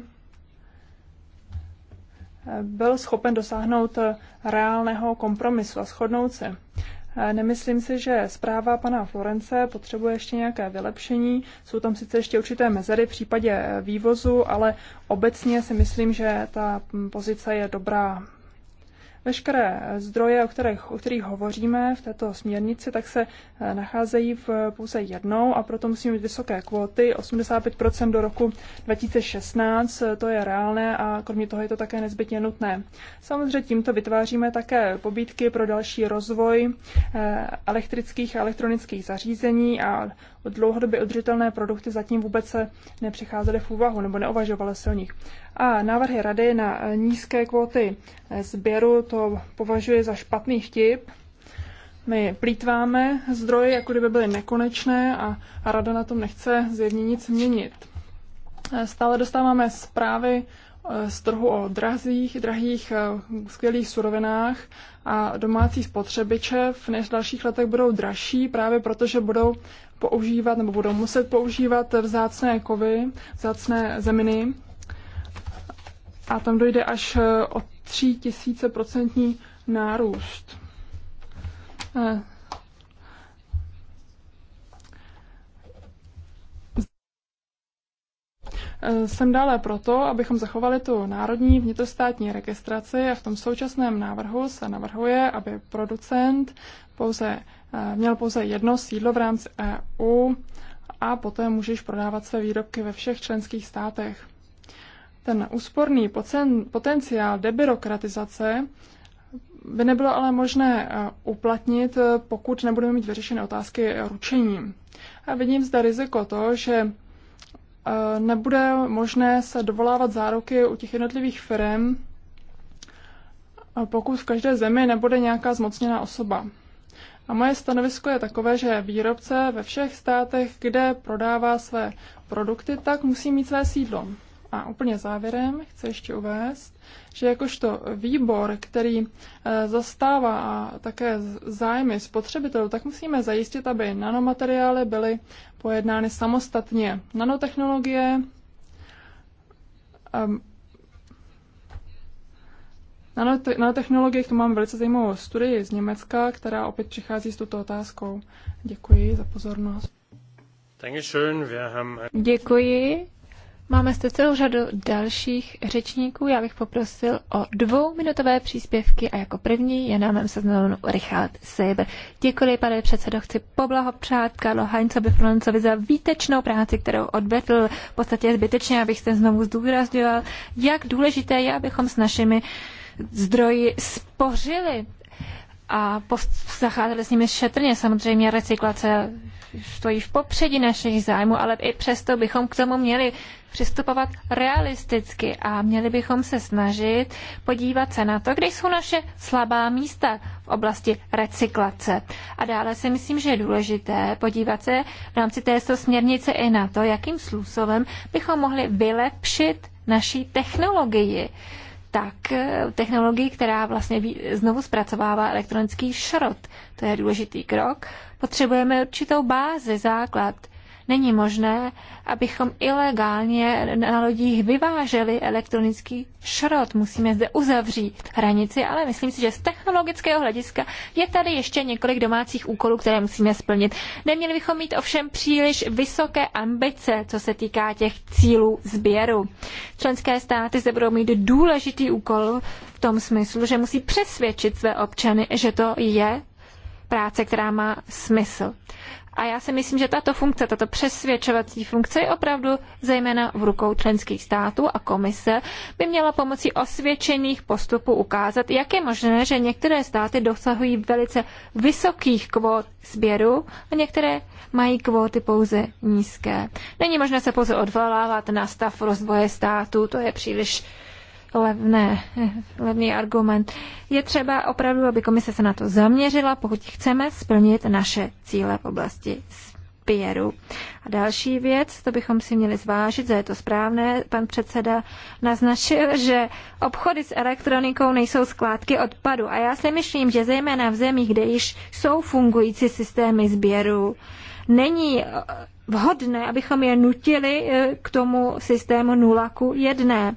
eh, byl schopen dosáhnout eh, reálného kompromisu a shodnout se. Nemyslím si, že zpráva pana Florence potřebuje ještě nějaké vylepšení. Jsou tam sice ještě určité mezery v případě vývozu, ale obecně si myslím, že ta mm, pozice je dobrá. Veškeré zdroje, o kterých, o kterých hovoříme v této směrnici, tak se eh, nacházejí v eh, pouze jednou a proto musíme mít vysoké kvóty, 85% do roku 2016, eh, to je reálné a kromě toho je to také nezbytně nutné. Samozřejmě tímto vytváříme také pobídky pro další rozvoj elektrických a elektronických zařízení a dlouhodobě udržitelné produkty zatím vůbec se nepřicházely v úvahu nebo neuvažovaly se o nich. A návrhy rady na nízké kvóty sběru to považuji za špatný vtip. My plítváme zdroje, jako kdyby byly nekonečné a, a rada na tom nechce zjevně nic měnit. Stále dostáváme zprávy e, z trhu o drahých, drahých, e, skvělých surovinách a domácí spotřebiče v než dalších letech budou dražší právě protože budou používat nebo budou muset používat vzácné kovy, vzácné zeminy a tam dojde až e, o 3000% nárůst. E, e, jsem dále proto, abychom zachovali tu národní vnitrostátní registraci a v tom současném návrhu se navrhuje, aby producent pouze, měl pouze jedno sídlo v rámci EU a poté můžeš prodávat své výrobky ve všech členských státech. Ten úsporný potenciál debirokratizace by nebylo ale možné eh, uplatnit, eh, pokud nebudeme mít vyřešené otázky ručením. A vidím zde riziko to, že eh, nebude možné se dovolávat záruky u těch jednotlivých firm, pokud v každé zemi nebude nějaká zmocněná osoba. A moje stanovisko je takové, že výrobce ve všech státech, kde prodává své produkty, tak musí mít své sídlo. A úplně závěrem chci ještě uvést, že jakožto výbor, který eh, zastává a také zájmy spotřebitelů, tak musíme zajistit, aby nanomateriály byly pojednány samostatně. Nanotechnologie, ehm, nanotechnologie, k tomu mám velice zajímavou studii z Německa, která opět přichází s tuto otázkou. Děkuji za pozornost. Děkuji. Máme zde celou řadu dalších řečníků. Já bych poprosil o dvouminutové příspěvky a jako první je na mém seznamu Richard Seber. Děkuji, pane předsedo, chci poblahopřát Karlo Heinzovi Francovi za výtečnou práci, kterou odvedl. V podstatě zbytečně, abych se znovu zdůrazňoval, jak důležité je, abychom s našimi zdroji spořili a zacházeli s nimi šetrně. Samozřejmě recyklace stojí v popředí našich zájmů, ale i přesto bychom k tomu měli přistupovat realisticky a měli bychom se snažit podívat se na to, kde jsou naše slabá místa v oblasti recyklace. A dále si myslím, že je důležité podívat se v rámci této směrnice i na to, jakým způsobem bychom mohli vylepšit naší technologii tak eh, technologii, která vlastně znovu zpracovává elektronický šrot. To je důležitý krok, Potřebujeme určitou bázi, základ. Není možné, abychom ilegálně na lodích vyváželi elektronický šrot. Musíme zde uzavřít hranici, ale myslím si, že z technologického hlediska je tady ještě několik domácích úkolů, které musíme splnit. Neměli bychom mít ovšem příliš vysoké ambice, co se týká těch cílů sběru. Členské státy zde budou mít důležitý úkol v tom smyslu, že musí přesvědčit své občany, že to je práce, která má smysl. A já si myslím, že tato funkce, tato přesvědčovací funkce je opravdu zejména v rukou členských států a komise by měla pomocí osvědčených postupů ukázat, jak je možné, že některé státy dosahují velice vysokých kvót sběru a některé mají kvóty pouze nízké. Není možné se pouze odvolávat na stav rozvoje státu, to je příliš levné, levný argument. Je třeba opravdu, aby komise se na to zaměřila, pokud chceme splnit naše cíle v oblasti Pieru. A další věc, to bychom si měli zvážit, za je to správné, pan předseda naznačil, že obchody s elektronikou nejsou skládky odpadu. A já si myslím, že zejména v zemích, kde již jsou fungující systémy sběru, není vhodné, abychom je nutili eh, k tomu systému 0 jedné. 1.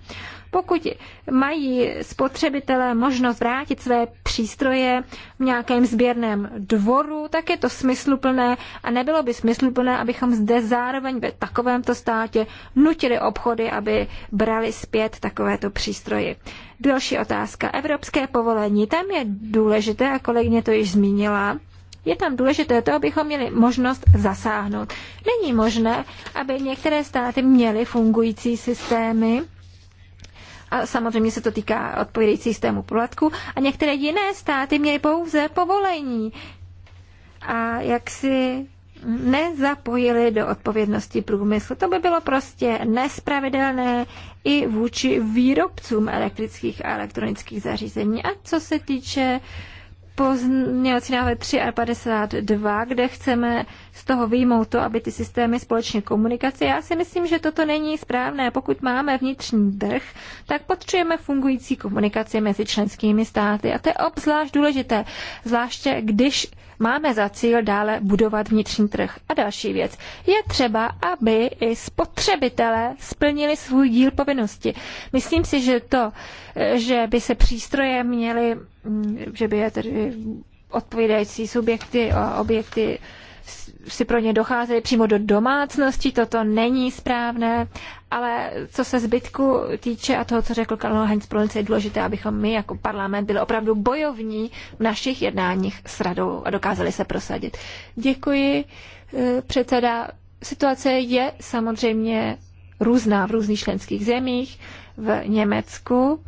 Pokud mají spotřebitelé možnost vrátit své přístroje v nějakém sběrném dvoru, tak je to smysluplné a nebylo by smysluplné, abychom zde zároveň ve takovémto státě nutili obchody, aby brali zpět takovéto přístroje. Další otázka. Evropské povolení. Tam je důležité, a kolegyně to již zmínila, je tam důležité to, abychom měli možnost zasáhnout. Není možné, aby některé státy měly fungující systémy a samozřejmě se to týká odpovědějící systému poplatku a některé jiné státy měly pouze povolení a jak si nezapojili do odpovědnosti průmysl. To by bylo prostě nespravedlné i vůči výrobcům elektrických a elektronických zařízení. A co se týče pozměňovací návrh 3 a 52, kde chceme z toho výjmout to, aby ty systémy společně komunikace. Já si myslím, že toto není správné. Pokud máme vnitřní trh, tak potřebujeme fungující komunikaci mezi členskými státy. A to je obzvlášť důležité, zvláště když máme za cíl dále budovat vnitřní trh. A další věc. Je třeba, aby i spotřebitelé splnili svůj díl povinnosti. Myslím si, že to, že by se přístroje měly, mm, že by je tedy odpovídající subjekty a objekty si pro ně docházeli přímo do domácnosti, toto není správné, ale co se zbytku týče a toho, co řekl Karlo Heinz Prolince, je důležité, abychom my jako parlament byli opravdu bojovní v našich jednáních s radou a dokázali se prosadit. Děkuji, eh, předseda. Situace je samozřejmě různá v různých členských zemích, v Německu.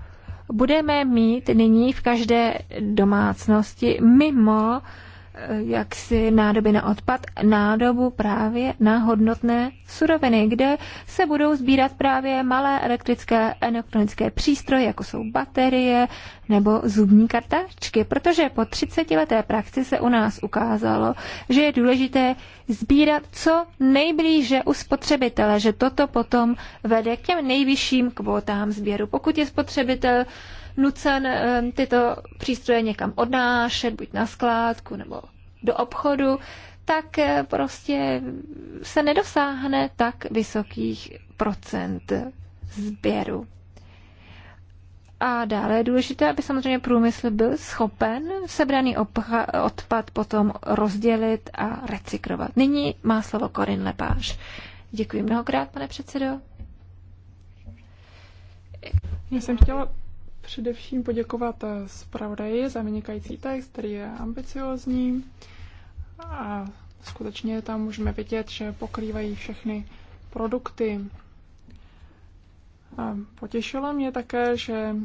Budeme mít nyní v každé domácnosti mimo Eh, jaksi nádoby na odpad, nádobu právě na hodnotné suroviny, kde se budou sbírat právě malé elektrické elektronické přístroje, jako jsou baterie nebo zubní kartáčky, protože po 30 leté praxi se u nás ukázalo, že je důležité sbírat co nejblíže u spotřebitele, že toto potom vede k těm nejvyšším kvótám sběru. Pokud je spotřebitel nucen eh, tyto přístroje někam odnášet, buď na skládku nebo do obchodu, tak eh, prostě se nedosáhne tak vysokých procent sběru. A dále je důležité, aby samozřejmě průmysl byl schopen sebraný odpad potom rozdělit a recyklovat. Nyní má slovo Korin Lepáš. Děkuji mnohokrát, pane předsedo. Já jsem chtěla především poděkovat eh, zpravodaji za vynikající text, který je ambiciozní a skutečně tam můžeme vidět, že pokrývají všechny produkty. A potěšilo mě také, že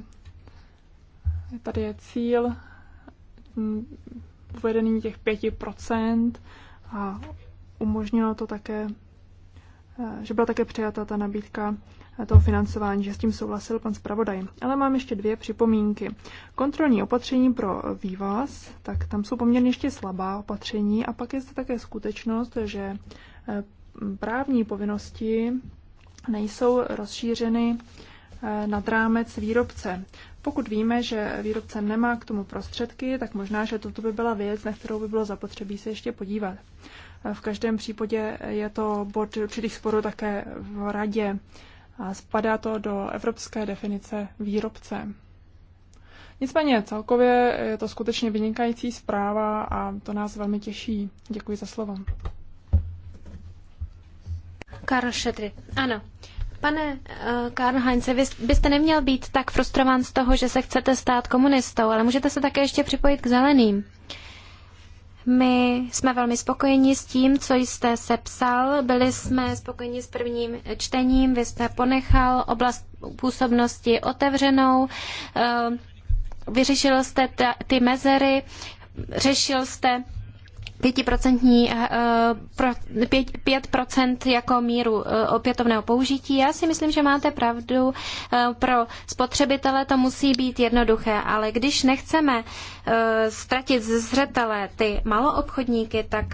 tady je cíl mm, uvedený těch 5% a umožnilo to také, eh, že byla také přijata ta nabídka toho financování, že s tím souhlasil pan zpravodaj. Ale mám ještě dvě připomínky. Kontrolní opatření pro vývaz, tak tam jsou poměrně ještě slabá opatření a pak je zde také skutečnost, že eh, právní povinnosti nejsou rozšířeny eh, nad rámec výrobce. Pokud víme, že výrobce nemá k tomu prostředky, tak možná, že toto by byla věc, na kterou by bylo zapotřebí se ještě podívat. Eh, v každém případě je to bod určitých sporů také v radě a spadá to do evropské definice výrobce. Nicméně celkově je to skutečně vynikající zpráva a to nás velmi těší. Děkuji za slovo. Karl Šetry, ano. Pane uh, Karl Heinze, vy byste neměl být tak frustrován z toho, že se chcete stát komunistou, ale můžete se také ještě připojit k zeleným. Uh, my jsme velmi spokojeni s tím, co jste sepsal. Byli jsme spokojeni s prvním čtením. Vy jste ponechal oblast působnosti otevřenou. Eh, vyřešil jste ty mezery, řešil jste Eh, pět procent jako míru eh, opětovného použití. Já si myslím, že máte pravdu. Eh, pro spotřebitele to musí být jednoduché, ale když nechceme ztratit zřetele ty maloobchodníky, tak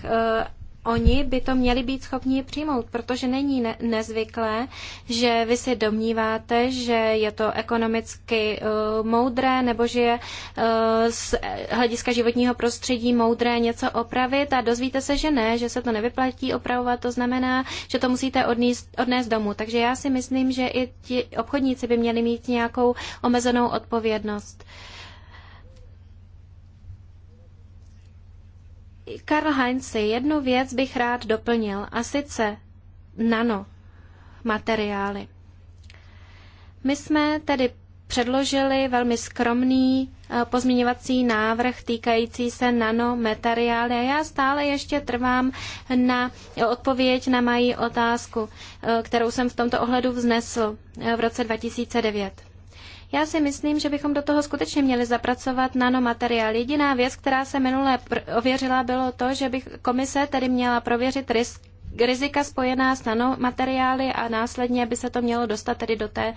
oni by to měli být schopni přijmout, protože není ne- nezvyklé, že vy si domníváte, že je to ekonomicky uh, moudré nebo že je uh, z hlediska životního prostředí moudré něco opravit a dozvíte se, že ne, že se to nevyplatí opravovat, to znamená, že to musíte odníst, odnést domů. Takže já si myslím, že i ti obchodníci by měli mít nějakou omezenou odpovědnost. Uh, Karl Heinz, jednu věc bych rád doplnil, a sice nano materiály. My jsme tedy předložili velmi skromný eh, pozměňovací návrh týkající se nanomateriály a já stále ještě trvám na odpověď na mají otázku, eh, kterou jsem v tomto ohledu vznesl eh, v roce 2009. Já si myslím, že bychom do toho skutečně měli zapracovat nanomateriál. Jediná věc, která se minule ověřila, bylo to, že bych komise tedy měla prověřit risk rizika spojená s nanomateriály a následně by se to mělo dostat tedy do té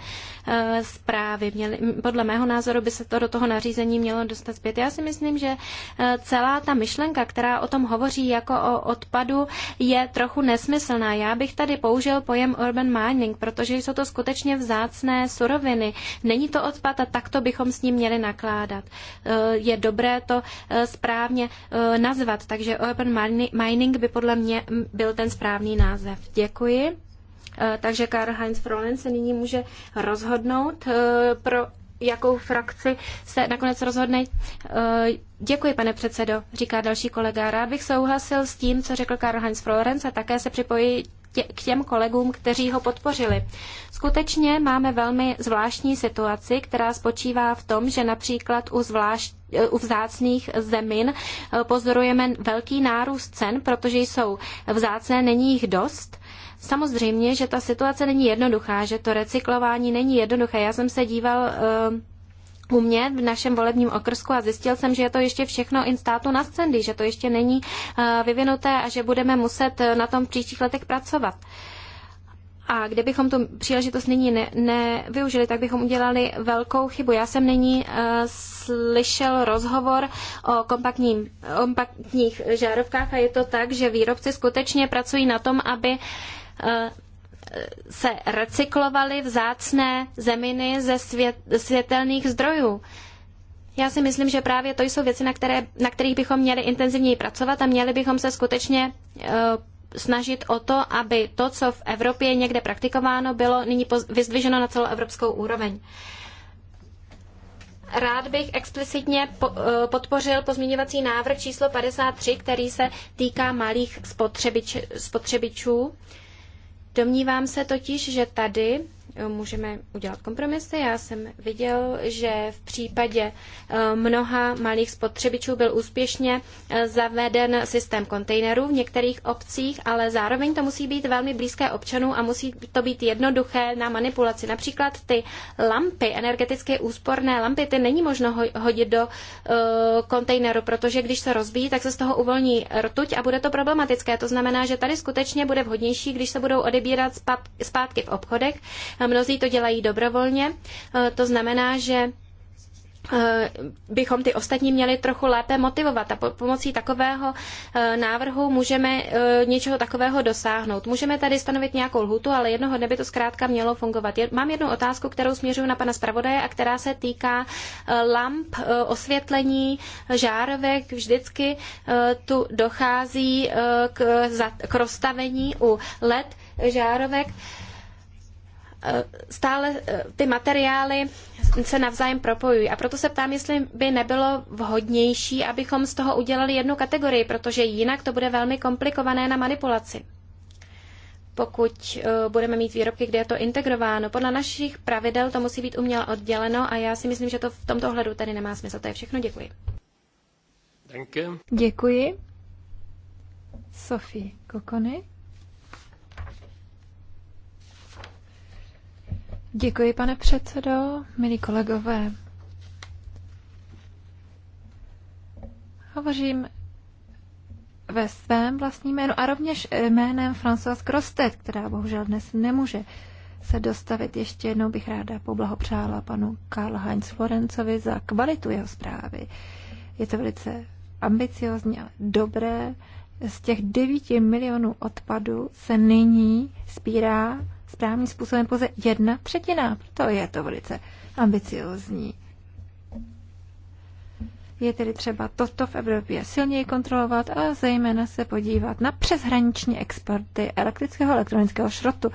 eh, zprávy. Měli, podle mého názoru by se to do toho nařízení mělo dostat zpět. Já si myslím, že eh, celá ta myšlenka, která o tom hovoří jako o odpadu, je trochu nesmyslná. Já bych tady použil pojem urban mining, protože jsou to skutečně vzácné suroviny. Není to odpad a takto bychom s ním měli nakládat. Eh, je dobré to správně nazvat, takže urban mining by podle mě mm, byl ten správný správný název. Děkuji. Eh, takže Karl-Heinz Frohlen se nyní může rozhodnout eh, pro jakou frakci se nakonec rozhodne. Eh, děkuji, pane předsedo, říká další kolega. Rád bych souhlasil s tím, co řekl Karl Heinz Florence a také se připojí tě, k těm kolegům, kteří ho podpořili. Skutečně máme velmi zvláštní situaci, která spočívá v tom, že například u zvlášť eh, u vzácných zemin eh, pozorujeme velký nárůst cen, protože jsou vzácné, není jich dost. Samozřejmě, že ta situace není jednoduchá, že to recyklování není jednoduché. Já jsem se díval eh, u mě v našem volebním okrsku a zjistil jsem, že je to ještě všechno in státu na scendy, že to ještě není eh, vyvinuté a že budeme muset eh, na tom v příštích letech pracovat. A kdybychom tu příležitost nyní nevyužili, ne tak bychom udělali velkou chybu. Já jsem nyní uh, slyšel rozhovor o kompaktním, kompaktních žárovkách a je to tak, že výrobci skutečně pracují na tom, aby uh, se recyklovaly vzácné zeminy ze svět, světelných zdrojů. Já si myslím, že právě to jsou věci, na, které, na kterých bychom měli intenzivněji pracovat a měli bychom se skutečně uh, snažit o to, aby to, co v Evropě někde praktikováno, bylo nyní vyzdviženo na celoevropskou úroveň. Rád bych explicitně po, uh, podpořil pozměňovací návrh číslo 53, který se týká malých spotřebič, spotřebičů. Uh, Domnívám se totiž, že tady můžeme udělat kompromisy. Já jsem viděl, že v případě eh, mnoha malých spotřebičů byl úspěšně eh, zaveden systém kontejnerů v některých obcích, ale zároveň to musí být velmi blízké občanům a musí to být jednoduché na manipulaci. Například ty lampy, energeticky úsporné lampy, ty není možno hodit do eh, kontejneru, protože když se rozbíjí, tak se z toho uvolní rtuť a bude to problematické. To znamená, že tady skutečně bude vhodnější, když se budou odebírat zpátky v obchodech. Mnozí to dělají dobrovolně, eh, to znamená, že eh, bychom ty ostatní měli trochu lépe motivovat a pomocí takového eh, návrhu můžeme něčeho takového dosáhnout. Můžeme tady stanovit nějakou lhutu, ale jednoho dne by to zkrátka mělo fungovat. Mám jednu otázku, kterou směřuji na pana zpravodaje a která se týká lamp, osvětlení, žárovek. Vždycky tu dochází k rozstavení u LED žárovek stále eh, ty materiály se navzájem propojují. A proto se ptám, jestli by nebylo vhodnější, abychom z toho udělali jednu kategorii, protože jinak to bude velmi komplikované na manipulaci. Pokud eh, budeme mít výrobky, kde je to integrováno, podle našich pravidel to musí být uměle odděleno a já si myslím, že to v tomto ohledu tady nemá smysl. To je všechno. Děkuji. Děkuji. Sophie Kokony. Děkuji, pane předsedo, milí kolegové. Hovořím ve svém vlastním jménu a rovněž jménem François Krostet, která bohužel dnes nemůže se dostavit. Ještě jednou bych ráda poblahopřála panu Karl Heinz Florencovi za kvalitu jeho zprávy. Je to velice ambiciozní a dobré. Z těch 9 milionů odpadů se nyní spírá správným způsobem pouze jedna třetina. Proto je to velice ambiciozní. Je tedy třeba toto v Evropě silněji kontrolovat a zejména se podívat na přeshraniční exporty elektrického elektronického šrotu.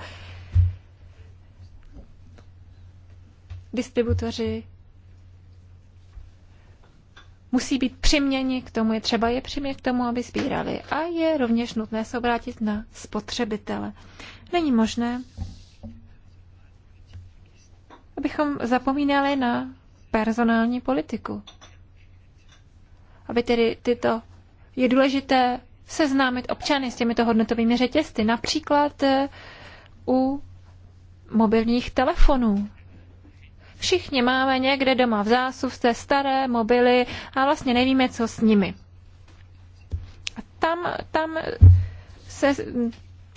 Distributoři musí být přiměni k tomu, je třeba je přimět k tomu, aby sbírali. A je rovněž nutné se obrátit na spotřebitele. Není možné, abychom zapomínali na personální politiku. Aby tedy tyto je důležité seznámit občany s těmito hodnotovými řetězci, například eh, u mobilních telefonů. Všichni máme někde doma v zásuvce staré mobily a vlastně nevíme, co s nimi. A tam, tam se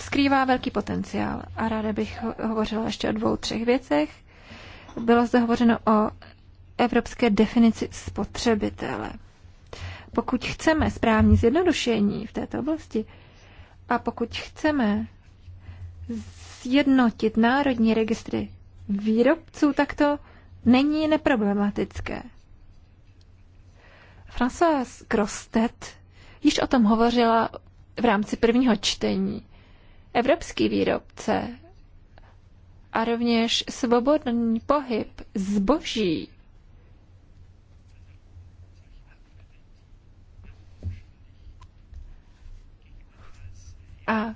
skrývá velký potenciál a ráda bych hovořila ještě o dvou, třech věcech. Bylo zde hovořeno o evropské definici spotřebitele. Pokud chceme správní zjednodušení v této oblasti a pokud chceme zjednotit národní registry výrobců, tak to není neproblematické. François Krostet již o tom hovořila v rámci prvního čtení. Evropský výrobce a rovněž svobodný pohyb zboží A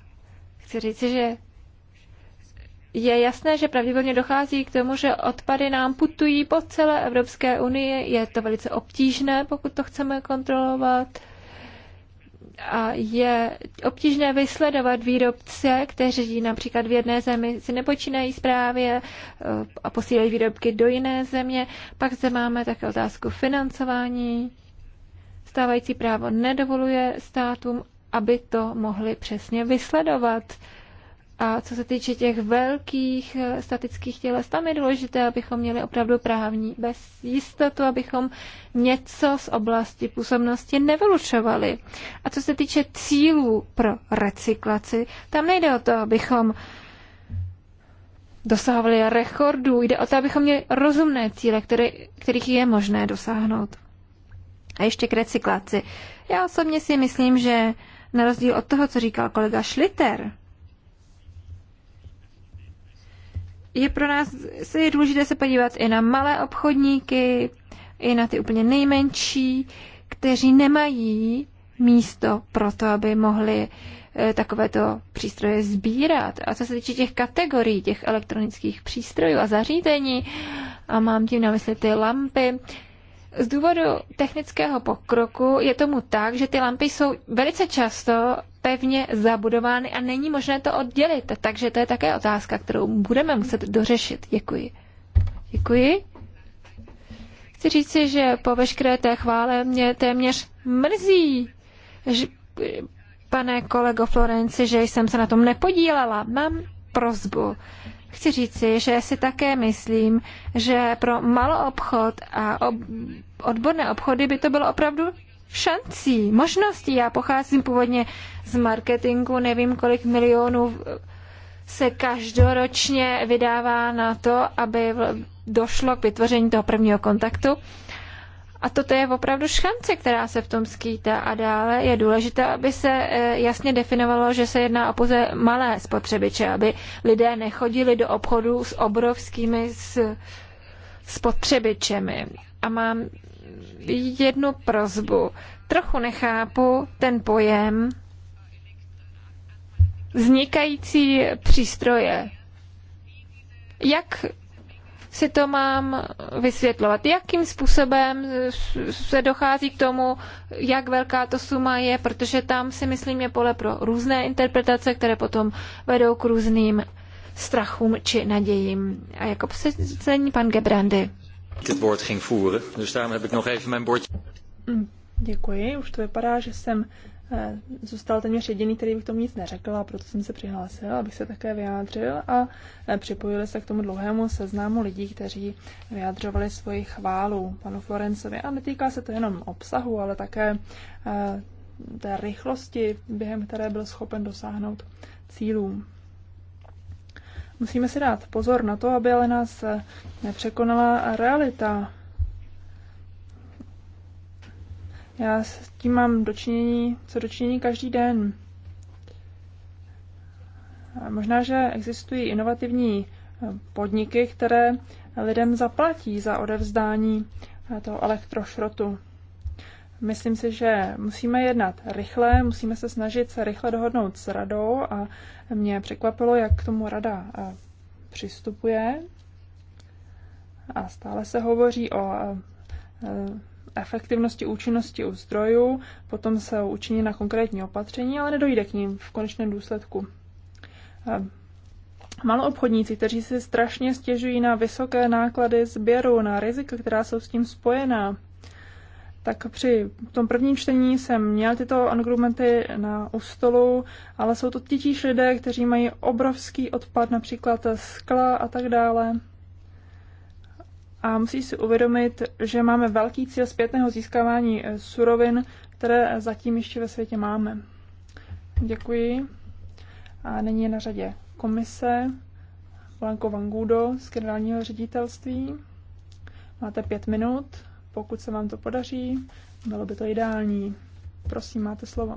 chci říct, že je jasné, že pravděpodobně dochází k tomu, že odpady nám putují po celé Evropské unii. Je to velice obtížné, pokud to chceme kontrolovat a je obtížné vysledovat výrobce, kteří například v jedné zemi si nepočínají zprávě eh, a posílají výrobky do jiné země. Pak zde máme také otázku financování. Stávající právo nedovoluje státům, aby to mohli přesně vysledovat. A co se týče těch velkých eh, statických těles, tam je důležité, abychom měli opravdu právní bez jistotu, abychom něco z oblasti působnosti nevylučovali. A co se týče cílů pro recyklaci, tam nejde o to, abychom dosahovali rekordů, jde o to, abychom měli rozumné cíle, které, kterých je možné dosáhnout. A ještě k recyklaci. Já osobně si myslím, že na rozdíl od toho, co říkal kolega Schlitter, je pro nás je důležité se podívat i na malé obchodníky, i na ty úplně nejmenší, kteří nemají místo pro to, aby mohli eh, takovéto přístroje sbírat. A co se týče těch kategorií, těch elektronických přístrojů a zařízení, a mám tím na mysli ty lampy, z důvodu technického pokroku je tomu tak, že ty lampy jsou velice často pevně zabudovány a není možné to oddělit. Takže to je také otázka, kterou budeme muset dořešit. Děkuji. Děkuji. Chci si, že po veškeré té chvále mě téměř mrzí, že, pane kolego Florenci, že jsem se na tom nepodílela. Mám prozbu. Chci říci, že si také myslím, že pro maloobchod a ob- odborné obchody by to bylo opravdu šancí, možností. Já pocházím původně z marketingu. Nevím, kolik milionů se každoročně vydává na to, aby došlo k vytvoření toho prvního kontaktu. A toto je opravdu šance, která se v tom skýtá. A dále je důležité, aby se eh, jasně definovalo, že se jedná o pouze malé spotřebiče, aby lidé nechodili do obchodu s obrovskými spotřebičemi. A mám jednu prozbu. Trochu nechápu ten pojem vznikající přístroje. Jak si to mám vysvětlovat? Jakým způsobem se dochází k tomu, jak velká to suma je, protože tam si myslím je pole pro různé interpretace, které potom vedou k různým strachům či nadějím. A jako přesvědčení pan Gebrandy. Hm, děkuji, už to vypadá, že jsem Eh, zůstal téměř jediný, který by k tomu nic neřekl a proto jsem se přihlásil, abych se také vyjádřil a eh, připojili se k tomu dlouhému seznamu lidí, kteří vyjadřovali svoji chválu panu Florencovi. A netýká se to jenom obsahu, ale také eh, té rychlosti, během které byl schopen dosáhnout cílů. Musíme si dát pozor na to, aby ale nás nepřekonala realita Já s tím mám dočinění, co dočinění každý den. Možná, že existují inovativní eh, podniky, které lidem zaplatí za odevzdání eh, toho elektrošrotu. Myslím si, že musíme jednat rychle, musíme se snažit se rychle dohodnout s radou a mě překvapilo, jak k tomu rada eh, přistupuje. A stále se hovoří o efektivnosti účinnosti u zdrojů, potom se učiní na konkrétní opatření, ale nedojde k ním v konečném důsledku. Eh, obchodníci, kteří si strašně stěžují na vysoké náklady sběru, na rizika, která jsou s tím spojená, tak při tom prvním čtení jsem měl tyto argumenty na ústolu, ale jsou to titíž lidé, kteří mají obrovský odpad, například skla a tak dále a musí si uvědomit, že máme velký cíl zpětného získávání eh, surovin, které zatím ještě ve světě máme. Děkuji. A nyní je na řadě komise Blanko Vangudo z generálního ředitelství. Máte pět minut, pokud se vám to podaří, bylo by to ideální. Prosím, máte slovo.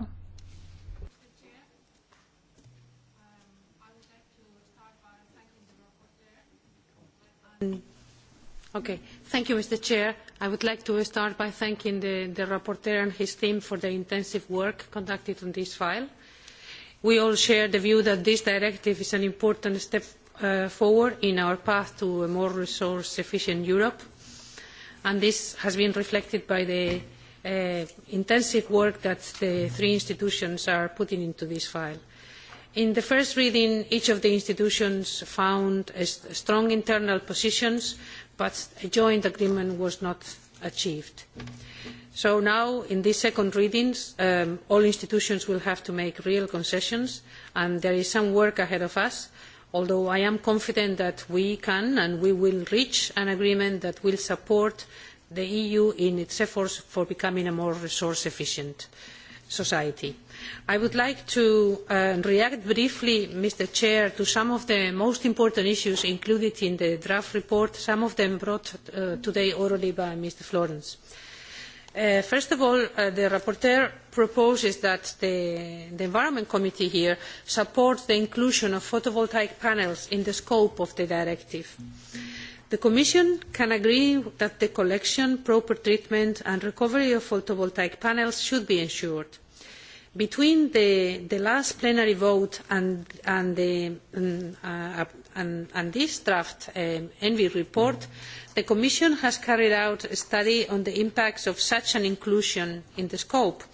Mm. Okay. Thank you, Mr. Chair. I would like to start by thanking the, the rapporteur and his team for the intensive work conducted on this file. We all share the view that this directive is an important step uh, forward in our path to a more resource-efficient Europe, and this has been reflected by the uh, intensive work that the three institutions are putting into this file. In the first reading, each of the institutions found strong internal positions but a joint agreement was not achieved. So now, in this second reading, um, all institutions will have to make real concessions, and there is some work ahead of us, although I am confident that we can and we will reach an agreement that will support the EU in its efforts for becoming a more resource-efficient society. I would like to uh, react briefly, Mr. Chair, to some of the most important issues included in the draft report, some of them brought uh, today orally by Mr. Florence. Uh, first of all, uh, the rapporteur proposes that the, the Environment Committee here supports the inclusion of photovoltaic panels in the scope of the directive. The Commission can agree that the collection, proper treatment and recovery of photovoltaic panels should be ensured Between the, the last plenary vote and, and, the, mm, uh, and, and this draft um, ENVI report, the Commission has carried out a study on the impacts of such an inclusion in the scope.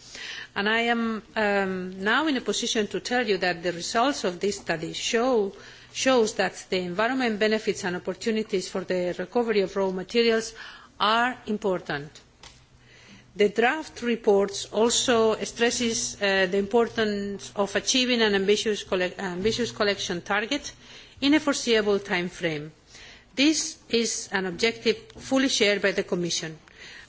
And I am um, now in a position to tell you that the results of this study show shows that the environment benefits and opportunities for the recovery of raw materials are important The draft report also stresses uh, the importance of achieving an ambitious, collect ambitious collection target in a foreseeable time frame. This is an objective fully shared by the Commission,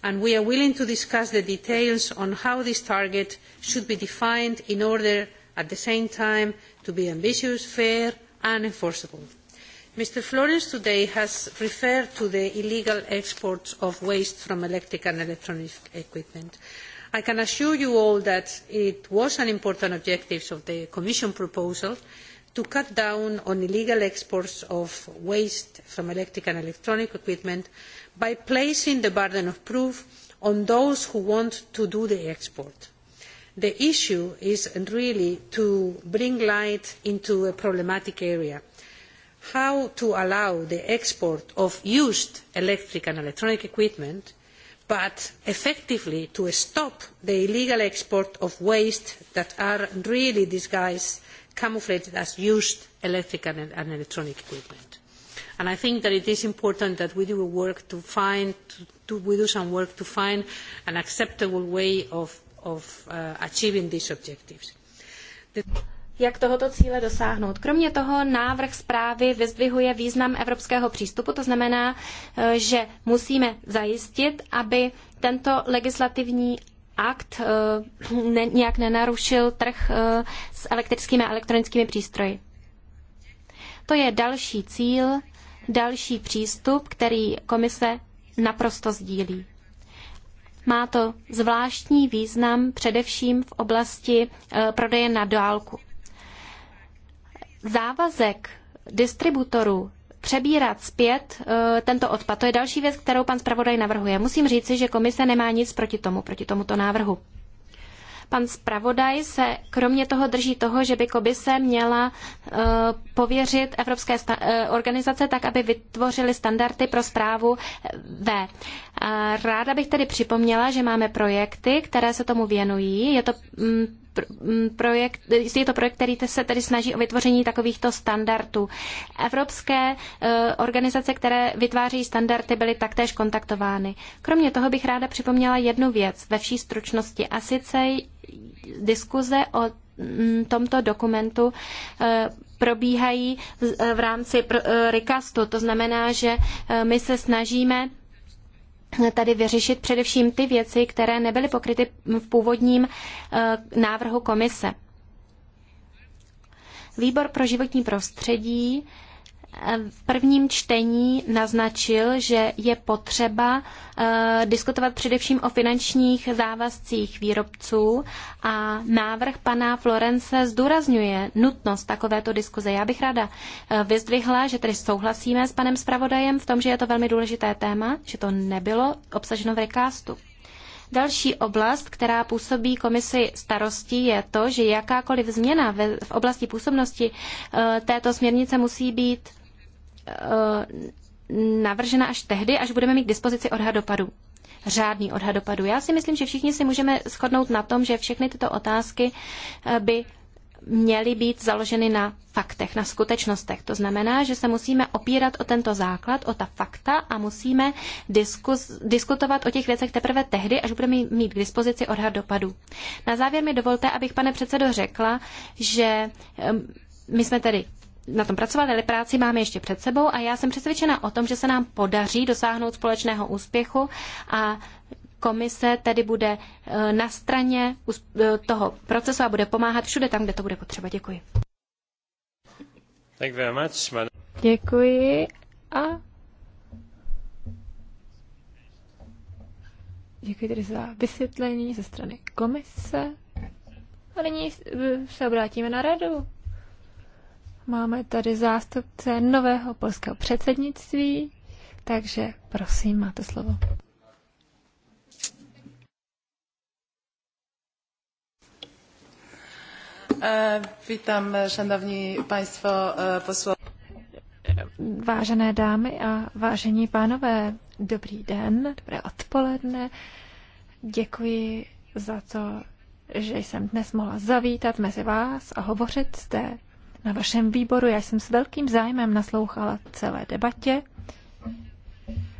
and we are willing to discuss the details on how this target should be defined in order, at the same time, to be ambitious, fair and enforceable. Mr. Flores today has referred to the illegal exports of waste from electric and electronic equipment. I can assure you all that it was an important objective of the Commission proposal to cut down on illegal exports of waste from electric and electronic equipment by placing the burden of proof on those who want to do the export. The issue is really to bring light into a problematic area how to allow the export of used electric and electronic equipment, but effectively to stop the illegal export of waste that are really disguised, camouflaged as used electric and, and electronic equipment. And I think that it is important that we do work to find, to, to, we do some work to find an acceptable way of, of uh, achieving these objectives. The jak tohoto cíle dosáhnout. Kromě toho návrh zprávy vyzdvihuje význam evropského přístupu, to znamená, eh, že musíme zajistit, aby tento legislativní akt eh, ne, nějak nenarušil trh eh, s elektrickými a elektronickými přístroji. To je další cíl, další přístup, který komise naprosto sdílí. Má to zvláštní význam především v oblasti prodeje na dálku závazek distributorů přebírat zpět e, tento odpad. To je další věc, kterou pan zpravodaj navrhuje. Musím říci, že komise nemá nic proti tomu, proti tomuto návrhu. Pan zpravodaj se kromě toho drží toho, že by komise měla e, pověřit evropské e, organizace tak, aby vytvořily standardy pro zprávu V. A ráda bych tedy připomněla, že máme projekty, které se tomu věnují. Je to mm, projekt, je to projekt, který se tedy snaží o vytvoření takovýchto standardů. Evropské e, organizace, které vytváří standardy, byly taktéž kontaktovány. Kromě toho bych ráda připomněla jednu věc ve vší stručnosti a sice diskuze o tomto dokumentu e, probíhají v e, rámci RICASTu. To znamená, že my se snažíme tady vyřešit především ty věci, které nebyly pokryty v původním eh, návrhu komise. Výbor pro životní prostředí v prvním čtení naznačil, že je potřeba eh, diskutovat především o finančních závazcích výrobců a návrh pana Florence zdůrazňuje nutnost takovéto diskuze. Já bych ráda eh, vyzdvihla, že tedy souhlasíme s panem zpravodajem v tom, že je to velmi důležité téma, že to nebylo obsaženo v rekástu. Další oblast, která působí komisi starosti, je to, že jakákoliv změna v oblasti působnosti eh, této směrnice musí být Eh, navržena až tehdy, až budeme mít k dispozici odhad dopadu. Řádný odhad dopadu. Já si myslím, že všichni si můžeme shodnout na tom, že všechny tyto otázky eh, by měly být založeny na faktech, na skutečnostech. To znamená, že se musíme opírat o tento základ, o ta fakta a musíme diskus, diskutovat o těch věcech teprve tehdy, až budeme mít k dispozici odhad dopadu. Na závěr mi dovolte, abych, pane předsedo, řekla, že eh, my jsme tedy na tom pracovat, ale práci máme ještě před sebou a já jsem přesvědčena o tom, že se nám podaří dosáhnout společného úspěchu a komise tedy bude eh, na straně eh, toho procesu a bude pomáhat všude tam, kde to bude potřeba. Děkuji. Děkuji a děkuji tedy za vysvětlení ze strany komise. A nyní se obrátíme na radu. Máme tady zástupce nového polského předsednictví, takže prosím, máte slovo. E, vítám, šanovní państwo e, posłowie. Vážené dámy a vážení pánové, dobrý den, dobré odpoledne. Děkuji za to, že jsem dnes mohla zavítat mezi vás a hovořit zde na vašem výboru. Já jsem s velkým zájmem naslouchala celé debatě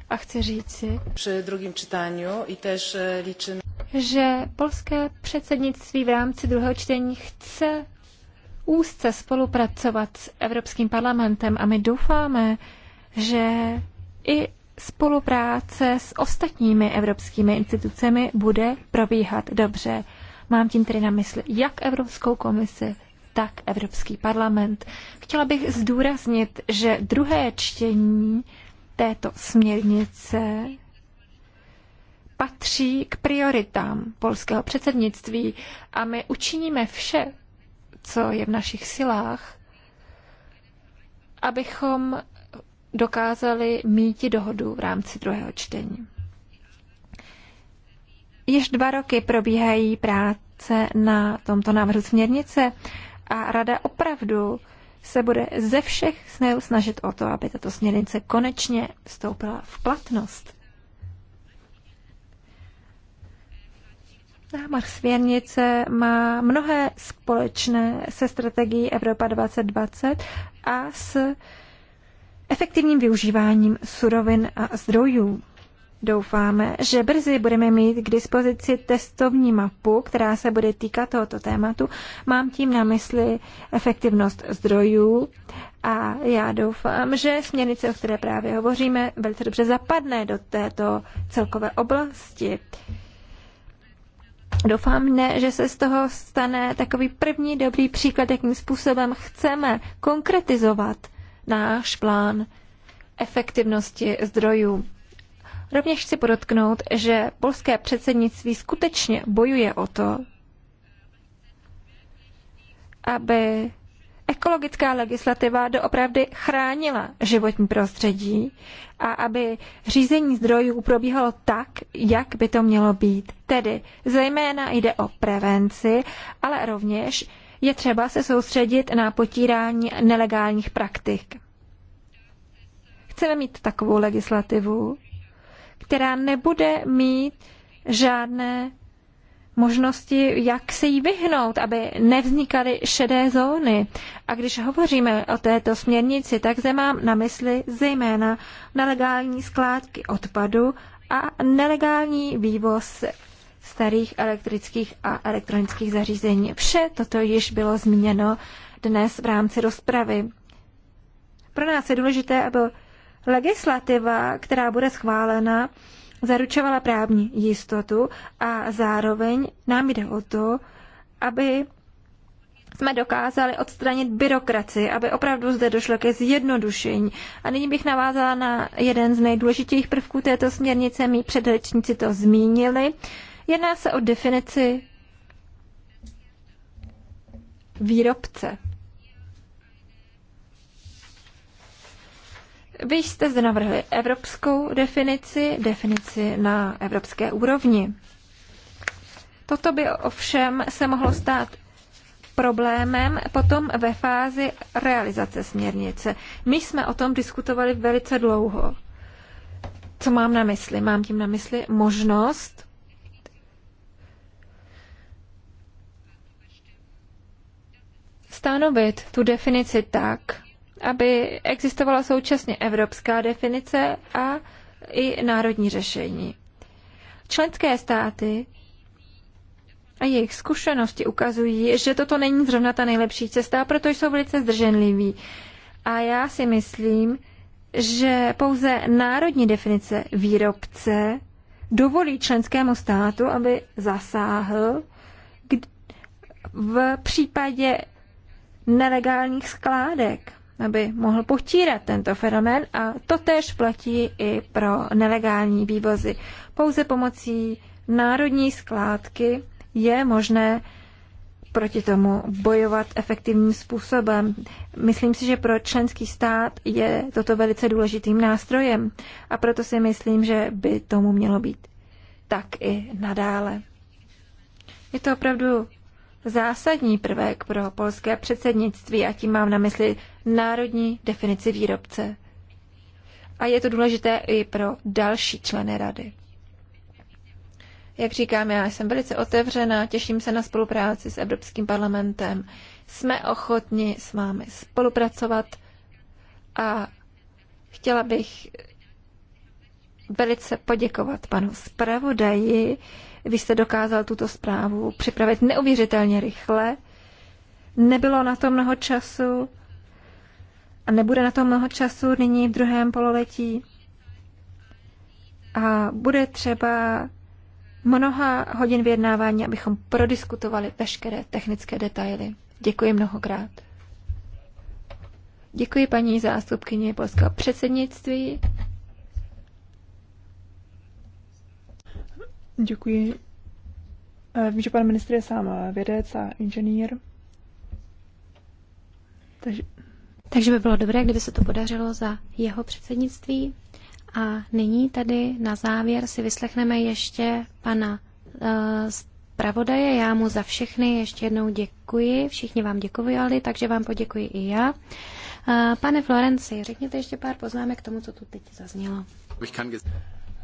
a chci říci, při druhém čtení i tež eh, líčím, že polské předsednictví v rámci druhého čtení chce úzce spolupracovat s Evropským parlamentem a my doufáme, že i spolupráce s ostatními evropskými institucemi bude probíhat dobře. Mám tím tedy na mysli jak Evropskou komisi, tak Evropský parlament. Chtěla bych zdůraznit, že druhé čtení této směrnice patří k prioritám polského předsednictví a my učiníme vše, co je v našich silách, abychom dokázali mít dohodu v rámci druhého čtení. Již dva roky probíhají práce na tomto návrhu směrnice a rada opravdu se bude ze všech snil snažit o to, aby tato směrnice konečně vstoupila v platnost. Námar směrnice má mnohé společné se strategií Evropa 2020 a s efektivním využíváním surovin a zdrojů. Doufáme, že brzy budeme mít k dispozici testovní mapu, která se bude týkat tohoto tématu. Mám tím na mysli efektivnost zdrojů a já doufám, že směrnice, o které právě hovoříme, velice dobře zapadne do této celkové oblasti. Doufám ne, že se z toho stane takový první dobrý příklad, jakým způsobem chceme konkretizovat náš plán efektivnosti zdrojů. Rovněž chci podotknout, že polské předsednictví skutečně bojuje o to, aby ekologická legislativa doopravdy chránila životní prostředí a aby řízení zdrojů probíhalo tak, jak by to mělo být. Tedy zejména jde o prevenci, ale rovněž je třeba se soustředit na potírání nelegálních praktik. Chceme mít takovou legislativu, která nebude mít žádné možnosti, jak se jí vyhnout, aby nevznikaly šedé zóny. A když hovoříme o této směrnici, tak se mám na mysli zejména nelegální skládky odpadu a nelegální vývoz starých elektrických a elektronických zařízení. Vše toto již bylo zmíněno dnes v rámci rozpravy. Pro nás je důležité, aby legislativa, která bude schválena, zaručovala právní jistotu a zároveň nám jde o to, aby jsme dokázali odstranit byrokracii, aby opravdu zde došlo ke zjednodušení. A nyní bych navázala na jeden z nejdůležitějších prvků této směrnice, mý předřečníci to zmínili. Jedná se o definici výrobce. Vy jste zde navrhli evropskou definici, definici na evropské úrovni. Toto by ovšem se mohlo stát problémem potom ve fázi realizace směrnice. My jsme o tom diskutovali velice dlouho. Co mám na mysli? Mám tím na mysli možnost stanovit tu definici tak, aby existovala současně evropská definice a i národní řešení. Členské státy a jejich zkušenosti ukazují, že toto není zrovna ta nejlepší cesta, proto jsou velice zdrženliví. A já si myslím, že pouze národní definice výrobce dovolí členskému státu, aby zasáhl v případě nelegálních skládek aby mohl potírat tento fenomén a to též platí i pro nelegální vývozy. Pouze pomocí národní skládky je možné proti tomu bojovat efektivním způsobem. Myslím si, že pro členský stát je toto velice důležitým nástrojem a proto si myslím, že by tomu mělo být tak i nadále. Je to opravdu zásadní prvek pro polské předsednictví a tím mám na mysli národní definici výrobce. A je to důležité i pro další členy rady. Jak říkám, já jsem velice otevřená, těším se na spolupráci s Evropským parlamentem. Jsme ochotni s vámi spolupracovat a chtěla bych velice poděkovat panu zpravodaji, vy jste dokázal tuto zprávu připravit neuvěřitelně rychle. Nebylo na to mnoho času a nebude na to mnoho času nyní v druhém pololetí. A bude třeba mnoha hodin vyjednávání, abychom prodiskutovali veškeré technické detaily. Děkuji mnohokrát. Děkuji paní zástupkyni polského předsednictví. Děkuji. Eh, vím, že pan ministr je sám eh, vědec a inženýr. Takže... Takže by bylo dobré, kdyby se to podařilo za jeho předsednictví. A nyní tady na závěr si vyslechneme ještě pana uh, zpravodaje. Já mu za všechny ještě jednou děkuji. Všichni vám děkovali, takže vám poděkuji i já. Uh, pane Florenci, řekněte ještě pár poznámek k tomu, co tu teď zaznělo.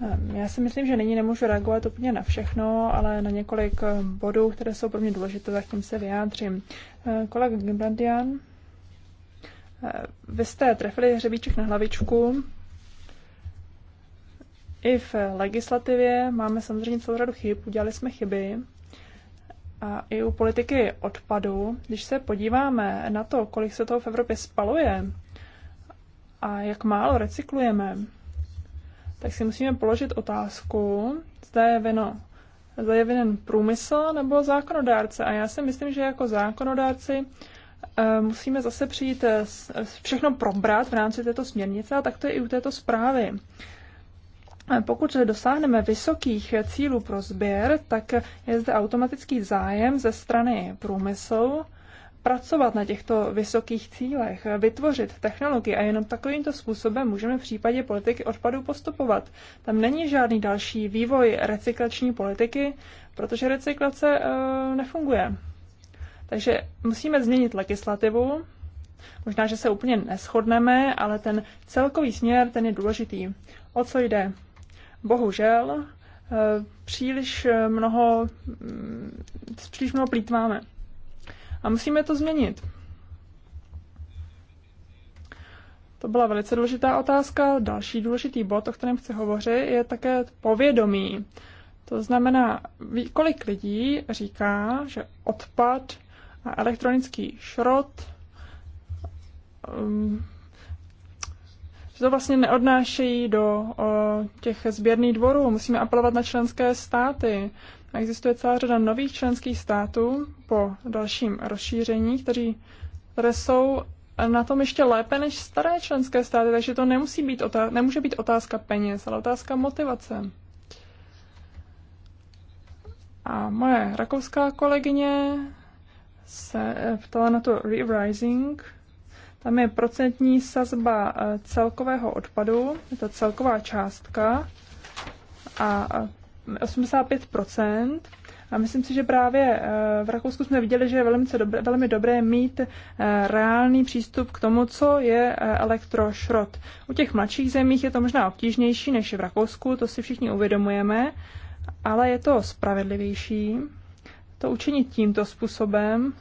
Ehm, já si myslím, že nyní nemůžu reagovat úplně na všechno, ale na několik ehm, bodů, které jsou pro mě důležité, tak tím se vyjádřím. Ehm, kolega Gimbrandian, vy jste trefili hřebíček na hlavičku. I v legislativě máme samozřejmě celou řadu chyb, udělali jsme chyby. A i u politiky odpadu, když se podíváme na to, kolik se toho v Evropě spaluje a jak málo recyklujeme, tak si musíme položit otázku, zda je vino zda je průmysl nebo zákonodárce. A já si myslím, že jako zákonodárci eh, musíme zase přijít eh, všechno probrat v rámci této směrnice a tak to je i u této zprávy. Pokud dosáhneme vysokých cílů pro sběr, tak je zde automatický zájem ze strany průmyslu pracovat na těchto vysokých cílech, vytvořit technologie a jenom takovýmto způsobem můžeme v případě politiky odpadů postupovat. Tam není žádný další vývoj recyklační politiky, protože recyklace e, nefunguje. Takže musíme změnit legislativu. Možná, že se úplně neschodneme, ale ten celkový směr, ten je důležitý. O co jde? Bohužel, eh, příliš mnoho, mm, příliš mnoho plítváme. A musíme to změnit. To byla velice důležitá otázka. Další důležitý bod, o kterém chci hovořit, je také povědomí. To znamená, kolik lidí říká, že odpad a elektronický šrot um, že to vlastně neodnášejí do o, těch sběrných dvorů. Musíme apelovat na členské státy. Existuje celá řada nových členských států po dalším rozšíření, kteří, které jsou na tom ještě lépe než staré členské státy, takže to nemusí být otázka, nemůže být otázka peněz, ale otázka motivace. A moje rakouská kolegyně se eh, ptala na to re-rising. Tam je procentní sazba eh, celkového odpadu, je to celková částka a 85 a myslím si, že právě eh, v Rakousku jsme viděli, že je velmi dobré, velmi dobré mít eh, reálný přístup k tomu, co je eh, elektrošrot. U těch mladších zemích je to možná obtížnější než v Rakousku, to si všichni uvědomujeme, ale je to spravedlivější to učinit tímto způsobem,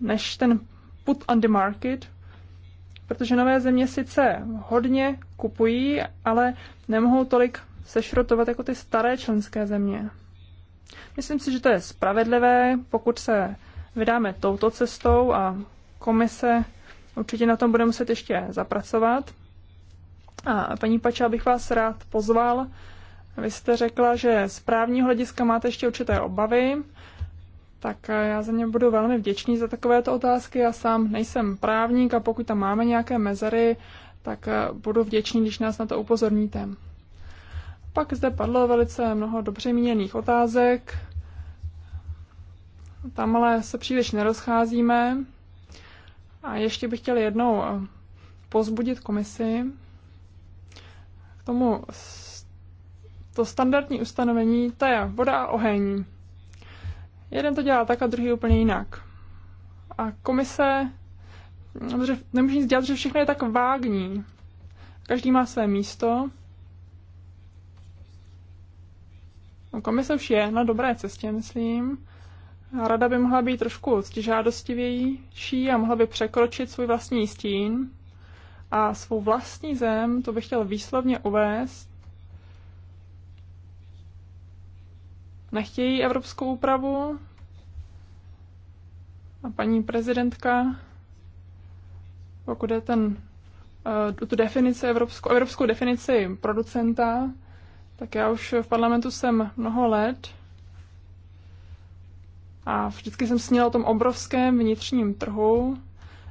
než ten put on the market, protože nové země sice hodně kupují, ale nemohou tolik sešrotovat jako ty staré členské země. Myslím si, že to je spravedlivé, pokud se vydáme touto cestou a komise určitě na tom bude muset ještě zapracovat. A paní Pača, bych vás rád pozval. Vy jste řekla, že z právního hlediska máte ještě určité obavy, tak já za ně budu velmi vděčný za takovéto otázky. Já sám nejsem právník a pokud tam máme nějaké mezery, tak budu vděčný, když nás na to upozorníte. Pak zde padlo velice mnoho dobře míněných otázek. Tam ale se příliš nerozcházíme. A ještě bych chtěl jednou eh, pozbudit komisi k tomu to standardní ustanovení, to je voda a oheň. Jeden to dělá tak a druhý úplně jinak. A komise, nemůže nic dělat, že všechno je tak vágní. Každý má své místo No, komise už je na dobré cestě, myslím. Rada by mohla být trošku ctižádostivější a mohla by překročit svůj vlastní stín a svou vlastní zem, to bych chtěl výslovně uvést. Nechtějí evropskou úpravu a paní prezidentka, pokud je ten, eh, tu definici, evropskou, evropskou definici producenta, tak já už v parlamentu jsem mnoho let a vždycky jsem snila o tom obrovském vnitřním trhu.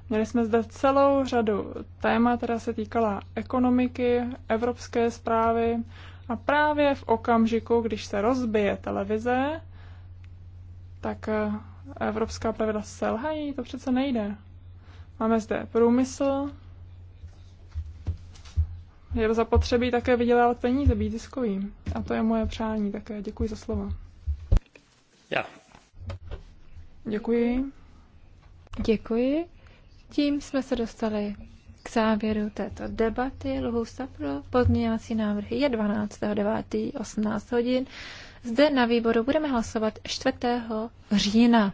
Měli jsme zde celou řadu témat, která se týkala ekonomiky, evropské zprávy a právě v okamžiku, když se rozbije televize, tak eh, evropská pravidla selhají, to přece nejde. Máme zde průmysl, je zapotřebí také vydělávat peníze, být ziskovým. A to je moje přání také. Děkuji za slova. Já. Děkuji. Děkuji. Tím jsme se dostali k závěru této debaty. Lhůsta pro pozměňovací návrhy je 12.9. 18 hodin. Zde na výboru budeme hlasovat 4. října.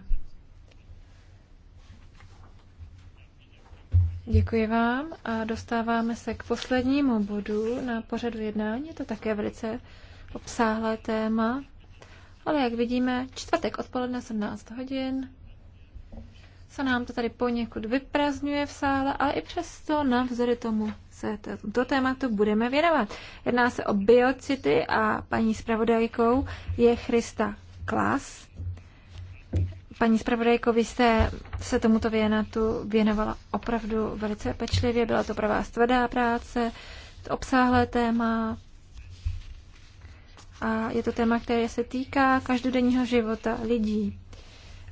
Děkuji vám a dostáváme se k poslednímu bodu na pořadu jednání. Je to také velice obsáhlé téma, ale jak vidíme, čtvrtek odpoledne 17 hodin se nám to tady poněkud vyprazňuje v sále, ale i přesto navzory tomu se to tématu budeme věnovat. Jedná se o biocity a paní zpravodajkou je Christa Klas. Paní zpravodajko, vy jste se tomuto věnatu věnovala opravdu velice pečlivě, byla to pro vás tvrdá práce, obsáhlé téma a je to téma, které se týká každodenního života lidí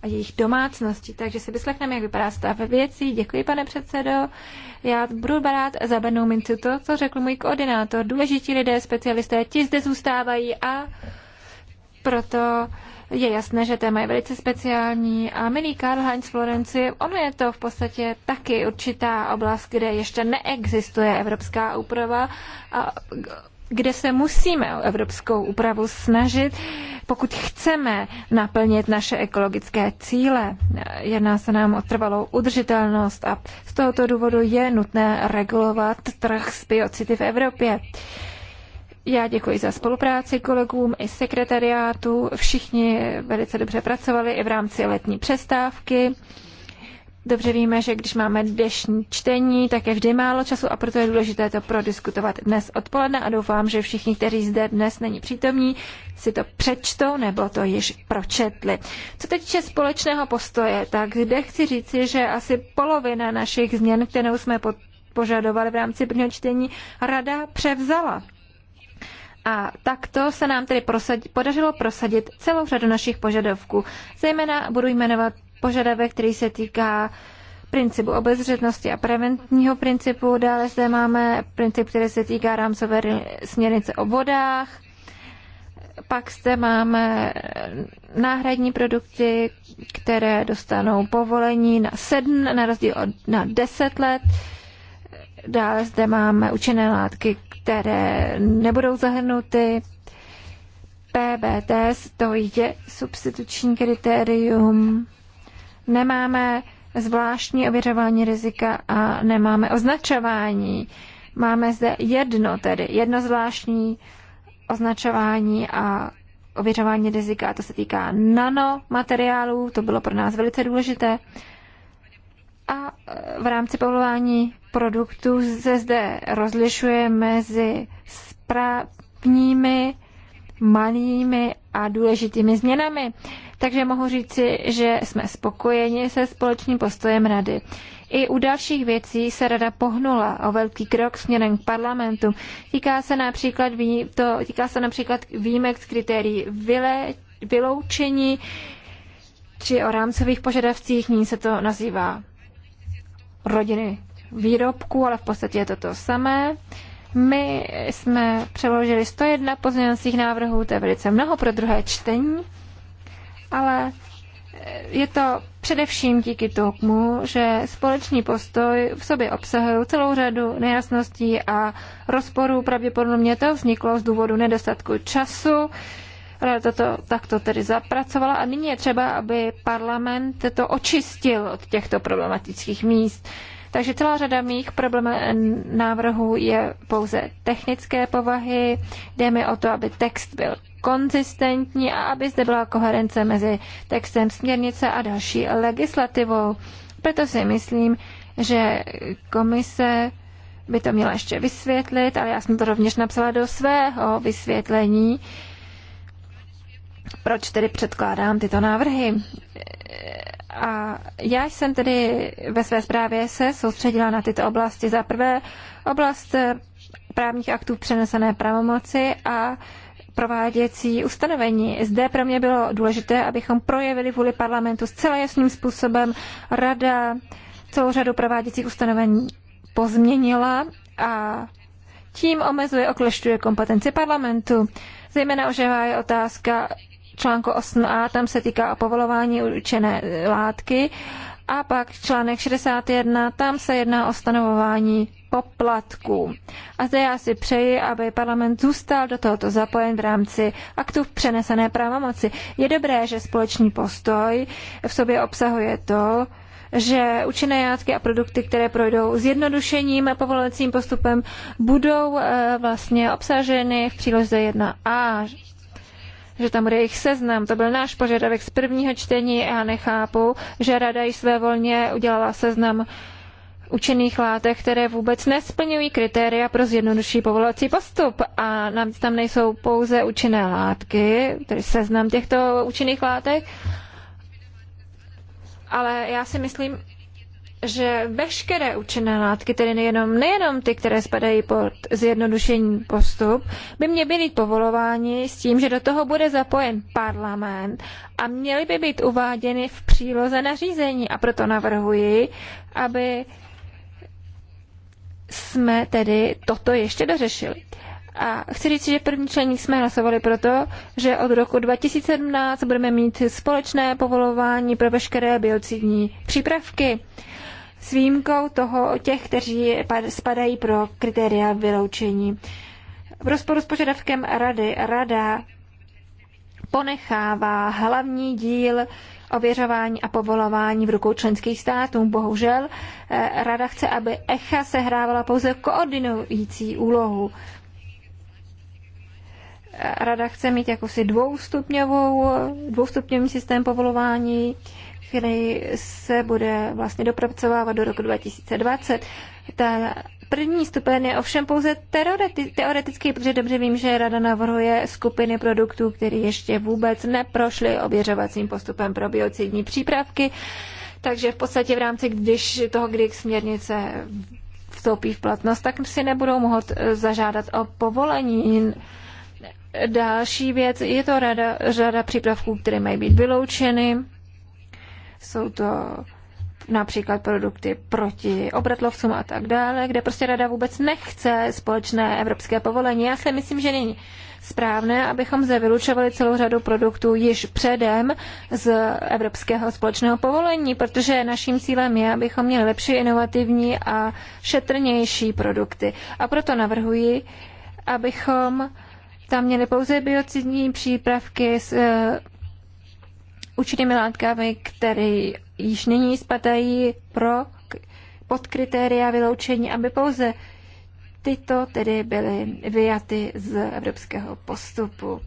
a jejich domácnosti. Takže si vyslechneme, jak vypadá stav věcí. Děkuji, pane předsedo. Já budu za zabenou minci to, co řekl můj koordinátor. Důležití lidé, specialisté, ti zde zůstávají a proto uh, je jasné, že téma je velice speciální a milý Karl Heinz Florenci, ono je to v podstatě taky určitá oblast, kde ještě neexistuje evropská úprava a kde se musíme o evropskou úpravu snažit, pokud chceme naplnit naše ekologické cíle. Jedná se nám o trvalou udržitelnost a z tohoto důvodu je nutné regulovat trh s biocity v Evropě. Já děkuji za spolupráci kolegům i sekretariátu. Všichni velice dobře pracovali i v rámci letní přestávky. Dobře víme, že když máme dnešní čtení, tak je vždy málo času a proto je důležité to prodiskutovat dnes odpoledne a doufám, že všichni, kteří zde dnes není přítomní, si to přečtou nebo to již pročetli. Co teď je společného postoje, tak zde chci říci, že asi polovina našich změn, kterou jsme požadovali v rámci prvního čtení, rada převzala. A takto se nám tedy prosadit, podařilo prosadit celou řadu našich požadavků. Zejména budu jmenovat požadavek, který se týká principu obezřetnosti a preventního principu. Dále zde máme princip, který se týká rámcové směrnice o vodách. Pak zde máme náhradní produkty, které dostanou povolení na sedm, na rozdíl od, na deset let. Dále zde máme učené látky, které nebudou zahrnuty. PBT, to je substituční kritérium. Nemáme zvláštní ověřování rizika a nemáme označování. Máme zde jedno tedy, jedno zvláštní označování a ověřování rizika. A to se týká nanomateriálů, to bylo pro nás velice důležité. A e, v rámci povolování produktů se zde rozlišuje mezi správními, malými a důležitými změnami. Takže mohu říci, že jsme spokojeni se společným postojem Rady. I u dalších věcí se rada pohnula o velký krok směrem k parlamentu. Týká se například, to, týká se například výjimek z kritérií vyle, vyloučení či o rámcových požadavcích, ní se to nazývá rodiny výrobků, ale v podstatě je to to samé. My jsme přeložili 101 pozměňovacích návrhů, to je velice mnoho pro druhé čtení, ale je to především díky tomu, že společný postoj v sobě obsahuje celou řadu nejasností a rozporů. Pravděpodobně to vzniklo z důvodu nedostatku času, Rada to takto tedy zapracovala a nyní je třeba, aby parlament to očistil od těchto problematických míst. Takže celá řada mých problém návrhů je pouze technické povahy. Jde mi o to, aby text byl konzistentní a aby zde byla koherence mezi textem směrnice a další legislativou. Proto si myslím, že komise by to měla ještě vysvětlit, ale já jsem to rovněž napsala do svého vysvětlení, proč tedy předkládám tyto návrhy? A já jsem tedy ve své zprávě se soustředila na tyto oblasti. Za prvé oblast právních aktů přenesené pravomoci a prováděcí ustanovení. Zde pro mě bylo důležité, abychom projevili vůli parlamentu zcela jasným způsobem. Rada celou řadu prováděcích ustanovení pozměnila a tím omezuje, oklešťuje kompetenci parlamentu. Zejména oživá je otázka článku 8a, tam se týká o povolování určené látky. A pak článek 61, tam se jedná o stanovování poplatků. A zde já si přeji, aby parlament zůstal do tohoto zapojen v rámci aktu v přenesené právomoci. Je dobré, že společný postoj v sobě obsahuje to, že účinné látky a produkty, které projdou zjednodušením a povolovacím postupem, budou eh, vlastně obsaženy v příloze 1a že tam bude jejich seznam. To byl náš požadavek z prvního čtení a nechápu, že rada již své volně udělala seznam učených látek, které vůbec nesplňují kritéria pro zjednodušší povolovací postup. A nám tam nejsou pouze učené látky, tedy seznam těchto učených látek, ale já si myslím, že veškeré účinné látky, tedy nejenom, nejenom ty, které spadají pod zjednodušení postup, by měly být povolováni s tím, že do toho bude zapojen parlament a měly by být uváděny v příloze nařízení. A proto navrhuji, aby jsme tedy toto ještě dořešili. A chci říct, že první členík jsme hlasovali proto, že od roku 2017 budeme mít společné povolování pro veškeré biocidní přípravky s výjimkou toho těch, kteří spadají pro kritéria vyloučení. V rozporu s požadavkem rady, rada ponechává hlavní díl ověřování a povolování v rukou členských států. Bohužel eh, rada chce, aby ECHA sehrávala pouze koordinující úlohu. Rada chce mít jakousi dvoustupňovou, dvoustupňový systém povolování, který se bude vlastně dopracovávat do roku 2020. Ta První stupeň je ovšem pouze teoretický, protože dobře vím, že rada navrhuje skupiny produktů, které ještě vůbec neprošly ověřovacím postupem pro biocidní přípravky. Takže v podstatě v rámci když toho, kdy směrnice vstoupí v platnost, tak si nebudou mohout eh, zažádat o povolení Další věc, je to rada, řada přípravků, které mají být vyloučeny. Jsou to například produkty proti obratlovcům a tak dále, kde prostě rada vůbec nechce společné evropské povolení. Já si myslím, že není správné, abychom zde vylučovali celou řadu produktů již předem z evropského společného povolení, protože naším cílem je, abychom měli lepší, inovativní a šetrnější produkty. A proto navrhuji, abychom tam měli pouze biocidní přípravky s eh, určitými látkami, které již nyní spadají pro pod kritéria vyloučení, aby pouze tyto tedy byly vyjaty z evropského postupu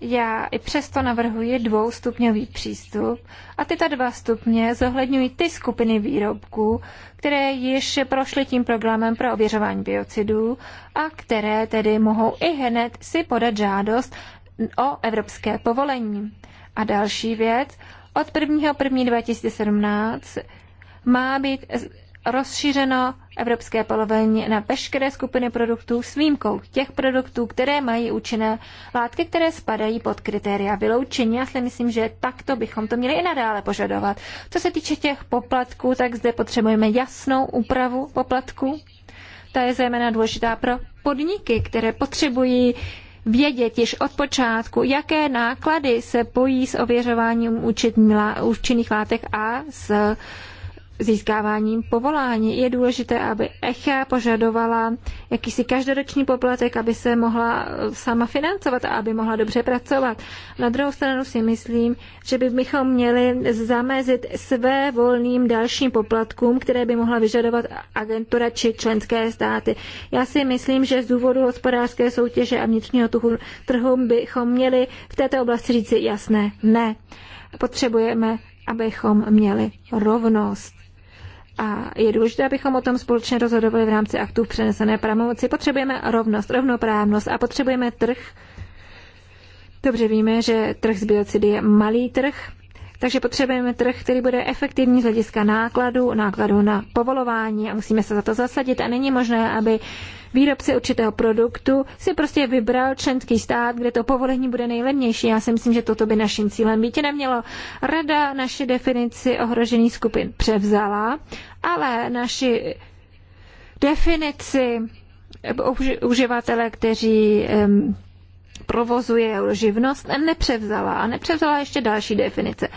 já i přesto navrhuji dvoustupňový přístup a tyto dva stupně zohledňují ty skupiny výrobků, které již prošly tím programem pro ověřování biocidů a které tedy mohou i hned si podat žádost o evropské povolení. A další věc, od 1. 1. 2017 má být rozšířeno evropské polovení na veškeré skupiny produktů s výjimkou těch produktů, které mají účinné látky, které spadají pod kritéria vyloučení. Já si myslím, že takto bychom to měli i nadále požadovat. Co se týče těch poplatků, tak zde potřebujeme jasnou úpravu poplatků. Ta je zejména důležitá pro podniky, které potřebují vědět již od počátku, jaké náklady se pojí s ověřováním účinných látek a s získáváním povolání. Je důležité, aby ECHA požadovala jakýsi každoroční poplatek, aby se mohla eh, sama financovat a aby mohla dobře pracovat. Na druhou stranu si myslím, že bychom měli zamezit své volným dalším poplatkům, které by mohla vyžadovat agentura či členské státy. Já si myslím, že z důvodu hospodářské soutěže a vnitřního trhu bychom měli v této oblasti říci jasné ne. Potřebujeme abychom měli rovnost. A je důležité, abychom o tom společně rozhodovali v rámci aktů přenesené pravomoci. Potřebujeme rovnost, rovnoprávnost a potřebujeme trh. Dobře víme, že trh s biocidy je malý trh, takže potřebujeme trh, který bude efektivní z hlediska nákladu, nákladu na povolování a musíme se za to zasadit. A není možné, aby výrobce určitého produktu si prostě vybral členský stát, kde to povolení bude nejlevnější. Já si myslím, že toto by naším cílem být nemělo. Rada naši definici ohrožených skupin převzala, ale naši definici uživatele, kteří um, provozuje živnost, nepřevzala. A nepřevzala ještě další definice.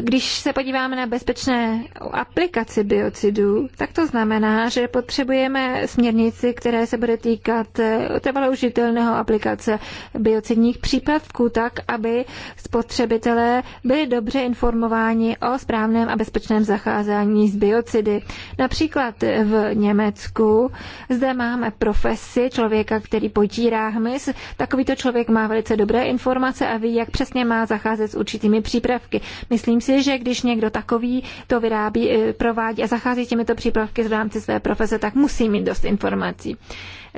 Když se podíváme na bezpečné aplikaci biocidů, tak to znamená, že potřebujeme směrnici, které se bude týkat eh, trvalo užitelného aplikace biocidních přípravků, tak, aby spotřebitelé byli dobře informováni o správném a bezpečném zacházení s biocidy. Například v Německu zde máme profesi člověka, který potírá hmyz. Takovýto člověk má velice dobré informace a ví, jak přesně má zacházet s určitými přípravky. Myslím, Myslím si, že když někdo takový to vyrábí, eh, provádí a zachází těmito přípravky v rámci své profese, tak musí mít dost informací.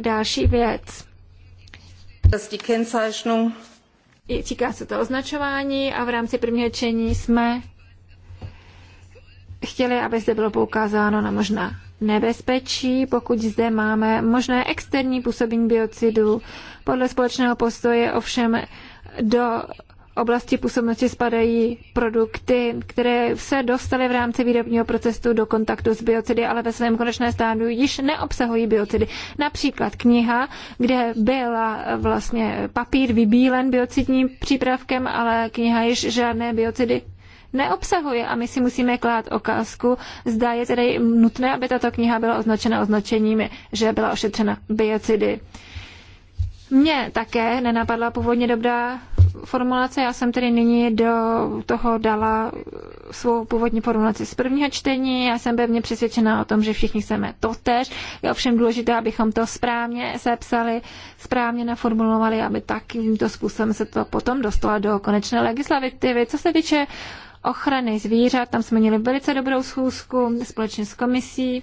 Další věc. Týká se to označování a v rámci prvního čení jsme chtěli, aby zde bylo poukázáno na možná nebezpečí, pokud zde máme možné externí působení biocidů. Podle společného postoje ovšem do oblasti působnosti spadají produkty, které se dostaly v rámci výrobního procesu do kontaktu s biocidy, ale ve svém konečné stádu již neobsahují biocidy. Například kniha, kde byl eh, vlastně papír vybílen biocidním přípravkem, ale kniha již žádné biocidy neobsahuje a my si musíme klát okázku, zda je tedy nutné, aby tato kniha byla označena označením, že byla ošetřena biocidy. Mně také nenapadla původně dobrá formulace. Já jsem tedy nyní do toho dala svou původní formulaci z prvního čtení. Já jsem pevně přesvědčena o tom, že všichni chceme totež. Je ovšem důležité, abychom to správně sepsali, správně naformulovali, aby takýmto způsobem se to potom dostalo do konečné legislativy. Co se týče ochrany zvířat, tam jsme měli velice dobrou schůzku společně s komisí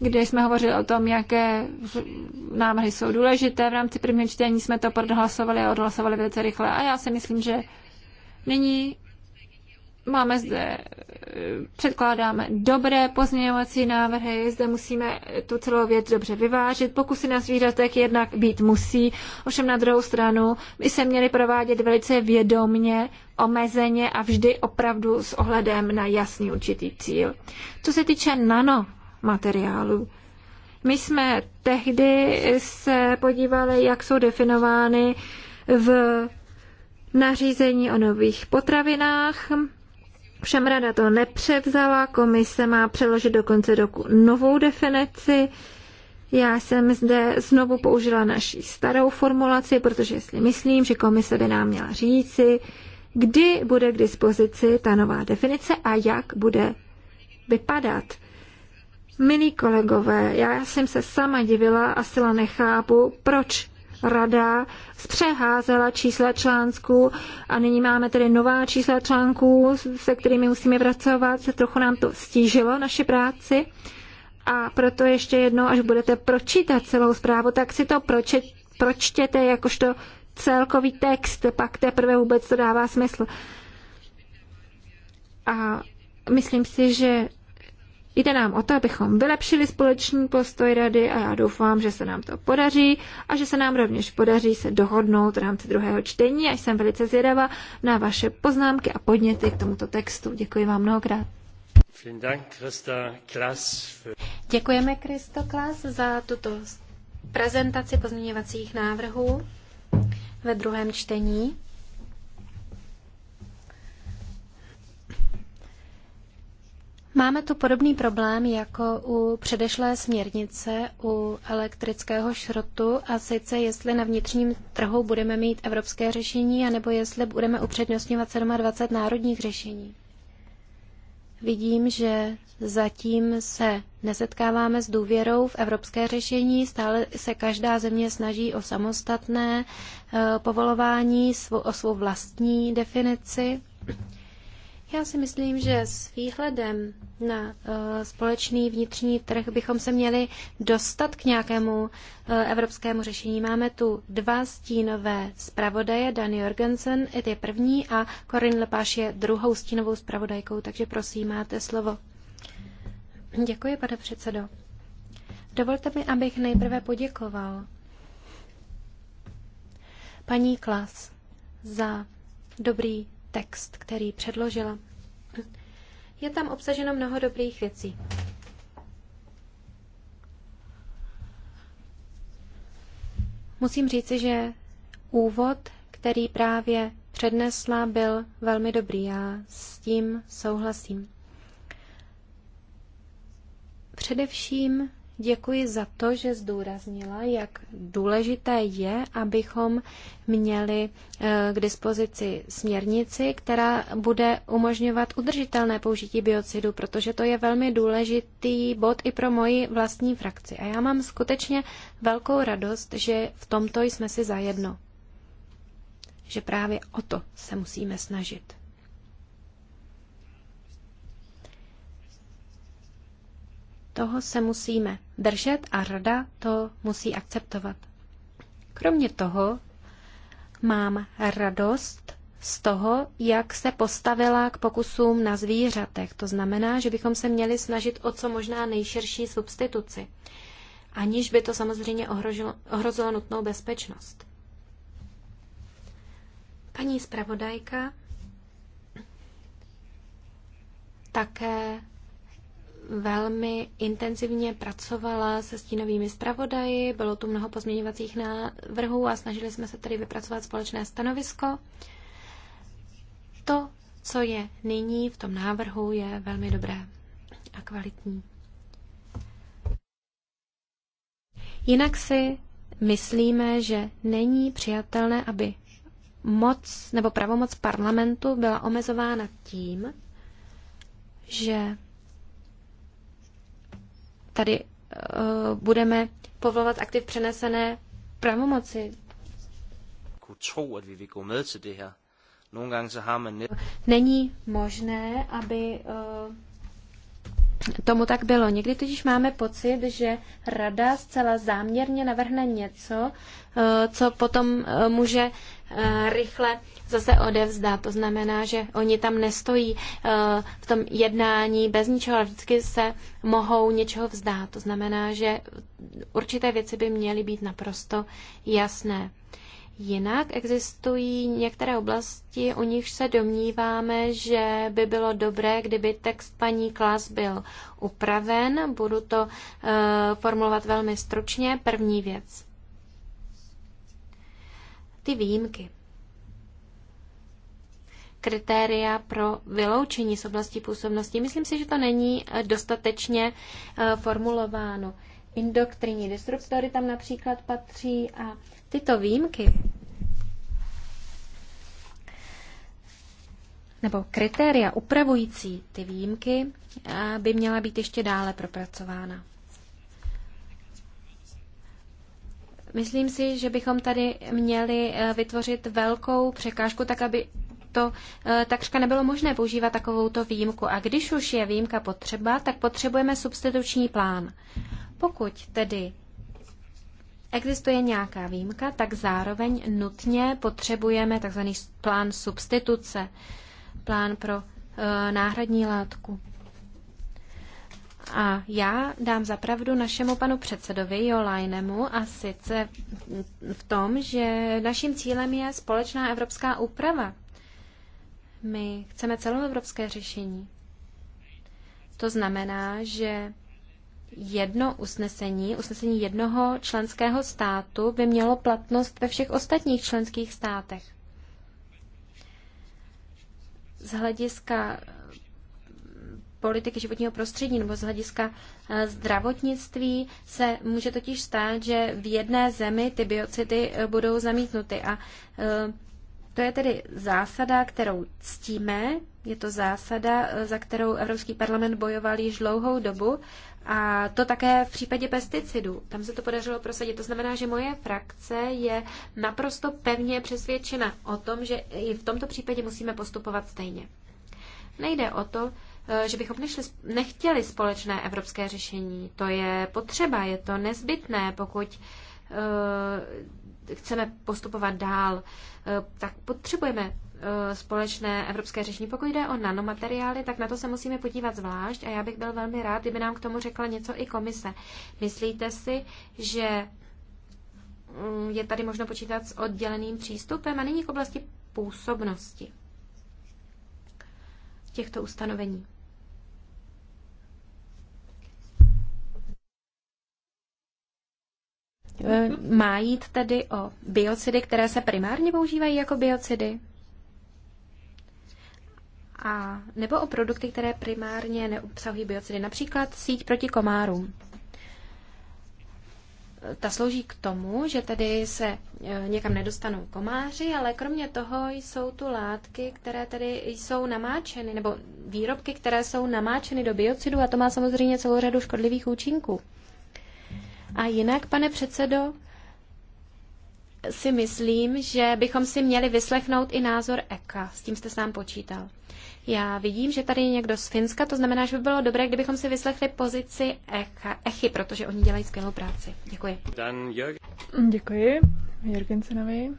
kde jsme hovořili o tom, jaké návrhy jsou důležité. V rámci prvního čtení jsme to podhlasovali, a odhlasovali velice rychle. A já si myslím, že nyní máme zde, předkládáme dobré pozměňovací návrhy, zde musíme tu celou věc dobře vyvážit. Pokusy na zvířatech jednak být musí, ovšem na druhou stranu by se měly provádět velice vědomně, omezeně a vždy opravdu s ohledem na jasný určitý cíl. Co se týče nano materiálu. My jsme tehdy se podívali, jak jsou definovány v nařízení o nových potravinách. Všem rada to nepřevzala, komise má přeložit do konce roku novou definici. Já jsem zde znovu použila naši starou formulaci, protože si myslím, že komise by nám měla říci, kdy bude k dispozici ta nová definice a jak bude vypadat. Milí kolegové, já jsem se sama divila a sila nechápu, proč rada zpřeházela čísla článků a nyní máme tedy nová čísla článků, se kterými musíme pracovat. Trochu nám to stížilo naše práci. A proto ještě jednou, až budete pročítat celou zprávu, tak si to pročet, pročtěte jakožto celkový text, pak teprve vůbec to dává smysl. A myslím si, že Jde nám o to, abychom vylepšili společný postoj rady a já doufám, že se nám to podaří a že se nám rovněž podaří se dohodnout v rámci druhého čtení a jsem velice zvědavá na vaše poznámky a podněty k tomuto textu. Děkuji vám mnohokrát. Děkujeme, Kristo Klas, za tuto prezentaci pozměňovacích návrhů ve druhém čtení. Máme tu podobný problém jako u předešlé směrnice u elektrického šrotu a sice jestli na vnitřním trhu budeme mít evropské řešení anebo jestli budeme upřednostňovat 27 národních řešení. Vidím, že zatím se nesetkáváme s důvěrou v evropské řešení, stále se každá země snaží o samostatné eh, povolování, o svou vlastní definici. Já si myslím, že s výhledem na uh, společný vnitřní trh bychom se měli dostat k nějakému uh, evropskému řešení. Máme tu dva stínové zpravodaje, Dan Jorgensen je první a Corinne Lepáš je druhou stínovou zpravodajkou, takže prosím, máte slovo. Děkuji, pane předsedo. Dovolte mi, abych nejprve poděkoval paní Klas za dobrý text, který předložila. Je tam obsaženo mnoho dobrých věcí. Musím říci, že úvod, který právě přednesla, byl velmi dobrý. Já s tím souhlasím. Především Děkuji za to, že zdůraznila, jak důležité je, abychom měli eh, k dispozici směrnici, která bude umožňovat udržitelné použití biocidů, protože to je velmi důležitý bod i pro moji vlastní frakci. A já mám skutečně velkou radost, že v tomto jsme si zajedno. Že právě o to se musíme snažit. Toho se musíme držet a rada to musí akceptovat. Kromě toho mám radost z toho, jak se postavila k pokusům na zvířatech. To znamená, že bychom se měli snažit o co možná nejširší substituci, aniž by to samozřejmě ohrožilo, ohrozilo nutnou bezpečnost. Paní zpravodajka také velmi intenzivně pracovala se stínovými zpravodaji, bylo tu mnoho pozměňovacích návrhů a snažili jsme se tady vypracovat společné stanovisko. To, co je nyní v tom návrhu, je velmi dobré a kvalitní. Jinak si myslíme, že není přijatelné, aby moc nebo pravomoc parlamentu byla omezována tím, že tady eh, budeme povolovat aktiv přenesené pravomoci. Není možné, aby uh, tomu tak bylo. Někdy totiž máme pocit, že rada zcela záměrně navrhne něco, eh, co potom eh, může eh, rychle zase odevzdá. To znamená, že oni tam nestojí v tom jednání bez ničeho, ale vždycky se mohou něčeho vzdát. To znamená, že určité věci by měly být naprosto jasné. Jinak existují některé oblasti, o nichž se domníváme, že by bylo dobré, kdyby text paní Klas byl upraven. Budu to e, formulovat velmi stručně. První věc. Ty výjimky. Kritéria pro vyloučení z oblasti působnosti. Myslím si, že to není eh, dostatečně e, formulováno indoktrinní disruptory tam například patří a tyto výjimky nebo kritéria upravující ty výjimky eh, by měla být ještě dále propracována. Myslím si, že bychom tady měli eh, vytvořit velkou překážku, tak aby to eh, takřka nebylo možné používat takovouto výjimku. A když už je výjimka potřeba, tak potřebujeme substituční plán. Pokud tedy existuje nějaká výjimka, tak zároveň nutně potřebujeme takzvaný plán substituce plán pro eh, náhradní látku. A já dám zapravdu našemu panu předsedovi Jolajnemu a sice v tom, že naším cílem je společná evropská úprava. My chceme celoevropské řešení. To znamená, že jedno usnesení, usnesení jednoho členského státu by mělo platnost ve všech ostatních členských státech z hlediska eh, politiky životního prostředí nebo z hlediska eh, zdravotnictví se může totiž stát, že v jedné zemi ty biocidy eh, budou zamítnuty. A to je tedy zásada, kterou ctíme, je to zásada, za kterou Evropský parlament bojoval již dlouhou dobu a to také v případě pesticidů. Tam se to podařilo prosadit. To znamená, že moje frakce je naprosto pevně přesvědčena o tom, že i v tomto případě musíme postupovat stejně. Nejde o to, eh, že bychom nešli, nechtěli společné evropské řešení. To je potřeba, je to nezbytné, pokud uh, chceme postupovat dál, uh, tak potřebujeme Eh, společné evropské řešení. Pokud jde o nanomateriály, tak na to se musíme podívat zvlášť a já bych byl velmi rád, kdyby nám k tomu řekla něco i komise. Myslíte si, že mm, je tady možno počítat s odděleným přístupem a nyní k oblasti působnosti těchto ustanovení? Eh, má jít tedy o biocidy, které se primárně používají jako biocidy? a nebo o produkty, které primárně neobsahují biocidy, například síť proti komárům. Ta slouží k tomu, že tedy se e, někam nedostanou komáři, ale kromě toho jsou tu látky, které tedy jsou namáčeny, nebo výrobky, které jsou namáčeny do biocidu a to má samozřejmě celou řadu škodlivých účinků. A jinak, pane předsedo, si myslím, že bychom si měli vyslechnout i názor EKA. S tím jste nám počítal. Já vidím, že tady je někdo z Finska, to znamená, že by bylo dobré, kdybychom si vyslechli pozici Echa, Echy, protože oni dělají skvělou práci. Děkuji. Dan Jörg. Děkuji Jürgensenovi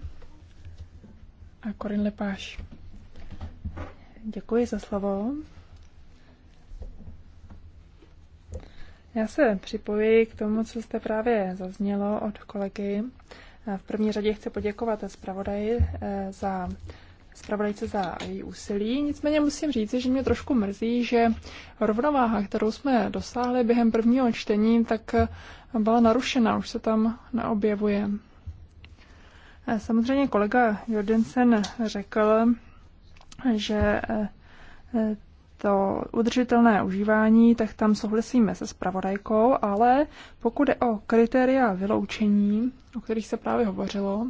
a Korin Lepáš. Děkuji za slovo. Já se připojuji k tomu, co jste právě zaznělo od kolegy. V první řadě chci poděkovat zpravodaji eh, za zpravodajce za její úsilí. Nicméně musím říct, že mě trošku mrzí, že rovnováha, kterou jsme dosáhli během prvního čtení, tak eh, byla narušena, už se tam neobjevuje. Eh, samozřejmě kolega Jordensen řekl, že eh, to udržitelné užívání, tak tam souhlasíme se spravodajkou, ale pokud je o kritéria vyloučení, o kterých se právě hovořilo,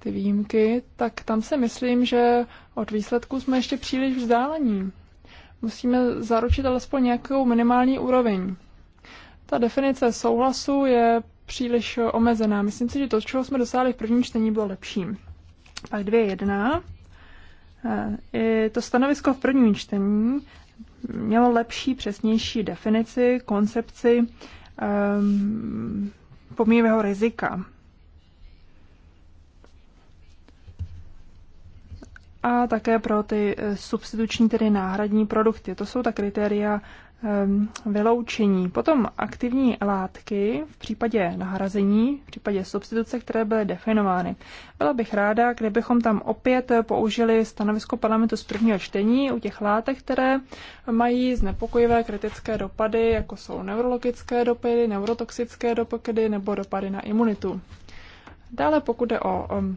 ty výjimky, tak tam si myslím, že od výsledků jsme ještě příliš vzdálení. Musíme zaručit alespoň nějakou minimální úroveň. Ta definice souhlasu je příliš omezená. Myslím si, že to, čeho jsme dosáhli v prvním čtení, bylo lepším. Pak jedna. Eh, I to stanovisko v prvním čtení mělo lepší, přesnější definici, koncepci um, pomíjivého rizika. a také pro ty eh, substituční, tedy náhradní produkty. To jsou ta kritéria ehm, vyloučení. Potom aktivní látky v případě nahrazení, v případě substituce, které byly definovány. Byla bych ráda, kdybychom tam opět použili stanovisko parlamentu z prvního čtení u těch látek, které mají znepokojivé kritické dopady, jako jsou neurologické dopady, neurotoxické dopady nebo dopady na imunitu. Dále pokud jde o ehm,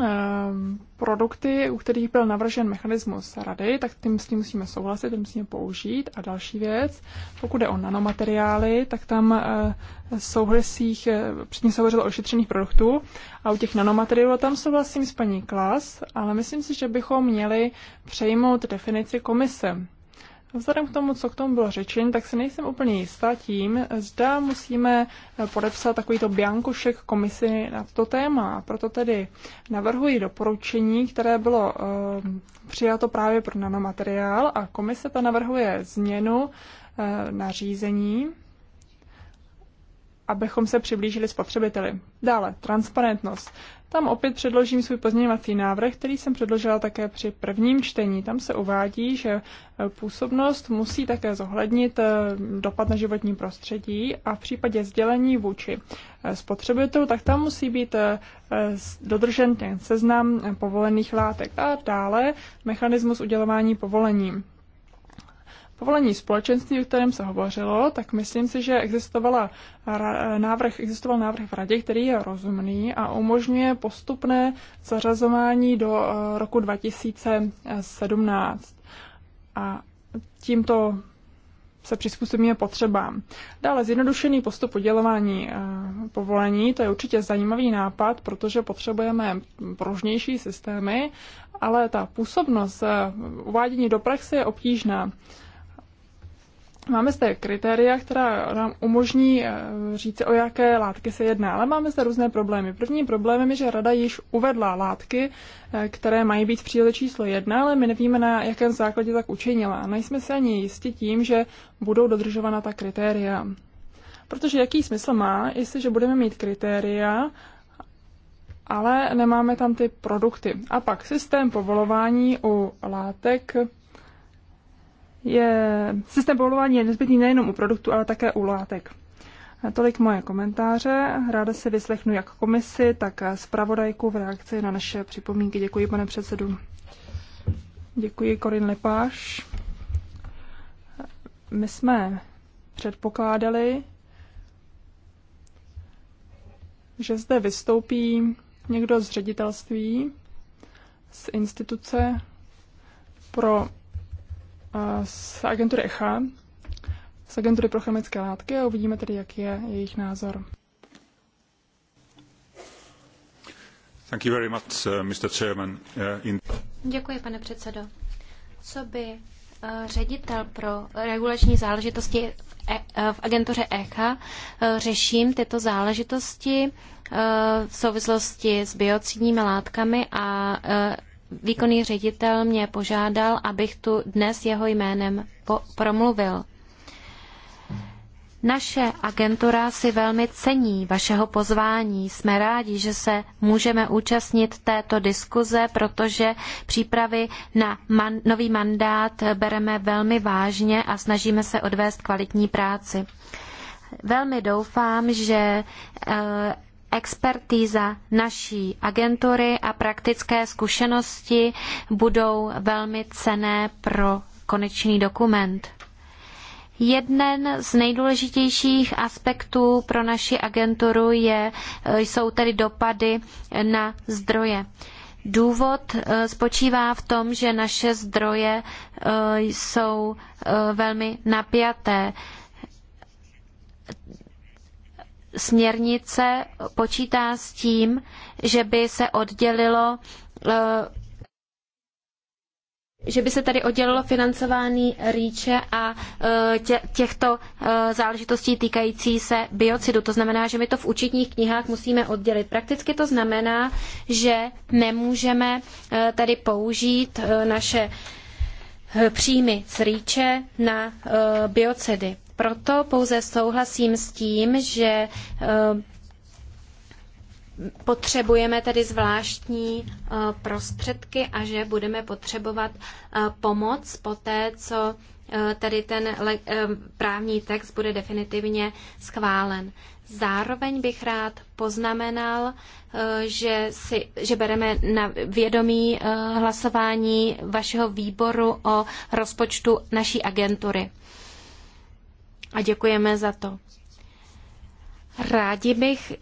Ehm, produkty, u kterých byl navržen mechanismus rady, tak tím s tím musíme souhlasit, tím musíme použít. A další věc, pokud jde o nanomateriály, tak tam eh, souhlasích, eh, předtím se hovořilo o šetřených produktů a u těch nanomateriálů tam souhlasím s paní Klas, ale myslím si, že bychom měli přejmout definici komise Vzhledem k tomu, co k tomu bylo řečen, tak si nejsem úplně jistá tím, zda musíme podepsat takovýto biankošek komisi na to téma. Proto tedy navrhuji doporučení, které bylo eh, přijato právě pro nanomateriál a komise to navrhuje změnu eh, nařízení, abychom se přiblížili spotřebiteli. Dále, transparentnost. Tam opět předložím svůj pozměňovací návrh, který jsem předložila také při prvním čtení. Tam se uvádí, že e, působnost musí také zohlednit e, dopad na životní prostředí a v případě sdělení vůči e, spotřebitelů, tak tam musí být dodržen ten seznam povolených látek a dále mechanismus udělování povolení povolení společenství, o kterém se hovořilo, tak myslím si, že existovala návrh, existoval návrh v radě, který je rozumný a umožňuje postupné zařazování do eh, roku 2017. A tímto se přizpůsobíme potřebám. Dále zjednodušený postup udělování eh, povolení, to je určitě zajímavý nápad, protože potřebujeme pružnější systémy, ale ta působnost eh, uvádění do praxe je obtížná. Máme zde kritéria, která nám umožní eh, říct, o jaké látky se jedná, ale máme zde různé problémy. Prvním problémem je, že Rada již uvedla látky, eh, které mají být v příloze číslo jedna, ale my nevíme, na jakém základě tak učinila. Nejsme si ani jistí tím, že budou dodržována ta kritéria. Protože jaký smysl má, jestliže budeme mít kritéria, ale nemáme tam ty produkty. A pak systém povolování u látek je, systém povolování je nezbytný nejenom u produktu, ale také u látek. Tolik moje komentáře. Ráda si vyslechnu jak komisi, tak zpravodajku v reakci na naše připomínky. Děkuji, pane předsedu. Děkuji, Korin Lepáš. My jsme předpokládali, že zde vystoupí někdo z ředitelství z instituce pro z agentury ECHA, z agentury pro chemické látky a uvidíme tedy, jaký je jejich názor. Thank you very much, uh, Mr. Chairman. Uh, in... Děkuji, pane předsedo. Co by uh, ředitel pro regulační záležitosti e- uh, v agentuře ECHA. Uh, řeším tyto záležitosti v souvislosti s biocidními látkami a výkonný ředitel mě požádal, abych tu dnes jeho jménem po- promluvil. Naše agentura si velmi cení vašeho pozvání. Jsme rádi, že se můžeme účastnit této diskuze, protože přípravy na man, nový mandát bereme velmi vážně a snažíme se odvést kvalitní práci. Velmi doufám, že eh, expertíza naší agentury a praktické zkušenosti budou velmi cené pro konečný dokument. Jeden z nejdůležitějších aspektů pro naši agenturu je, eh, jsou tedy dopady na zdroje. Důvod eh, spočívá v tom, že naše zdroje eh, jsou velmi napjaté směrnice počítá s tím, že by se oddělilo eh, že by se tady oddělilo financování rýče a eh, těchto eh, záležitostí týkající se biocidu. To znamená, že my to v účetních knihách musíme oddělit. Prakticky to znamená, že nemůžeme tady použít naše příjmy z rýče na biocidy. Proto pouze souhlasím s tím, že eh, potřebujeme tedy zvláštní eh, prostředky a že budeme potřebovat eh, pomoc poté, co tedy ten právní text bude definitivně schválen. Zároveň bych rád poznamenal, že, si, že bereme na vědomí hlasování vašeho výboru o rozpočtu naší agentury a děkujeme za to. Rádi, bych,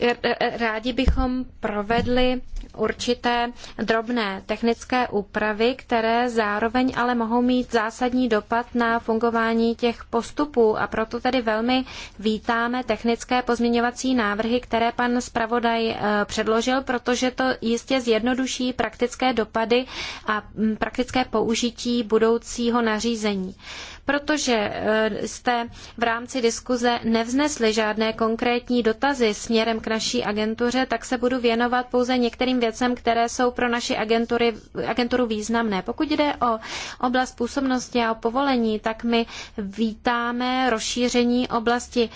rádi bychom provedli určité drobné technické úpravy, které zároveň ale mohou mít zásadní dopad na fungování těch postupů a proto tedy velmi vítáme technické pozměňovací návrhy, které pan zpravodaj eh, předložil, protože to jistě zjednoduší praktické dopady a mm, praktické použití budoucího nařízení. Protože e, jste v rámci diskuze nevznesli žádné konkrétní dotazy směrem k naší agentuře, tak se budu věnovat pouze některým věcem, které jsou pro naši agentury, agenturu významné. Pokud jde o oblast působnosti a o povolení, tak my vítáme rozšíření oblasti e,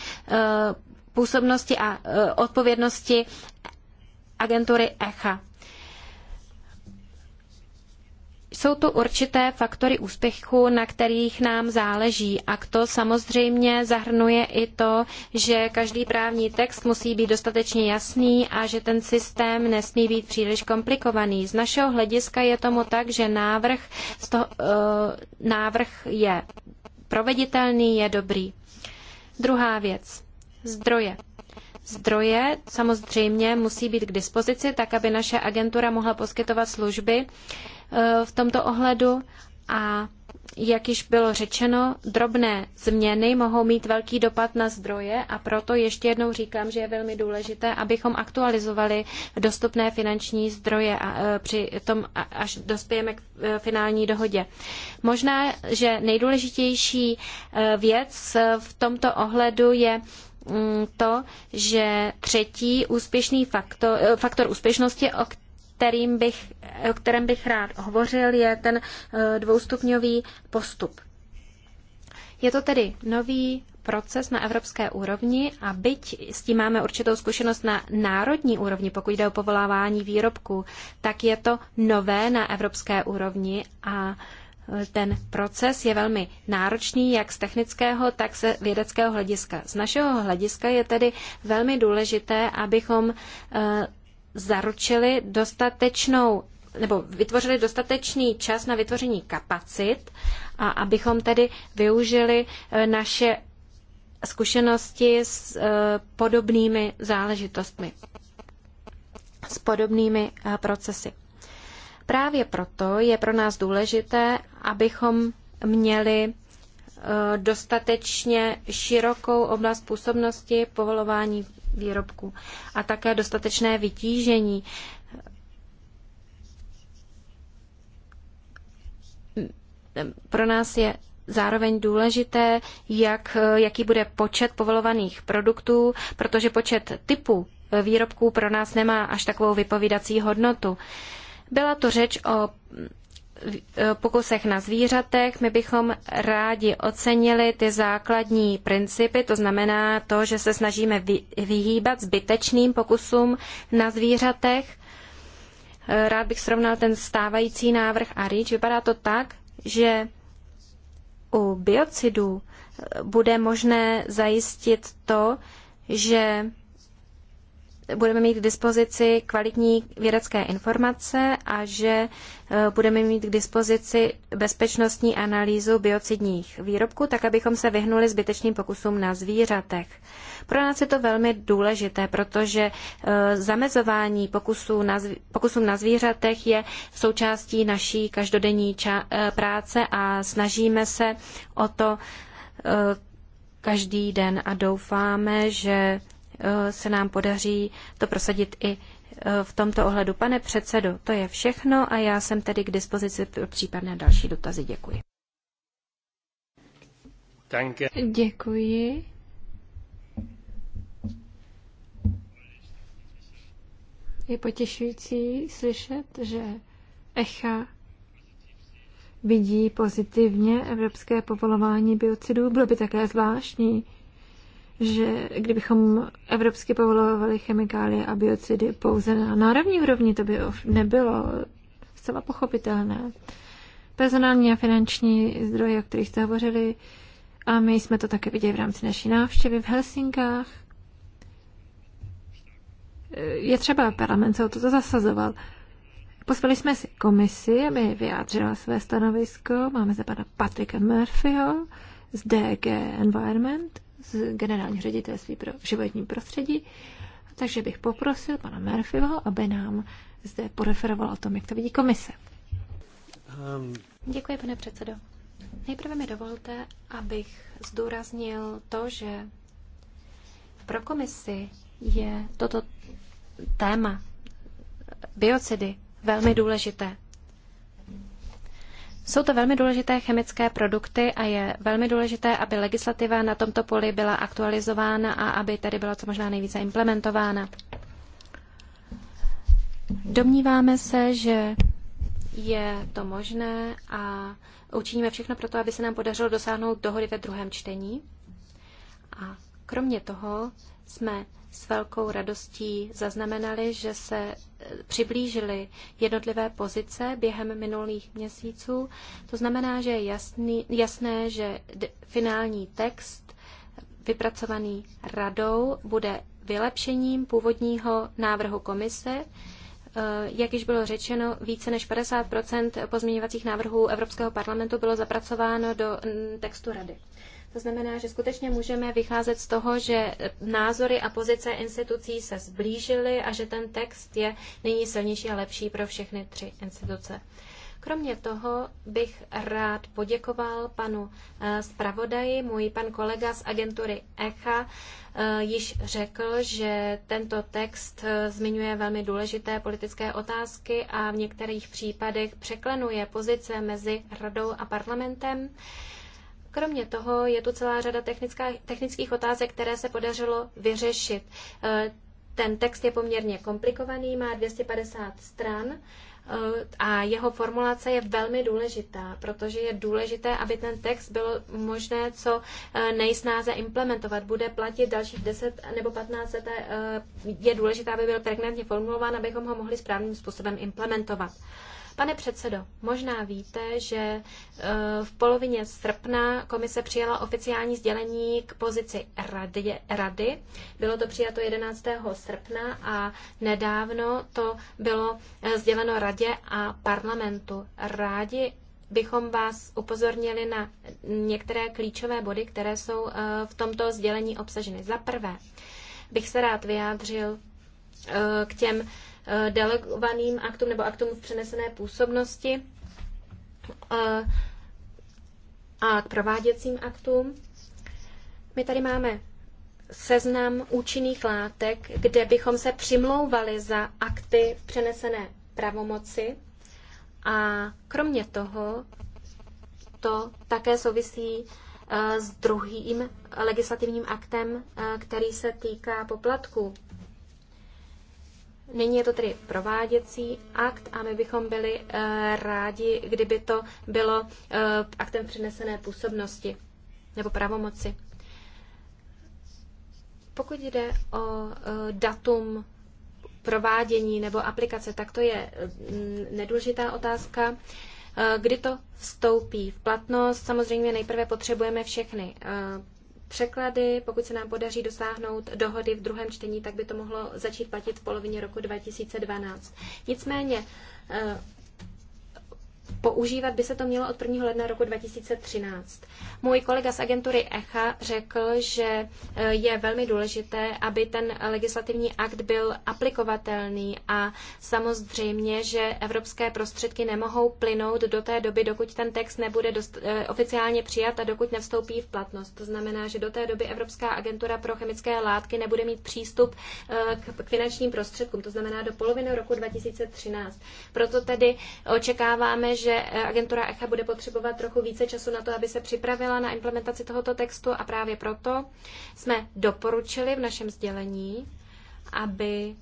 působnosti a e, odpovědnosti agentury ECHA. Jsou tu určité faktory úspěchu, na kterých nám záleží a to samozřejmě zahrnuje i to, že každý právní text musí být dostatečně jasný a že ten systém nesmí být příliš komplikovaný. Z našeho hlediska je tomu tak, že návrh, toho, eh, návrh je proveditelný, je dobrý. Druhá věc. Zdroje. Zdroje samozřejmě musí být k dispozici, tak aby naše agentura mohla poskytovat služby. Uh, Eh, v tomto ohledu a jak již bylo řečeno, drobné změny mohou mít velký dopad na zdroje a proto ještě jednou říkám, že je velmi důležité, abychom aktualizovali dostupné finanční zdroje a, eh, při tom, až dospějeme k eh, finální dohodě. Možná, že nejdůležitější věc v tomto ohledu je mm, to, že třetí úspěšný faktor, faktor úspěšnosti, o kterým bych, eh, o kterém bych rád hovořil, je ten eh, dvoustupňový postup. Je to tedy nový proces na evropské úrovni a byť s tím máme určitou zkušenost na národní úrovni, pokud jde o povolávání výrobků, tak je to nové na evropské úrovni a eh, ten proces je velmi náročný jak z technického, tak z vědeckého hlediska. Z našeho hlediska je tedy velmi důležité, abychom zaručili dostatečnou nebo vytvořili dostatečný čas na vytvoření kapacit a abychom tedy využili e, naše zkušenosti s e, podobnými záležitostmi, s podobnými e, procesy. Právě proto je pro nás důležité, abychom měli dostatečně širokou oblast působnosti povolování výrobků a také dostatečné vytížení. Pro nás je zároveň důležité, jak, jaký bude počet povolovaných produktů, protože počet typů výrobků pro nás nemá až takovou vypovídací hodnotu. Byla to řeč o Eh, pokusech na zvířatech. My bychom rádi ocenili ty základní principy, to znamená to, že se snažíme vyhýbat zbytečným pokusům na zvířatech. Eh, rád bych srovnal ten stávající návrh a REACH. Vypadá to tak, že u biocidů eh, bude možné zajistit to, že budeme mít k dispozici kvalitní vědecké informace a že e, budeme mít k dispozici bezpečnostní analýzu biocidních výrobků, tak abychom se vyhnuli zbytečným pokusům na zvířatech. Pro nás je to velmi důležité, protože e, zamezování pokusů na, pokusům na zvířatech je součástí naší každodenní e, práce a snažíme se o to každý den a doufáme, že Eh, se nám podaří to prosadit i eh, v tomto ohledu. Pane předsedo, to je všechno a já jsem tedy k dispozici pro případné další dotazy. Děkuji. Danke. Děkuji. Je potěšující slyšet, že ECHA vidí pozitivně evropské povolování biocidů. Bylo by také zvláštní, že kdybychom evropsky povolovali chemikálie a biocidy pouze na národní úrovni, to by nebylo zcela pochopitelné. Personální a finanční zdroje, o kterých jste hovořili, a my jsme to také viděli v rámci naší návštěvy v Helsinkách. Je třeba, parlament se o toto zasazoval. Pozvali jsme si komisi, aby vyjádřila své stanovisko. Máme zde pana Patrika Murphyho z DG Environment z generální ředitelství pro životní prostředí. Takže bych poprosil pana Murphyho, aby nám zde poreferoval o tom, jak to vidí komise. Um. Děkuji, pane předsedo. Nejprve mi dovolte, abych zdůraznil to, že pro komisi je toto téma biocidy velmi důležité. Jsou to velmi důležité chemické produkty a je velmi důležité, aby legislativa na tomto poli byla aktualizována a aby tedy byla co možná nejvíce implementována. Domníváme se, že je to možné a učiníme všechno pro to, aby se nám podařilo dosáhnout dohody ve druhém čtení. A kromě toho jsme s velkou radostí zaznamenali, že se eh, přiblížily jednotlivé pozice během minulých měsíců. To znamená, že je jasný, jasné, že finální text eh, vypracovaný radou bude vylepšením původního návrhu komise. Eh, jak již bylo řečeno, více než 50 pozměňovacích návrhů Evropského parlamentu bylo zapracováno do textu rady. To znamená, že skutečně můžeme vycházet z toho, že názory a pozice institucí se zblížily a že ten text je nyní silnější a lepší pro všechny tři instituce. Kromě toho bych rád poděkoval panu eh, zpravodaji. Můj pan kolega z agentury ECHA eh, již řekl, že tento text eh, zmiňuje velmi důležité politické otázky a v některých případech překlenuje pozice mezi radou a parlamentem. Kromě toho je tu celá řada technických otázek, které se podařilo vyřešit. E, ten text je poměrně komplikovaný, má 250 stran e, a jeho formulace je velmi důležitá, protože je důležité, aby ten text bylo možné co e, nejsnáze implementovat. Bude platit dalších 10 nebo 15 let. Je důležité, aby byl pregnantně formulován, abychom ho mohli správným způsobem implementovat. Pane předsedo, možná víte, že eh, v polovině srpna komise přijala oficiální sdělení k pozici radě, rady. Bylo to přijato 11. srpna a nedávno to bylo eh, sděleno radě a parlamentu. Rádi bychom vás upozornili na některé klíčové body, které jsou eh, v tomto sdělení obsaženy. Za prvé bych se rád vyjádřil k těm Eh, delegovaným aktům nebo aktům v přenesené působnosti eh, a k prováděcím aktům. My tady máme seznam účinných látek, kde bychom se přimlouvali za akty přenesené pravomoci. A kromě toho to také souvisí eh, s druhým legislativním aktem, který se týká poplatků. Nyní je to tedy prováděcí akt a my bychom byli eh, rádi, kdyby to bylo eh, aktem přenesené působnosti nebo pravomoci. Pokud jde o eh, datum provádění nebo aplikace, tak to je mm, nedůležitá otázka. Kdy to vstoupí v platnost? Samozřejmě nejprve potřebujeme všechny překlady. Pokud se nám podaří dosáhnout dohody v druhém čtení, tak by to mohlo začít platit v polovině roku 2012. Nicméně eh, používat by se to mělo od 1. ledna roku 2013. Můj kolega z agentury ECHA řekl, že eh, je velmi důležité, aby ten legislativní akt byl aplikovatelný a samozřejmě, že evropské prostředky nemohou plynout do té doby, dokud ten text nebude dost, eh, oficiálně přijat a dokud nevstoupí v platnost. To znamená, že do té doby Evropská agentura pro chemické látky nebude mít přístup eh, k finančním prostředkům, to znamená do poloviny roku 2013. Proto tedy očekáváme, že Eh, agentura ECHA bude potřebovat trochu více času na to, aby se připravila na implementaci tohoto textu a právě proto jsme doporučili v našem sdělení, aby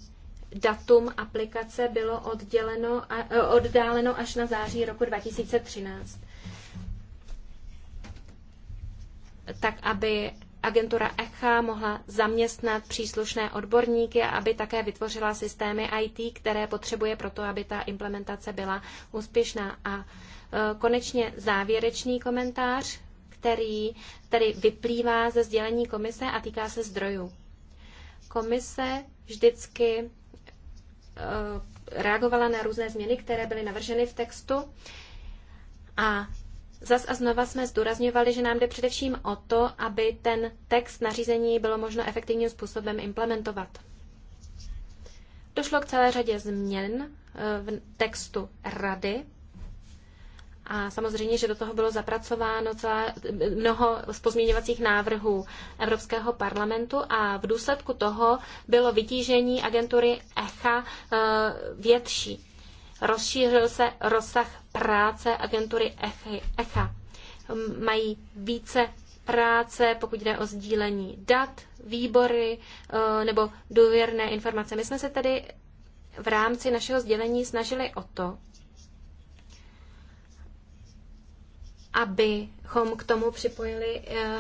datum aplikace bylo odděleno a, eh, oddáleno až na září roku 2013. Tak, aby agentura ECHA mohla zaměstnat příslušné odborníky a aby také vytvořila systémy IT, které potřebuje pro to, aby ta implementace byla úspěšná. A e, konečně závěrečný komentář, který tedy vyplývá ze sdělení komise a týká se zdrojů. Komise vždycky e, reagovala na různé změny, které byly navrženy v textu. A Zas a znova jsme zdůrazňovali, že nám jde především o to, aby ten text nařízení bylo možno efektivním způsobem implementovat. Došlo k celé řadě změn eh, v textu rady a samozřejmě, že do toho bylo zapracováno celá, mnoho z pozměňovacích návrhů Evropského parlamentu a v důsledku toho bylo vytížení agentury ECHA eh, větší rozšířil se rozsah práce agentury ECHA. Mají více práce, pokud jde o sdílení dat, výbory eh, nebo důvěrné informace. My jsme se tedy v rámci našeho sdělení snažili o to, abychom k tomu připojili eh,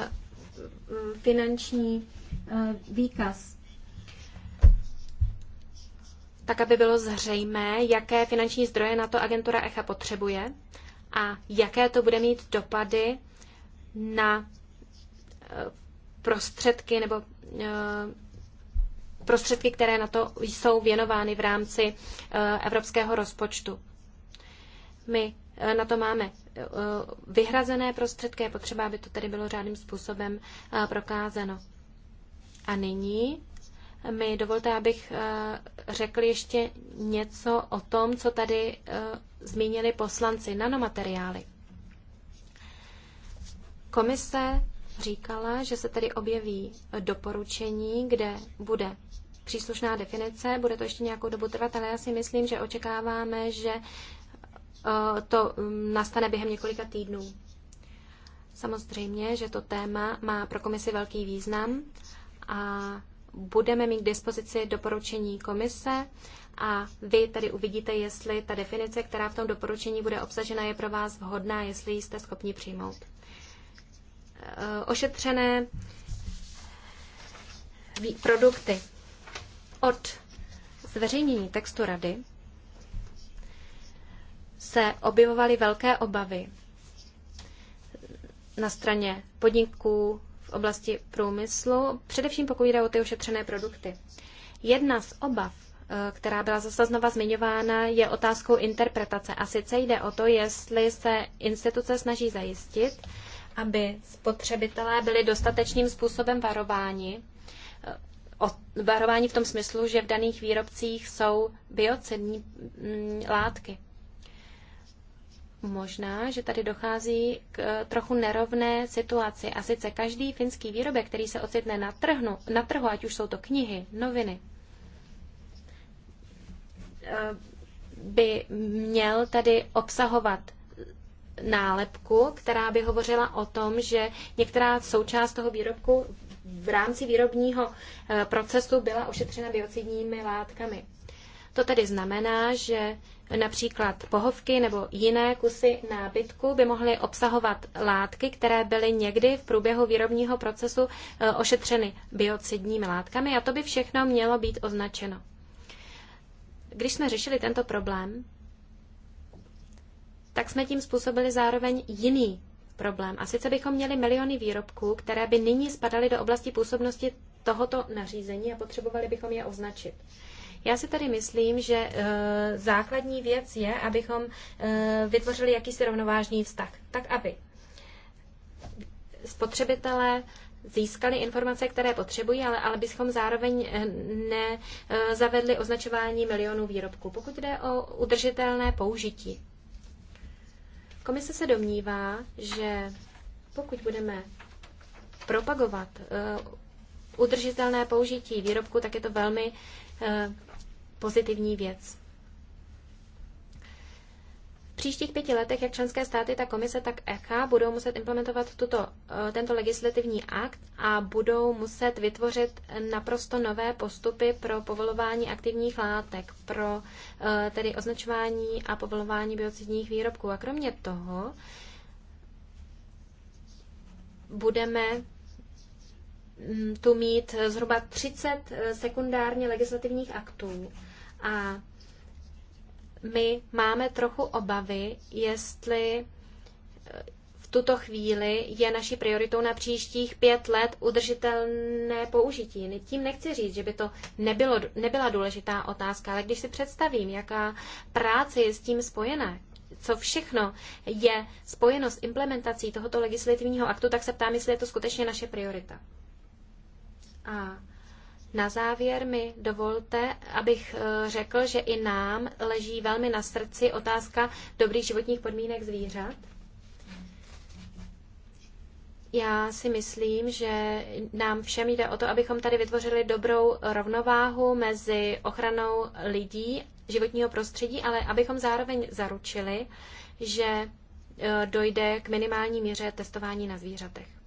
finanční eh, výkaz tak aby bylo zřejmé, jaké finanční zdroje na to agentura ECHA potřebuje a jaké to bude mít dopady na eh, prostředky nebo eh, prostředky, které na to jsou věnovány v rámci eh, evropského rozpočtu. My na to máme vyhrazené prostředky, je potřeba, aby to tedy bylo řádným způsobem prokázeno. A nyní mi dovolte, abych eh, řekl ještě něco o tom, co tady eh, zmínili poslanci nanomateriály. Komise říkala, že se tedy objeví doporučení, kde bude příslušná definice, bude to ještě nějakou dobu trvat, ale já si myslím, že očekáváme, že eh, to mm, nastane během několika týdnů. Samozřejmě, že to téma má pro komisi velký význam a budeme mít k dispozici doporučení komise a vy tady uvidíte, jestli ta definice, která v tom doporučení bude obsažena, je pro vás vhodná, jestli jste schopni přijmout. Eh, ošetřené produkty od zveřejnění textu rady se objevovaly velké obavy na straně podniků, oblasti průmyslu, především pokud jde o ty ošetřené produkty. Jedna z obav, eh, která byla zase znova zmiňována, je otázkou interpretace. A sice jde o to, jestli se instituce snaží zajistit, aby spotřebitelé byli dostatečným způsobem varováni. Eh, Varování v tom smyslu, že v daných výrobcích jsou biocidní mm, látky možná, že tady dochází k eh, trochu nerovné situaci. A sice každý finský výrobek, který se ocitne na, trhnu, na trhu, ať už jsou to knihy, noviny, eh, by měl tady obsahovat nálepku, která by hovořila o tom, že některá součást toho výrobku v rámci výrobního eh, procesu byla ošetřena biocidními látkami. To tedy znamená, že například pohovky nebo jiné kusy nábytku by mohly obsahovat látky, které byly někdy v průběhu výrobního procesu e, ošetřeny biocidními látkami a to by všechno mělo být označeno. Když jsme řešili tento problém, tak jsme tím způsobili zároveň jiný problém. A sice bychom měli miliony výrobků, které by nyní spadaly do oblasti působnosti tohoto nařízení a potřebovali bychom je označit. Já si tady myslím, že eh, základní věc je, abychom eh, vytvořili jakýsi rovnovážný vztah, tak aby spotřebitelé získali informace, které potřebují, ale, ale bychom zároveň eh, nezavedli označování milionů výrobků, pokud jde o udržitelné použití. Komise se domnívá, že pokud budeme propagovat udržitelné použití výrobku, tak je to velmi pozitivní věc. V příštích pěti letech jak členské státy, tak komise, tak ECHA budou muset implementovat tuto, eh, tento legislativní akt a budou muset vytvořit naprosto nové postupy pro povolování aktivních látek, pro eh, tedy označování a povolování biocidních výrobků. A kromě toho budeme mm, tu mít zhruba 30 eh, sekundárně legislativních aktů a my máme trochu obavy, jestli eh, v tuto chvíli je naší prioritou na příštích pět let udržitelné použití. Tím nechci říct, že by to nebylo, nebyla důležitá otázka, ale když si představím, jaká práce je s tím spojená, co všechno je spojeno s implementací tohoto legislativního aktu, tak se ptám, jestli je to skutečně naše priorita. A na závěr mi dovolte, abych eh, řekl, že i nám leží velmi na srdci otázka dobrých životních podmínek zvířat. Já si myslím, že nám všem jde o to, abychom tady vytvořili dobrou rovnováhu mezi ochranou lidí, životního prostředí, ale abychom zároveň zaručili, že eh, dojde k minimální míře testování na zvířatech.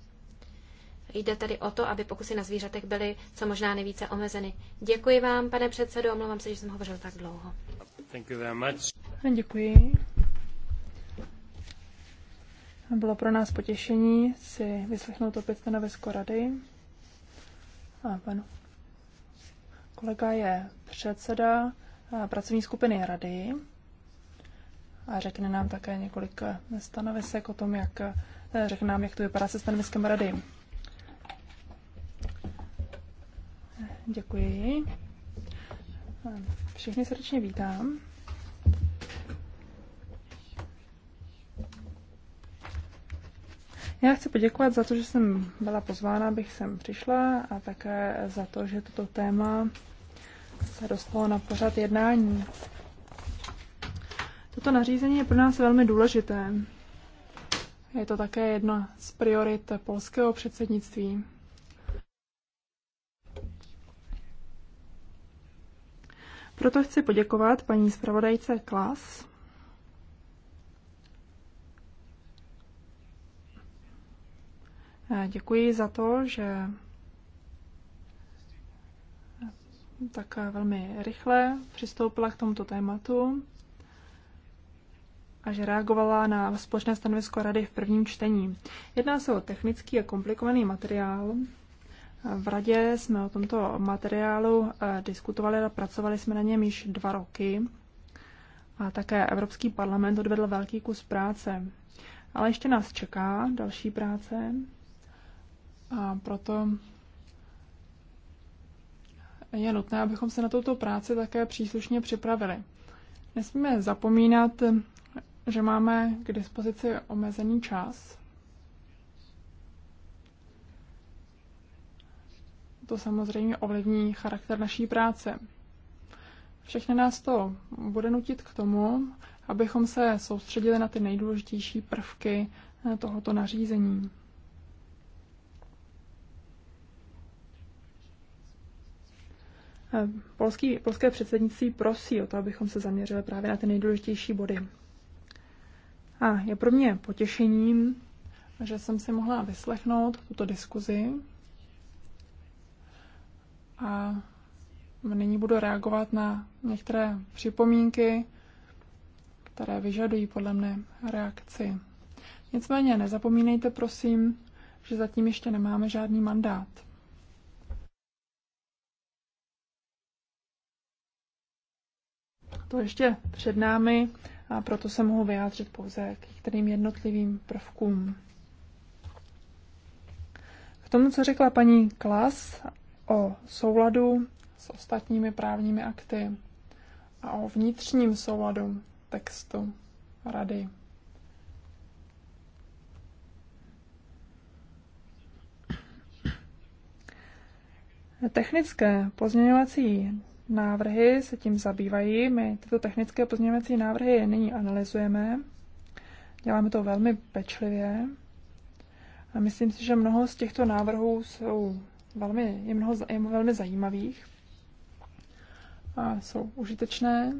Jde tedy o to, aby pokusy na zvířatech byly co možná nejvíce omezeny. Děkuji vám, pane předsedo, omlouvám se, že jsem hovořil tak dlouho. Thank you very much. Děkuji. Bylo pro nás potěšení si vyslechnout opět stanovisko rady. A pan kolega je předseda pracovní skupiny rady a řekne nám také několik stanovisek o tom, jak řekne nám, jak to vypadá se stanoviskem rady. Děkuji. Všechny srdečně vítám. Já chci poděkovat za to, že jsem byla pozvána, abych sem přišla a také za to, že toto téma se dostalo na pořad jednání. Toto nařízení je pro nás velmi důležité. Je to také jedna z priorit polského předsednictví. Proto chci poděkovat paní zpravodajce Klas. Eh, děkuji za to, že tak velmi rychle přistoupila k tomuto tématu a že reagovala na společné stanovisko Rady v prvním čtení. Jedná se o technický a komplikovaný materiál, v radě jsme o tomto materiálu eh, diskutovali a pracovali jsme na něm již dva roky. A také Evropský parlament odvedl velký kus práce. Ale ještě nás čeká další práce a proto je nutné, abychom se na tuto práci také příslušně připravili. Nesmíme zapomínat, že máme k dispozici omezený čas to samozřejmě ovlivní charakter naší práce. Všechny nás to bude nutit k tomu, abychom se soustředili na ty nejdůležitější prvky eh, tohoto nařízení. Eh, polský, polské předsednictví prosí o to, abychom se zaměřili právě na ty nejdůležitější body. A je pro mě potěšením, že jsem si mohla vyslechnout tuto diskuzi a nyní budu reagovat na některé připomínky, které vyžadují podle mne reakci. Nicméně nezapomínejte, prosím, že zatím ještě nemáme žádný mandát. To ještě před námi a proto se mohu vyjádřit pouze k některým jednotlivým prvkům. K tomu, co řekla paní Klas o souladu s ostatními právními akty a o vnitřním souladu textu rady. Technické pozměňovací návrhy se tím zabývají. My tyto technické pozměňovací návrhy nyní analyzujeme. Děláme to velmi pečlivě. A myslím si, že mnoho z těchto návrhů jsou velmi, je, mnoho, je velmi zajímavých a jsou užitečné.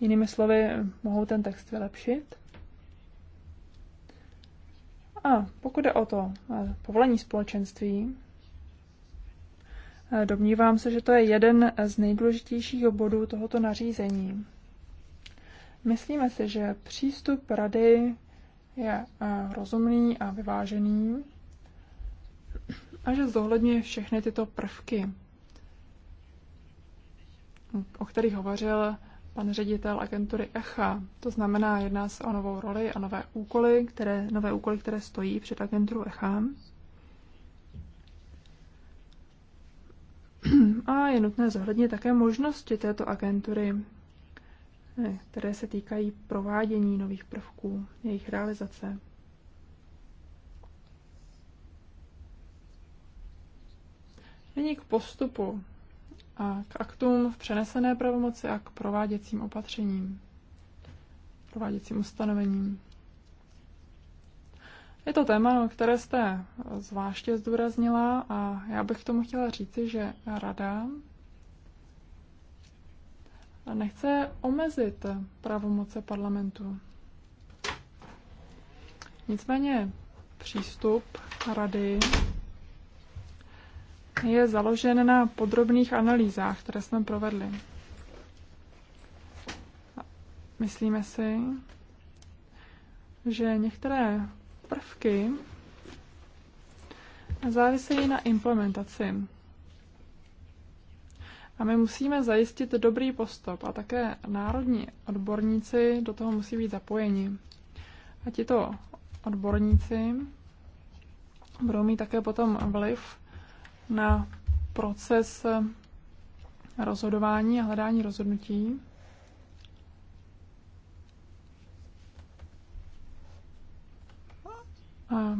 Jinými slovy, mohou ten text vylepšit. A pokud jde o to eh, povolení společenství, eh, domnívám se, že to je jeden z nejdůležitějších bodů tohoto nařízení. Myslíme si, že přístup rady je eh, rozumný a vyvážený a že zohledňuje všechny tyto prvky, o kterých hovořil pan ředitel agentury ECHA. To znamená, jedná se o novou roli a nové úkoly, které, nové úkoly, které stojí před agenturou ECHA. A je nutné zohlednit také možnosti této agentury Eh, které se týkají provádění nových prvků, jejich realizace. Nyní k postupu a k aktům v přenesené pravomoci a k prováděcím opatřením, prováděcím ustanovením. Je to téma, no, které jste zvláště zdůraznila a já bych k tomu chtěla říci, že Rada nechce omezit pravomoce parlamentu. Nicméně přístup rady je založen na podrobných analýzách, které jsme provedli. Myslíme si, že některé prvky závisejí na implementaci a my musíme zajistit dobrý postup a také národní odborníci do toho musí být zapojeni. A tito odborníci budou mít také potom vliv na proces rozhodování a hledání rozhodnutí. A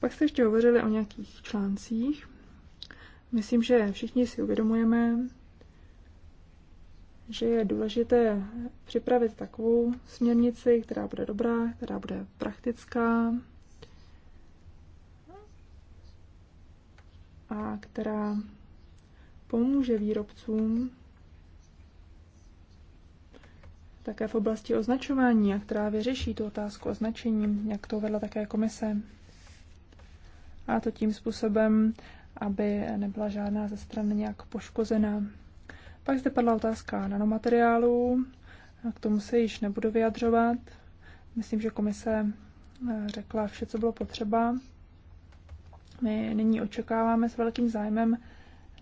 Pak jste ještě hovořili o nějakých článcích. Myslím, že všichni si uvědomujeme, že je důležité připravit takovou směrnici, která bude dobrá, která bude praktická a která pomůže výrobcům také v oblasti označování a která vyřeší tu otázku označením, jak to vedla také komise a to tím způsobem, aby nebyla žádná ze strany nějak poškozená. Pak zde padla otázka nanomateriálů, k tomu se již nebudu vyjadřovat. Myslím, že komise eh, řekla vše, co bylo potřeba. My nyní očekáváme s velkým zájmem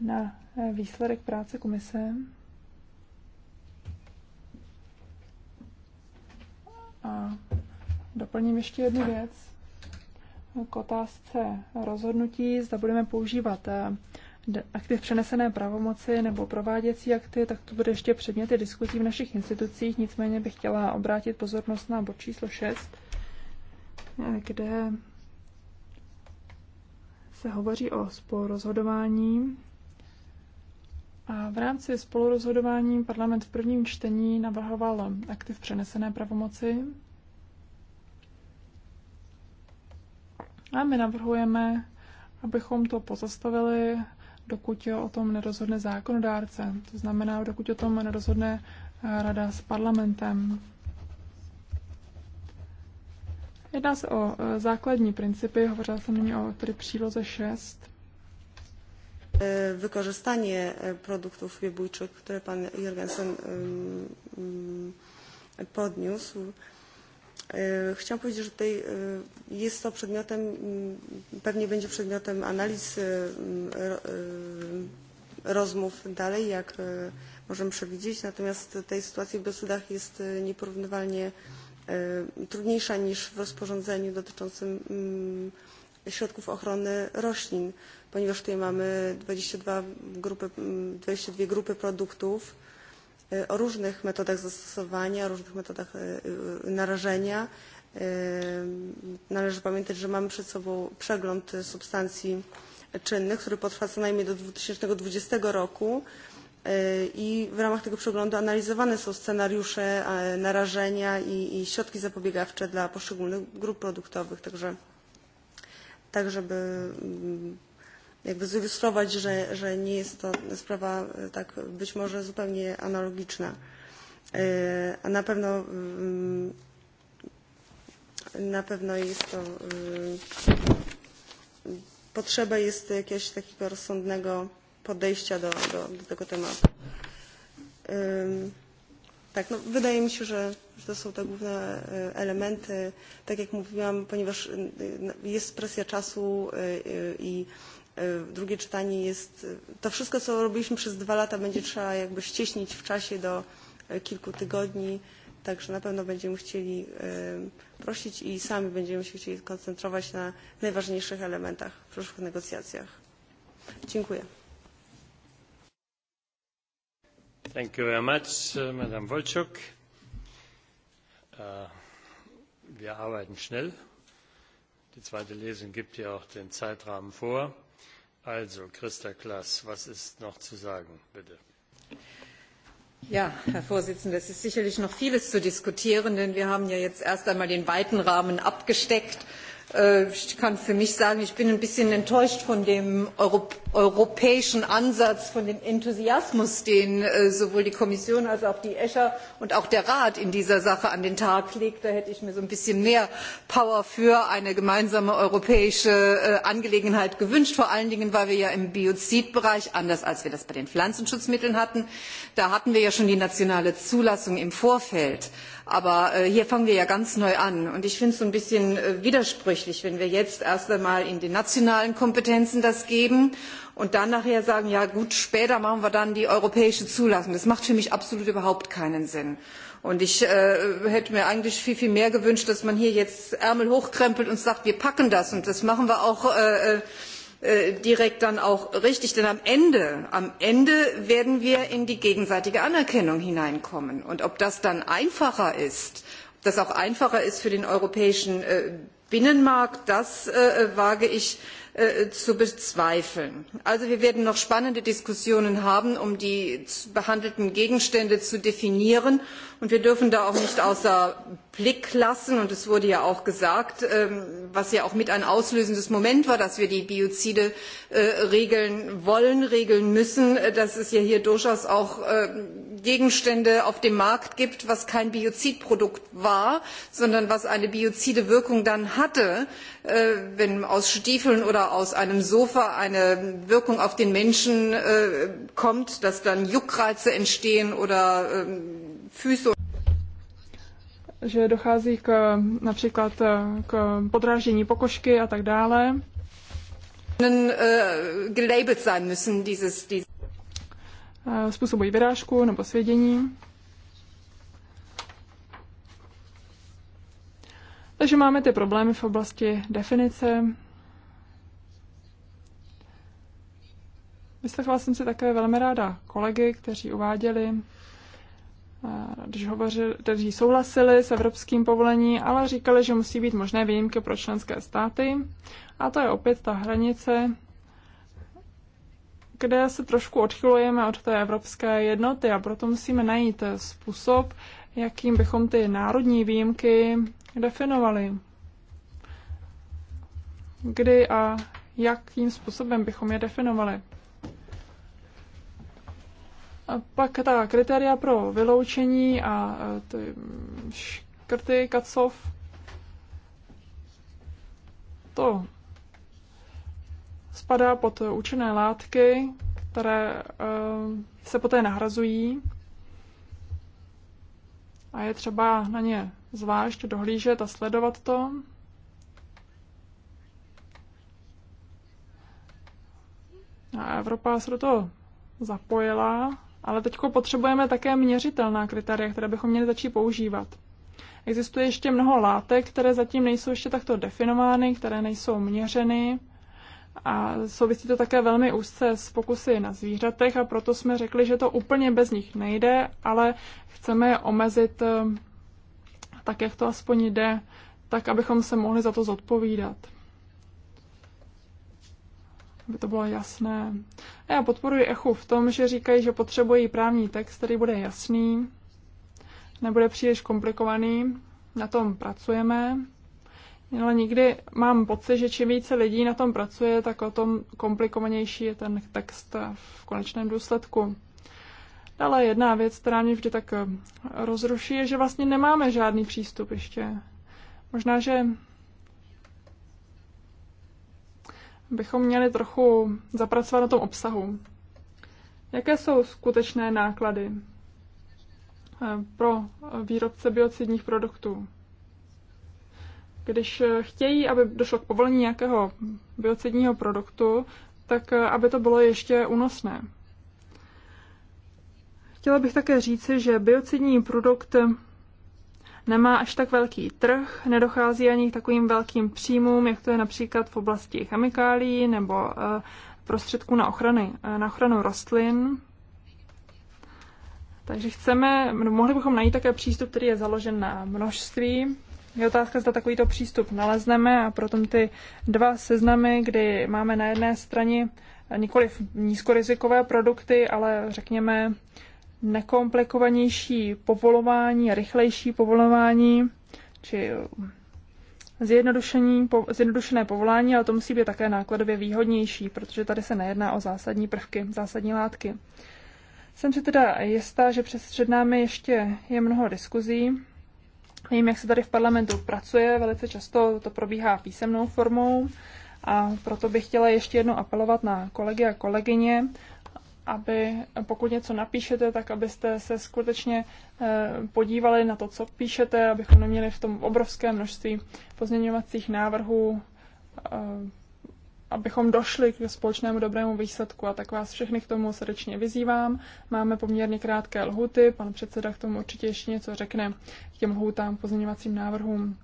na eh, výsledek práce komise. A doplním ještě jednu věc k otázce rozhodnutí, zda budeme používat eh, akty v přenesené pravomoci nebo prováděcí akty, tak to bude ještě předměty diskuzí v našich institucích. Nicméně bych chtěla obrátit pozornost na bod číslo 6, kde se hovoří o spolurozhodování. A v rámci spolurozhodování parlament v prvním čtení navrhoval akty v přenesené pravomoci, A my navrhujeme, abychom to pozastavili, dokud je o tom nerozhodne zákonodárce. To znamená, dokud o tom nerozhodne eh, rada s parlamentem. Jedná se o eh, základní principy, hovořila jsem nyní o tedy příloze 6. Wykorzystanie eh, produktów biobójczych, które pan Jorgensen ehm, ehm, podniósł, E, chciałam powiedzieć, że tutaj e, jest to przedmiotem, mm, pewnie będzie przedmiotem analiz e, rozmów dalej, jak możemy przewidzieć. Natomiast tej sytuacji w Besudach jest nieporównywalnie trudniejsza niż w rozporządzeniu dotyczącym mm, środków ochrony roślin, ponieważ tutaj mamy 22 grupy, 22 mm, grupy produktów, o różnych metodach zastosowania, różnych metodach e, e, narażenia. E, należy pamiętać, że mamy przed sobą przegląd substancji czynnych, który potrwa co najmniej do 2020 roku i w ramach tego przeglądu analizowane są scenariusze narażenia i środki zapobiegawcze dla poszczególnych grup produktowych, także tak żeby mm, jakby zilustrować, że, że nie jest to sprawa e, tak być może zupełnie analogiczna. E, a na pewno mm, na pewno jest to mm, potrzeba jest jakiegoś takiego rozsądnego podejścia do, do, do tego tematu. Tak, no wydaje mi się, że, że to są te główne e, elementy. Tak jak mówiłam, ponieważ no, jest presja czasu i, i E, drugie czytanie jest, e, to wszystko co robiliśmy przez dwa lata będzie trzeba jakby ścieśnić w czasie do e, kilku tygodni, także na pewno będziemy chcieli prosić i sami będziemy się chcieli koncentrować na najważniejszych elementach w przyszłych negocjacjach. Dziękuję. Thank you very much, Madam Wolczuk. Uh, wir arbeiten schnell. Die zweite Lesung gibt ja auch den Zeitrahmen vor herr präsident! es ist sicherlich noch vieles zu diskutieren denn wir haben ja jetzt erst einmal den weiten rahmen abgesteckt. Äh, ich kann für mich sagen, ich bin ein bisschen enttäuscht von dem europäischen Ansatz, von dem Enthusiasmus, den äh, sowohl die Kommission als auch die ECHA und auch der Rat in dieser Sache an den Tag legen. Da hätte ich mir ein bisschen mehr Power für eine gemeinsame europäische äh, Angelegenheit gewünscht, vor allen Dingen, weil wir ja im Biozidbereich, anders als wir das bei den Pflanzenschutzmitteln hatten, schon die nationale Zulassung im Vorfeld. Aber äh, hier fangen wir ja ganz neu an. Und ich finde es so ein bisschen äh, widersprüchlich, wenn wir jetzt erst einmal in den nationalen Kompetenzen das geben und dann nachher sagen, ja gut, später machen wir dann die europäische Zulassung. Das macht für mich absolut überhaupt keinen Sinn. Und ich äh, hätte mir eigentlich viel, viel mehr gewünscht, dass man hier jetzt Ärmel hochkrempelt und sagt, wir packen das und das machen wir auch äh, äh Äh, direkt dann auch richtig. Denn am Ende, am Ende werden wir in die gegenseitige Anerkennung hineinkommen. Und ob das dann einfacher ist, ob das auch einfacher ist für den europäischen äh, Binnenmarkt, das äh, wage ich Äh, zu bezweifeln. wir werden noch spannende Diskussionen haben, um die behandelten Gegenstände zu definieren. Und wir dürfen da auch nicht außer Blick lassen, und es wurde ja auch gesagt, ähm, was ja auch mit ein auslösendes Moment war, dass wir die Biozide äh, regeln wollen, regeln müssen, äh, dass es ja hier durchaus auch ähm, Gegenstände auf dem Markt gibt, was kein Biozidprodukt war, sondern was eine biozide Wirkung dann hatte, wenn aus Stiefeln aus einem sofa eine wirkung auf den menschen äh, kommt dass dann juckreize entstehen oder ähm, füße že dochází k například eh, k podráždění pokožky a tak dále. Äh, gelabelt sein müssen, dieses, dieses. Eh, způsobují vyrážku nebo svědění. Takže máme ty problémy v oblasti definice Vyslechla jsem si také velmi ráda kolegy, kteří uváděli, eh, když hovořili, kteří souhlasili s evropským povolením, ale říkali, že musí být možné výjimky pro členské státy. A to je opět ta hranice, kde se trošku odchylujeme od té evropské jednoty a proto musíme najít způsob, jakým bychom ty národní výjimky definovali. Kdy a jakým způsobem bychom je definovali. A pak ta kritéria pro vyloučení a e, ty škrty kacov, to spadá pod účinné látky, které e, se poté nahrazují a je třeba na ně zvlášť dohlížet a sledovat to. A Evropa se do toho zapojila ale teď potřebujeme také měřitelná kritéria, která bychom měli začít používat. Existuje ještě mnoho látek, které zatím nejsou ještě takto definovány, které nejsou měřeny. A souvisí to také velmi úzce s pokusy na zvířatech a proto jsme řekli, že to úplně bez nich nejde, ale chceme je omezit eh, tak, jak to aspoň jde, tak, abychom se mohli za to zodpovídat aby to bylo jasné. A já podporuji Echu v tom, že říkají, že potřebují právní text, který bude jasný, nebude příliš komplikovaný, na tom pracujeme. Ale nikdy mám pocit, že čím více lidí na tom pracuje, tak o tom komplikovanější je ten text v konečném důsledku. Ale jedna věc, která mě vždy tak rozruší, je, že vlastně nemáme žádný přístup ještě. Možná, že bychom měli trochu zapracovat na tom obsahu. Jaké jsou skutečné náklady eh, pro výrobce biocidních produktů? Když eh, chtějí, aby došlo k povolení nějakého biocidního produktu, tak eh, aby to bylo ještě únosné. Chtěla bych také říci, že biocidní produkt nemá až tak velký trh, nedochází ani k takovým velkým příjmům, jak to je například v oblasti chemikálií nebo eh, prostředků na, ochrany, eh, na ochranu rostlin. Takže chceme, mohli bychom najít také přístup, který je založen na množství. Je otázka, zda takovýto přístup nalezneme a proto ty dva seznamy, kdy máme na jedné straně nikoliv nízkorizikové produkty, ale řekněme nekomplikovanější povolování, rychlejší povolování, či zjednodušení, po, zjednodušené povolání, ale to musí být také nákladově výhodnější, protože tady se nejedná o zásadní prvky, zásadní látky. Jsem si teda jistá, že přes před námi ještě je mnoho diskuzí. Vím, jak se tady v parlamentu pracuje, velice často to probíhá písemnou formou a proto bych chtěla ještě jednou apelovat na kolegy a kolegyně, aby pokud něco napíšete, tak abyste se skutečně eh, podívali na to, co píšete, abychom neměli v tom obrovské množství pozměňovacích návrhů, eh, abychom došli k společnému dobrému výsledku. A tak vás všechny k tomu srdečně vyzývám. Máme poměrně krátké lhuty, pan předseda k tomu určitě ještě něco řekne k těm lhutám pozměňovacím návrhům.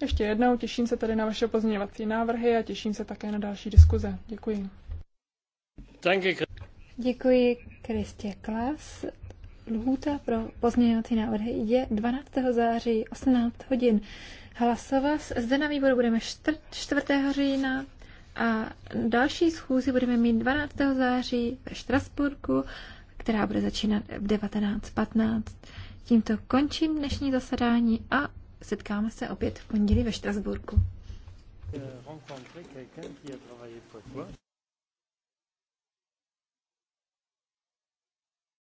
Ještě jednou těším se tady na vaše pozměňovací návrhy a těším se také na další diskuze. Děkuji. Děkuji Kristě Klas. Lhůta pro pozměňovací návrhy je 12. září 18 hodin. Hlasovat zde na výboru budeme 4. října a další schůzi budeme mít 12. září ve Štrasburku, která bude začínat v 19.15. Tímto končím dnešní zasedání a setkáme se opět v pondělí ve Štrasburku.